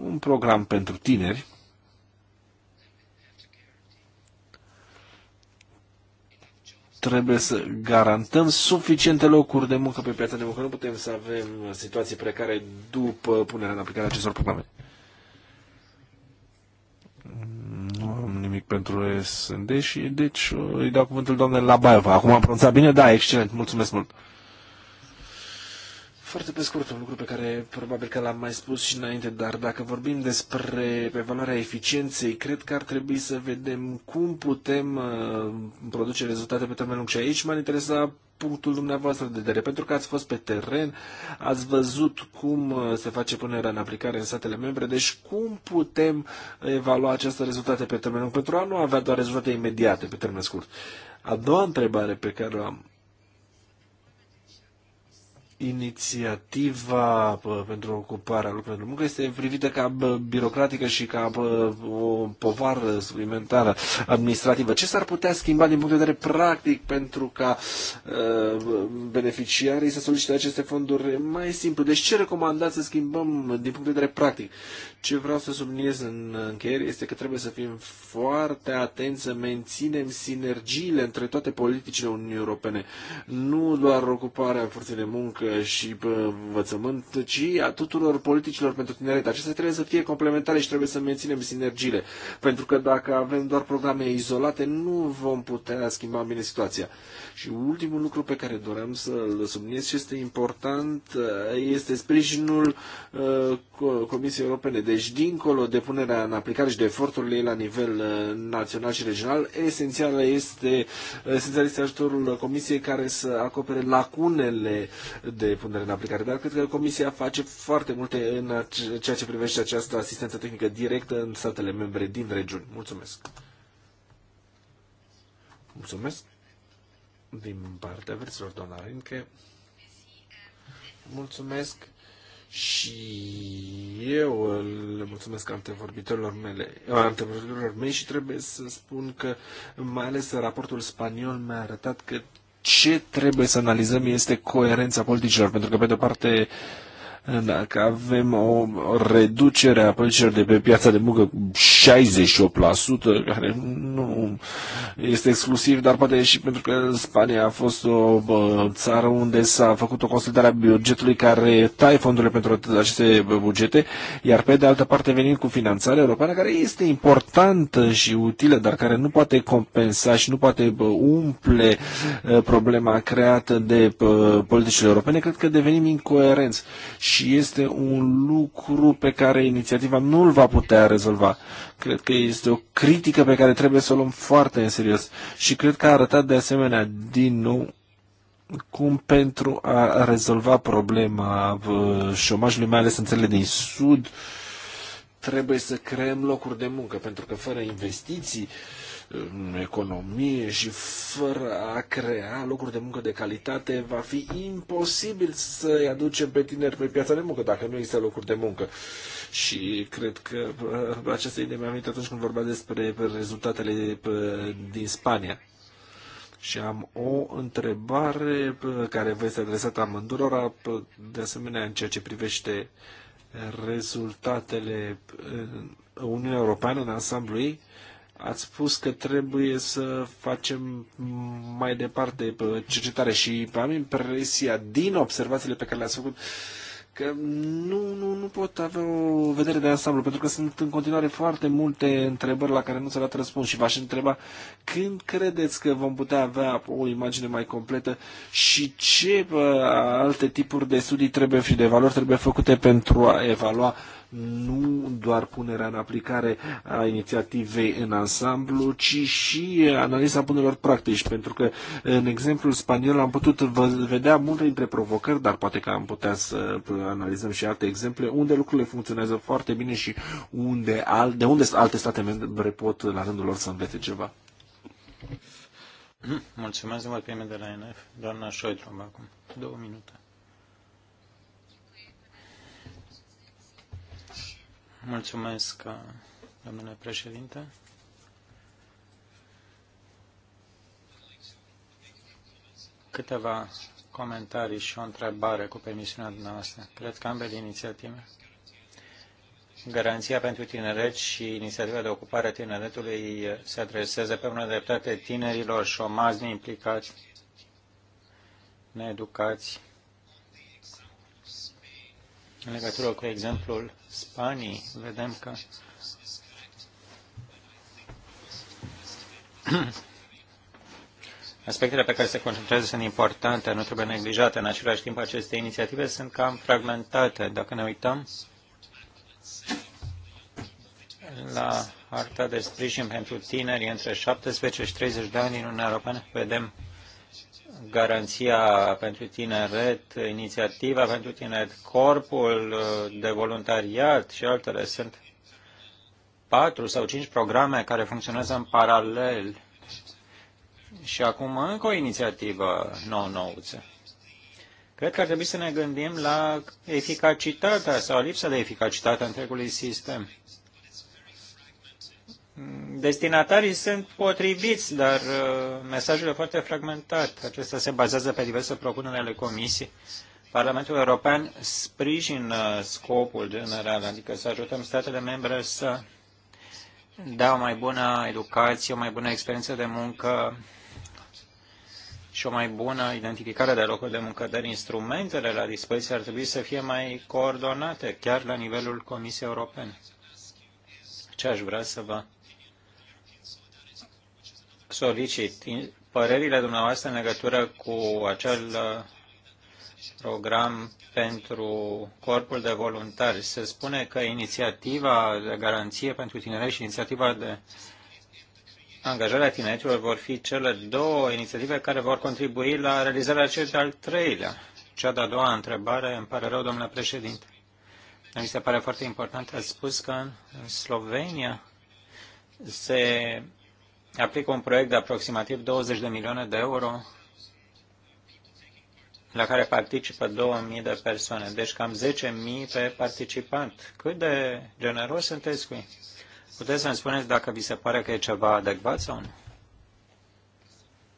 un program pentru tineri trebuie să garantăm suficiente locuri de muncă pe piața de muncă. Nu putem să avem situații precare după punerea în aplicare acestor programe. Nu am nimic pentru SND și deci îi dau cuvântul doamnei Labaiova. Acum am pronunțat bine? Da, excelent. Mulțumesc mult. Foarte pe scurt, un lucru pe care probabil că l-am mai spus și înainte, dar dacă vorbim despre evaluarea eficienței, cred că ar trebui să vedem cum putem uh, produce rezultate pe termen lung. Și aici m-ar interesa punctul dumneavoastră de vedere, pentru că ați fost pe teren, ați văzut cum uh, se face punerea în aplicare în statele membre, deci cum putem evalua aceste rezultate pe termen lung pentru a nu avea doar rezultate imediate pe termen scurt. A doua întrebare pe care o am inițiativa uh, pentru ocuparea lucrurilor pentru muncă este privită ca uh, birocratică și ca uh, o povară suplimentară administrativă. Ce s-ar putea schimba din punct de vedere practic pentru ca beneficiarii să solicite aceste fonduri mai simplu? Deci ce recomandați să schimbăm din punct de vedere practic? Ce vreau să subliniez în încheiere este că trebuie să fim foarte atenți să menținem sinergiile între toate politicile Uniunii Europene. Nu doar ocuparea forței de muncă, muncă uh, și uh, învățământ, ci a tuturor politicilor pentru tineret. Acestea trebuie să fie complementare și trebuie să menținem sinergiile, pentru că dacă avem doar programe izolate, nu vom putea schimba bine situația. Și ultimul lucru pe care doream să-l subliniez și este important uh, este sprijinul Comisiei Europene. Deci, dincolo de punerea în aplicare și de eforturile la nivel național și regional, esențial este, esențial este ajutorul Comisiei care să acopere lacunele de punere în aplicare, dar cred că Comisia face foarte multe în ceea ce privește această asistență tehnică directă în statele membre din regiuni. Mulțumesc! Mulțumesc din partea verților, doamna Rinche. Mulțumesc și eu le mulțumesc antevorbitorilor, mele, antevorbitorilor mei și trebuie să spun că mai ales raportul spaniol mi-a arătat că ce trebuie să analizăm este coerența politicilor, pentru că, pe de-o parte, uh, dacă avem o, reducere a plăcilor de pe piața de muncă cu 68%, care nu este exclusiv, dar poate și pentru că Spania a fost o țară unde s-a făcut o consolidare a bugetului care taie fondurile pentru aceste bugete, iar pe de altă parte venim cu finanțarea europeană, care este importantă și utilă, dar care nu poate compensa și nu poate umple problema creată de politicile europene, cred că devenim incoerenți și este un lucru pe care inițiativa nu îl va putea rezolva. Cred că este o critică pe care trebuie să o luăm foarte în serios și cred că a arătat de asemenea din nou cum pentru a rezolva problema uh, șomajului, mai ales în țările din Sud, uh, trebuie să creăm locuri de muncă, pentru că fără investiții în economie și fără a crea locuri de muncă de calitate, va fi imposibil să-i aducem pe tineri pe piața de muncă dacă nu există locuri de muncă. Și cred că uh, această idee mi-a venit atunci când vorbea despre rezultatele uh, din Spania. Și am o întrebare uh, care vă este adresată amândurora, de asemenea în ceea ce privește uh, rezultatele uh, Uniunii Europeană în ansamblu ei, ați spus că trebuie să facem mai departe cercetare și am impresia din observațiile pe care le-ați făcut că nu, nu, nu pot avea o vedere de ansamblu, pentru că sunt în continuare foarte multe întrebări la care nu s-a dat răspuns și v-aș întreba când credeți că vom putea avea o imagine mai completă și ce bă, alte tipuri de studii trebuie și de valori trebuie făcute pentru a evalua nu doar punerea în aplicare a inițiativei în ansamblu, ci și analiza bunelor practici, pentru că în exemplul spaniol am putut vedea multe dintre provocări, dar poate că am putea să analizăm și alte exemple unde lucrurile funcționează foarte bine și unde, de unde alte state membre pot la rândul lor să învețe ceva. Mulțumesc de mult, de la NF. Doamna Șoitrom, acum. Două minute. Mulțumesc, uh, domnule președinte. Câteva comentarii și o întrebare cu permisiunea dumneavoastră. Cred că ambele inițiative, Garanția pentru Tineret și Inițiativa de Ocupare a Tineretului uh, se adreseze pe bună dreptate tinerilor șomazi neimplicați, needucați. În legătură cu exemplul Spanii, vedem că aspectele pe care se concentrează sunt importante, nu trebuie neglijate. În același timp, aceste inițiative sunt cam fragmentate. Dacă ne uităm la harta de sprijin pentru tineri între 17 și 30 de ani în Uniunea Europeană, vedem garanția pentru tineret, inițiativa pentru tineret, corpul de voluntariat și altele. Sunt patru sau cinci programe care funcționează în paralel și acum încă o inițiativă nou-nouță. Cred că ar trebui să ne gândim la eficacitatea sau lipsa de eficacitate a întregului sistem. Destinatarii sunt potriviți, dar uh, mesajul e foarte fragmentat. Acesta se bazează pe diverse propuneri ale Comisiei. Parlamentul European sprijină scopul general, adică să ajutăm statele membre să dea o mai bună educație, o mai bună experiență de muncă și o mai bună identificare de locuri de muncă, dar instrumentele la dispoziție ar trebui să fie mai coordonate, chiar la nivelul Comisiei Europene. Ce aș vrea să vă solicit părerile dumneavoastră în legătură cu acel uh, program pentru corpul de voluntari. Se spune că inițiativa de garanție pentru tineri și inițiativa de angajarea tinerilor vor fi cele două inițiative care vor contribui la realizarea acestui al treilea. Cea de-a doua întrebare, îmi pare rău, domnule președinte. Mi se pare foarte important. Ați spus că în Slovenia se aplică un proiect de aproximativ 20 de milioane de euro la care participă 2000 de persoane, deci cam 10.000 pe participant. Cât de generos sunteți cu ei? Puteți să-mi spuneți dacă vi se pare că e ceva adecvat sau nu?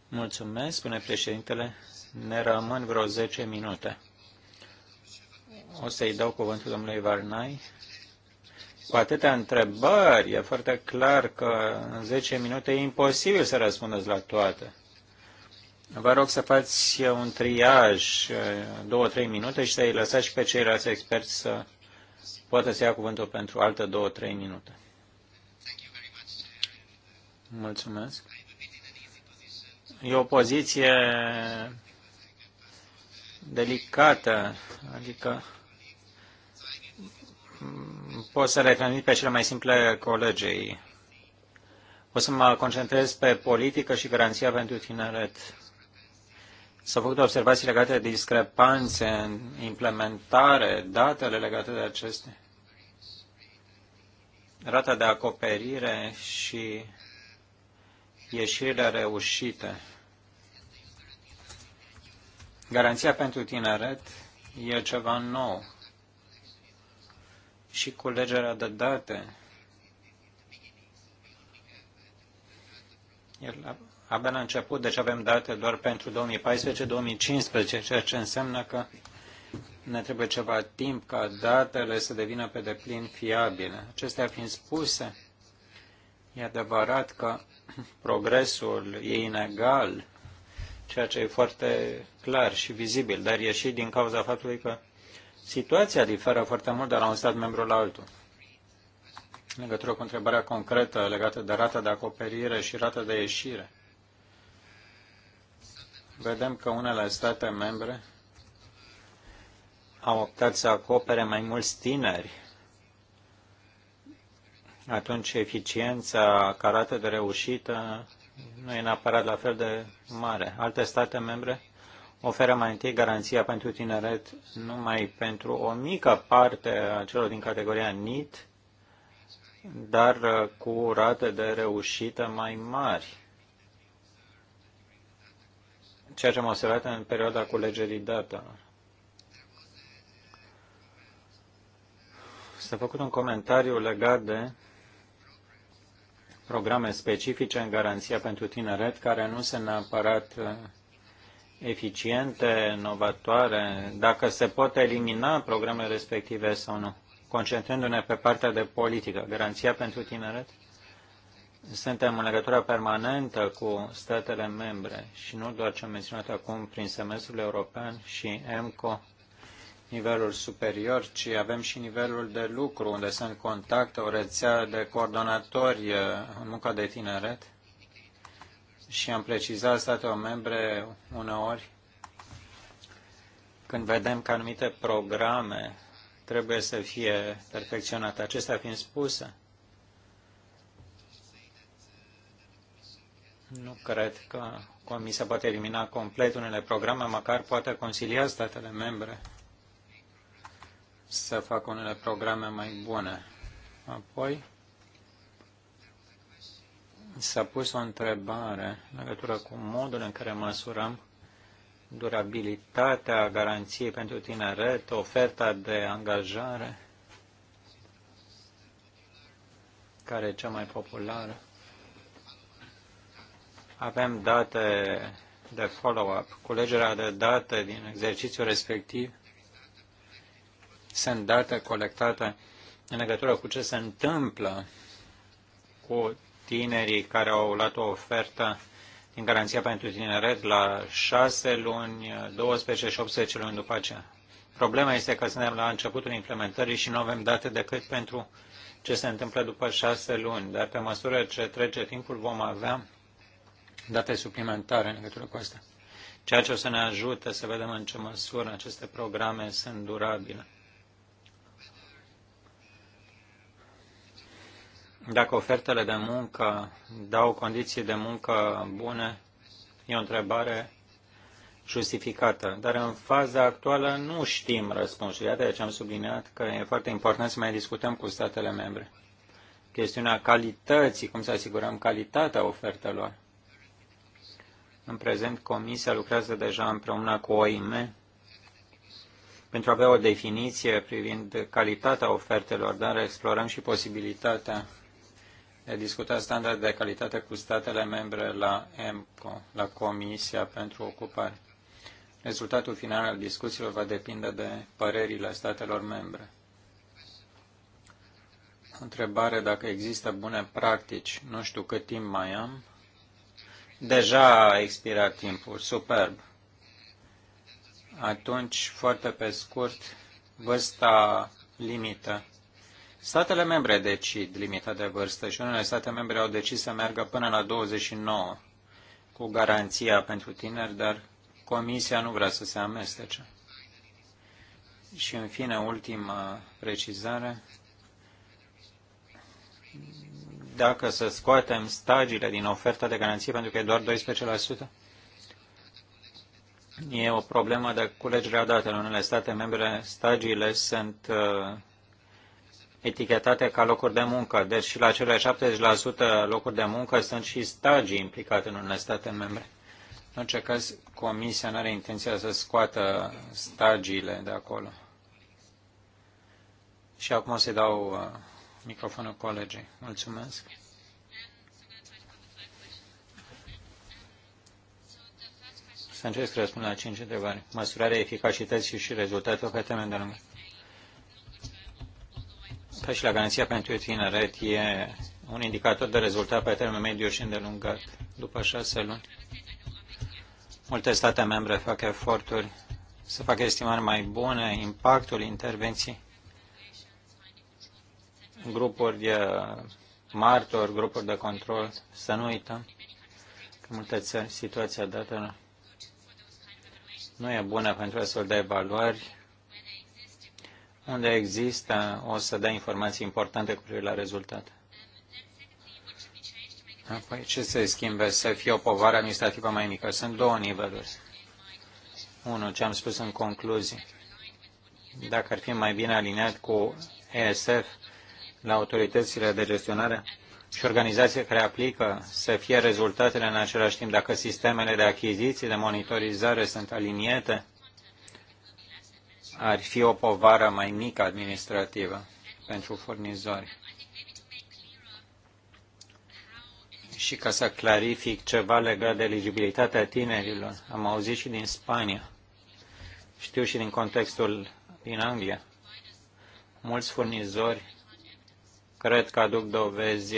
Mulțumesc, spune președintele. Ne rămân vreo 10 minute. O să-i dau cuvântul domnului Varnai cu atâtea întrebări, e foarte clar că în 10 minute e imposibil să răspundeți la toate. Vă rog să faci un triaj, două-trei minute și să-i lăsați și pe ceilalți experți să poată să ia cuvântul pentru alte două-trei minute. Mulțumesc. E o poziție delicată, adică pot să le transmit pe cele mai simple colegei. O să mă concentrez pe politică și garanția pentru tineret. S-au făcut observații legate de discrepanțe în implementare, datele legate de aceste, rata de acoperire și ieșirile reușite. Garanția pentru tineret e ceva nou și culegerea de date. El abia la început, deci avem date doar pentru 2014-2015, ceea ce înseamnă că ne trebuie ceva timp ca datele să devină pe deplin fiabile. Acestea fiind spuse, e adevărat că progresul e inegal, ceea ce e foarte clar și vizibil, dar e și din cauza faptului că Situația diferă foarte mult de la un stat membru la altul. În legătură cu întrebarea concretă legată de rata de acoperire și rata de ieșire, vedem că unele state membre au optat să acopere mai mulți tineri. Atunci eficiența ca rată de reușită nu e neapărat la fel de mare. Alte state membre oferă mai întâi garanția pentru tineret numai pentru o mică parte a celor din categoria NIT, dar uh, cu rate de reușită mai mari. Ceea ce am observat în perioada culegerii datelor. S-a făcut un comentariu legat de programe specifice în garanția pentru tineret, care nu se neapărat uh, eficiente, inovatoare, dacă se pot elimina programele respective sau nu. Concentrându-ne pe partea de politică, garanția pentru tineret, suntem în legătură permanentă cu statele membre și nu doar ce am menționat acum prin semestrul european și EMCO, nivelul superior, ci avem și nivelul de lucru, unde sunt contacte, o rețea de coordonatori în munca de tineret, și am precizat statele membre uneori când vedem că anumite programe trebuie să fie perfecționate. Acestea fiind spuse, nu cred că Comisia poate elimina complet unele programe, măcar poate concilia statele membre să facă unele programe mai bune. Apoi, s-a pus o întrebare în legătură cu modul în care măsurăm durabilitatea garanției pentru tineret, oferta de angajare, care e cea mai populară. Avem date de follow-up. Culegerea de date din exercițiul respectiv sunt date colectate în legătură cu ce se întâmplă cu tinerii care au luat o ofertă din garanția pentru tineret la 6 luni, 12 și 18 luni după aceea. Problema este că suntem la începutul implementării și nu avem date decât pentru ce se întâmplă după 6 luni, dar pe măsură ce trece timpul vom avea date suplimentare în legătură cu asta, ceea ce o să ne ajute să vedem în ce măsură aceste programe sunt durabile. Dacă ofertele de muncă dau condiții de muncă bune, e o întrebare justificată. Dar în faza actuală nu știm răspunsul. Iată de ce am subliniat că e foarte important să mai discutăm cu statele membre. Chestiunea calității, cum să asigurăm calitatea ofertelor. În prezent, Comisia lucrează deja împreună cu OIM pentru a avea o definiție privind calitatea ofertelor, dar explorăm și posibilitatea de a discuta standarde de calitate cu statele membre la EMCO, la Comisia pentru Ocupare. Rezultatul final al discuțiilor va depinde de părerile statelor membre. Întrebare dacă există bune practici. Nu știu cât timp mai am. Deja a expirat timpul. Superb. Atunci, foarte pe scurt, vârsta limită Statele membre decid limita de vârstă și unele state membre au decis să meargă până la 29 cu garanția pentru tineri, dar Comisia nu vrea să se amestece. Și în fine, ultima precizare. Dacă să scoatem stagiile din oferta de garanție, pentru că e doar 12%, e o problemă de culegere a datelor. În unele state membre, stagiile sunt uh, etichetate ca locuri de muncă. Deci și la cele 70% locuri de muncă sunt și stagii implicate în unele state membre. În orice caz, Comisia nu are intenția să scoată stagiile de acolo. Și acum o să-i dau uh, microfonul colegii. Mulțumesc. Să încerc să răspund la 5 întrebări. Măsurarea eficacității și rezultatelor pe termen de lungă. Ca păi și la garanția pentru tineret e un indicator de rezultat pe termen mediu și îndelungat. După șase luni, multe state membre fac eforturi să facă estimări mai bune impactul intervenției. Grupuri de martori, grupuri de control, să nu uităm că multe țări situația datelor nu e bună pentru astfel de evaluări, unde există, o să dea informații importante cu privire la rezultate. Apoi, ce se schimbe? Să fie o povară administrativă mai mică. Sunt două niveluri. Unul, ce am spus în concluzie. Dacă ar fi mai bine aliniat cu ESF la autoritățile de gestionare și organizații care aplică, să fie rezultatele în același timp. Dacă sistemele de achiziții, de monitorizare sunt aliniate, ar fi o povară mai mică administrativă pentru furnizori. Și ca să clarific ceva legat de eligibilitatea tinerilor, am auzit și din Spania, știu și din contextul din Anglia, mulți furnizori cred că aduc dovezi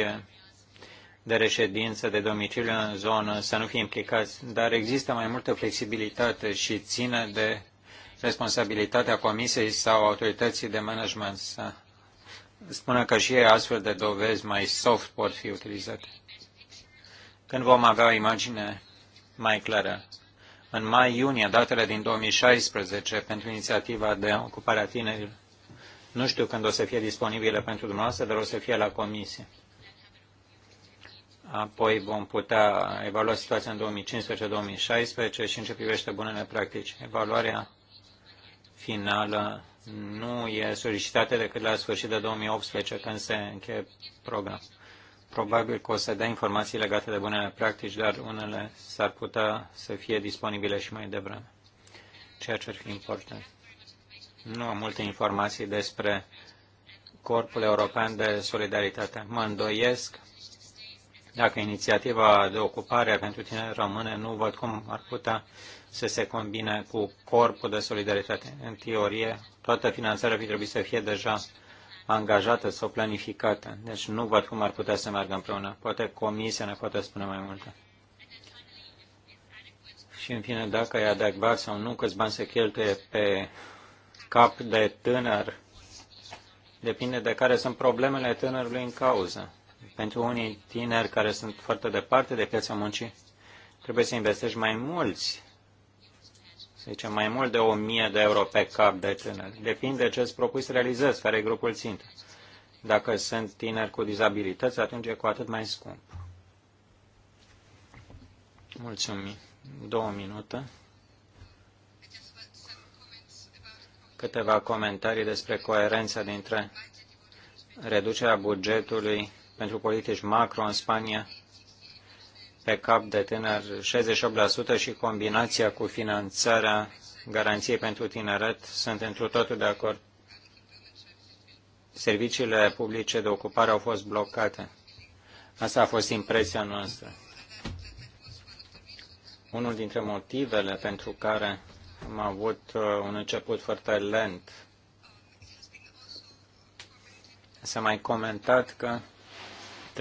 de reședință, de domiciliu în zonă, să nu fie implicați, dar există mai multă flexibilitate și ține de responsabilitatea comisiei sau autorității de management să spună că și ei astfel de dovezi mai soft pot fi utilizate. Când vom avea o imagine mai clară? În mai-iunie, datele din 2016 pentru inițiativa de ocupare a tinerilor. Nu știu când o să fie disponibile pentru dumneavoastră, dar o să fie la comisie. Apoi vom putea evalua situația în 2015-2016 și în ce privește bunele practici. Evaluarea finală nu e solicitată decât la sfârșit de 2018, când se încheie program. Probabil că o să dea informații legate de bunele practici, dar unele s-ar putea să fie disponibile și mai devreme, ceea ce ar fi important. Nu am multe informații despre Corpul European de Solidaritate. Mă îndoiesc dacă inițiativa de ocupare pentru tine rămâne, nu văd cum ar putea să se combine cu corpul de solidaritate. În teorie, toată finanțarea ar fi trebuit să fie deja angajată sau planificată. Deci nu văd cum ar putea să meargă împreună. Poate comisia ne poate spune mai multe. Și în fine, dacă e adecvat sau nu, câți bani se cheltuie pe cap de tânăr, depinde de care sunt problemele tânărului în cauză. Pentru unii tineri care sunt foarte departe de piața muncii, trebuie să investești mai mulți să deci, zicem, mai mult de 1000 de euro pe cap de tânăr. Depinde ce îți propui să realizezi, care e grupul țintă. Dacă sunt tineri cu dizabilități, atunci e cu atât mai scump. Mulțumim. Două minute. Câteva comentarii despre coerența dintre reducerea bugetului pentru politici macro în Spania pe cap de tânăr 68% și combinația cu finanțarea garanției pentru tineret sunt întru totul de acord. Serviciile publice de ocupare au fost blocate. Asta a fost impresia noastră. Unul dintre motivele pentru care am avut uh, un început foarte lent. S-a mai comentat că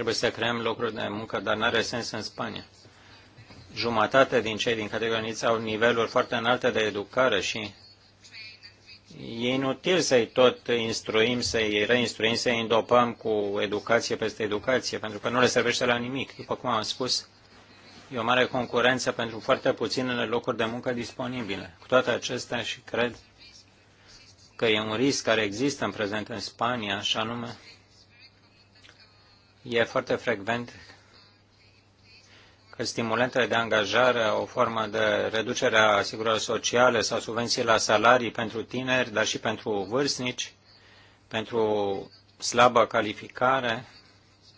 Trebuie să creăm locuri de muncă, dar nu are sens în Spania. Jumătate din cei din categoria au niveluri foarte înalte de educare și e inutil să-i tot instruim, să-i reinstruim, să-i îndopăm cu educație peste educație, pentru că nu le servește la nimic. După cum am spus, e o mare concurență pentru foarte puținele locuri de muncă disponibile. Cu toate acestea și cred că e un risc care există în prezent în Spania, așa nume. E foarte frecvent că stimulentele de angajare, o formă de reducere a asigurărilor sociale sau subvenții la salarii pentru tineri, dar și pentru vârstnici, pentru slabă calificare,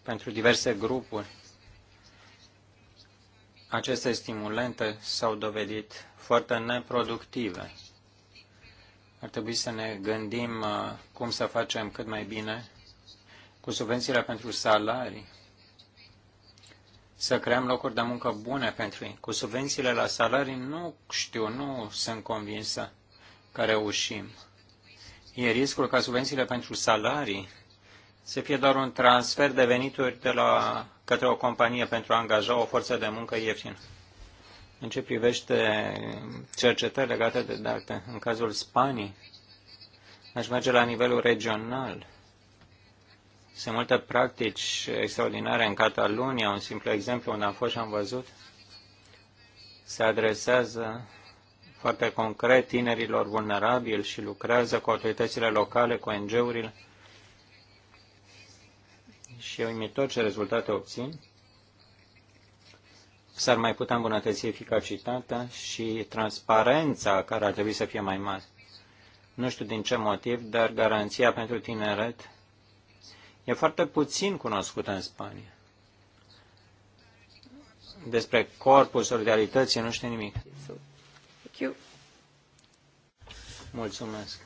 pentru diverse grupuri. Aceste stimulente s-au dovedit foarte neproductive. Ar trebui să ne gândim uh, cum să facem cât mai bine cu subvențiile pentru salarii, să creăm locuri de muncă bune pentru ei. Cu subvențiile la salarii nu știu, nu sunt convinsă că reușim. E riscul ca subvențiile pentru salarii să fie doar un transfer de venituri de la, către o companie pentru a angaja o forță de muncă ieftină. În ce privește cercetări legate de date, în cazul Spaniei, aș merge la nivelul regional sunt multe practici extraordinare în Catalunia. Un simplu exemplu unde am fost și am văzut se adresează foarte concret tinerilor vulnerabili și lucrează cu autoritățile locale, cu ONG-urile. Și e uimitor ce rezultate obțin. S-ar mai putea îmbunătăți eficacitatea și transparența care ar trebui să fie mai mare. Nu știu din ce motiv, dar garanția pentru tineret E foarte puțin cunoscută în Spania. Despre corpul solidarității nu știu nimic. Mulțumesc.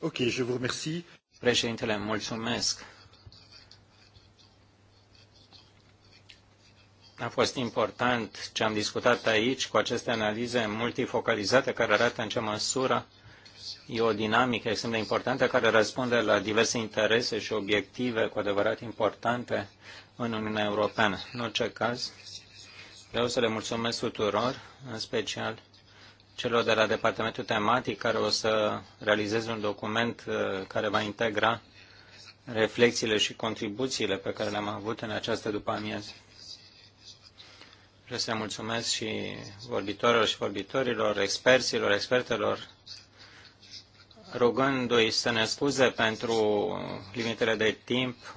Ok, je vous remercie. Președintele, mulțumesc. A fost important ce am discutat aici cu aceste analize multifocalizate care arată în ce măsură E o dinamică extrem de importantă care răspunde la diverse interese și obiective cu adevărat importante în Uniunea Europeană. În orice caz, vreau să le mulțumesc tuturor, în special celor de la departamentul tematic care o să realizeze un document uh, care va integra reflexiile și contribuțiile pe care le-am avut în această după-amiază. Vreau să le mulțumesc și vorbitorilor și vorbitorilor, experților, expertelor rugându-i să ne scuze pentru limitele de timp,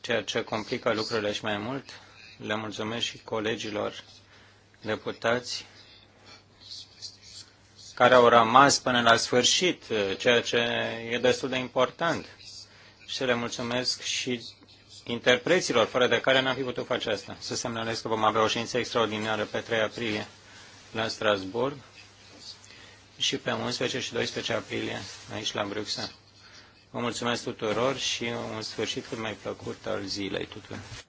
ceea ce complică lucrurile și mai mult. Le mulțumesc și colegilor deputați care au rămas până la sfârșit, ceea ce e destul de important. Și le mulțumesc și interpreților, fără de care n-am fi putut face asta. Să semnalez că vom avea o ședință extraordinară pe 3 aprilie la Strasburg și pe 11 și 12 aprilie aici la Bruxelles. Vă mulțumesc tuturor și un sfârșit cât mai plăcut al zilei tuturor.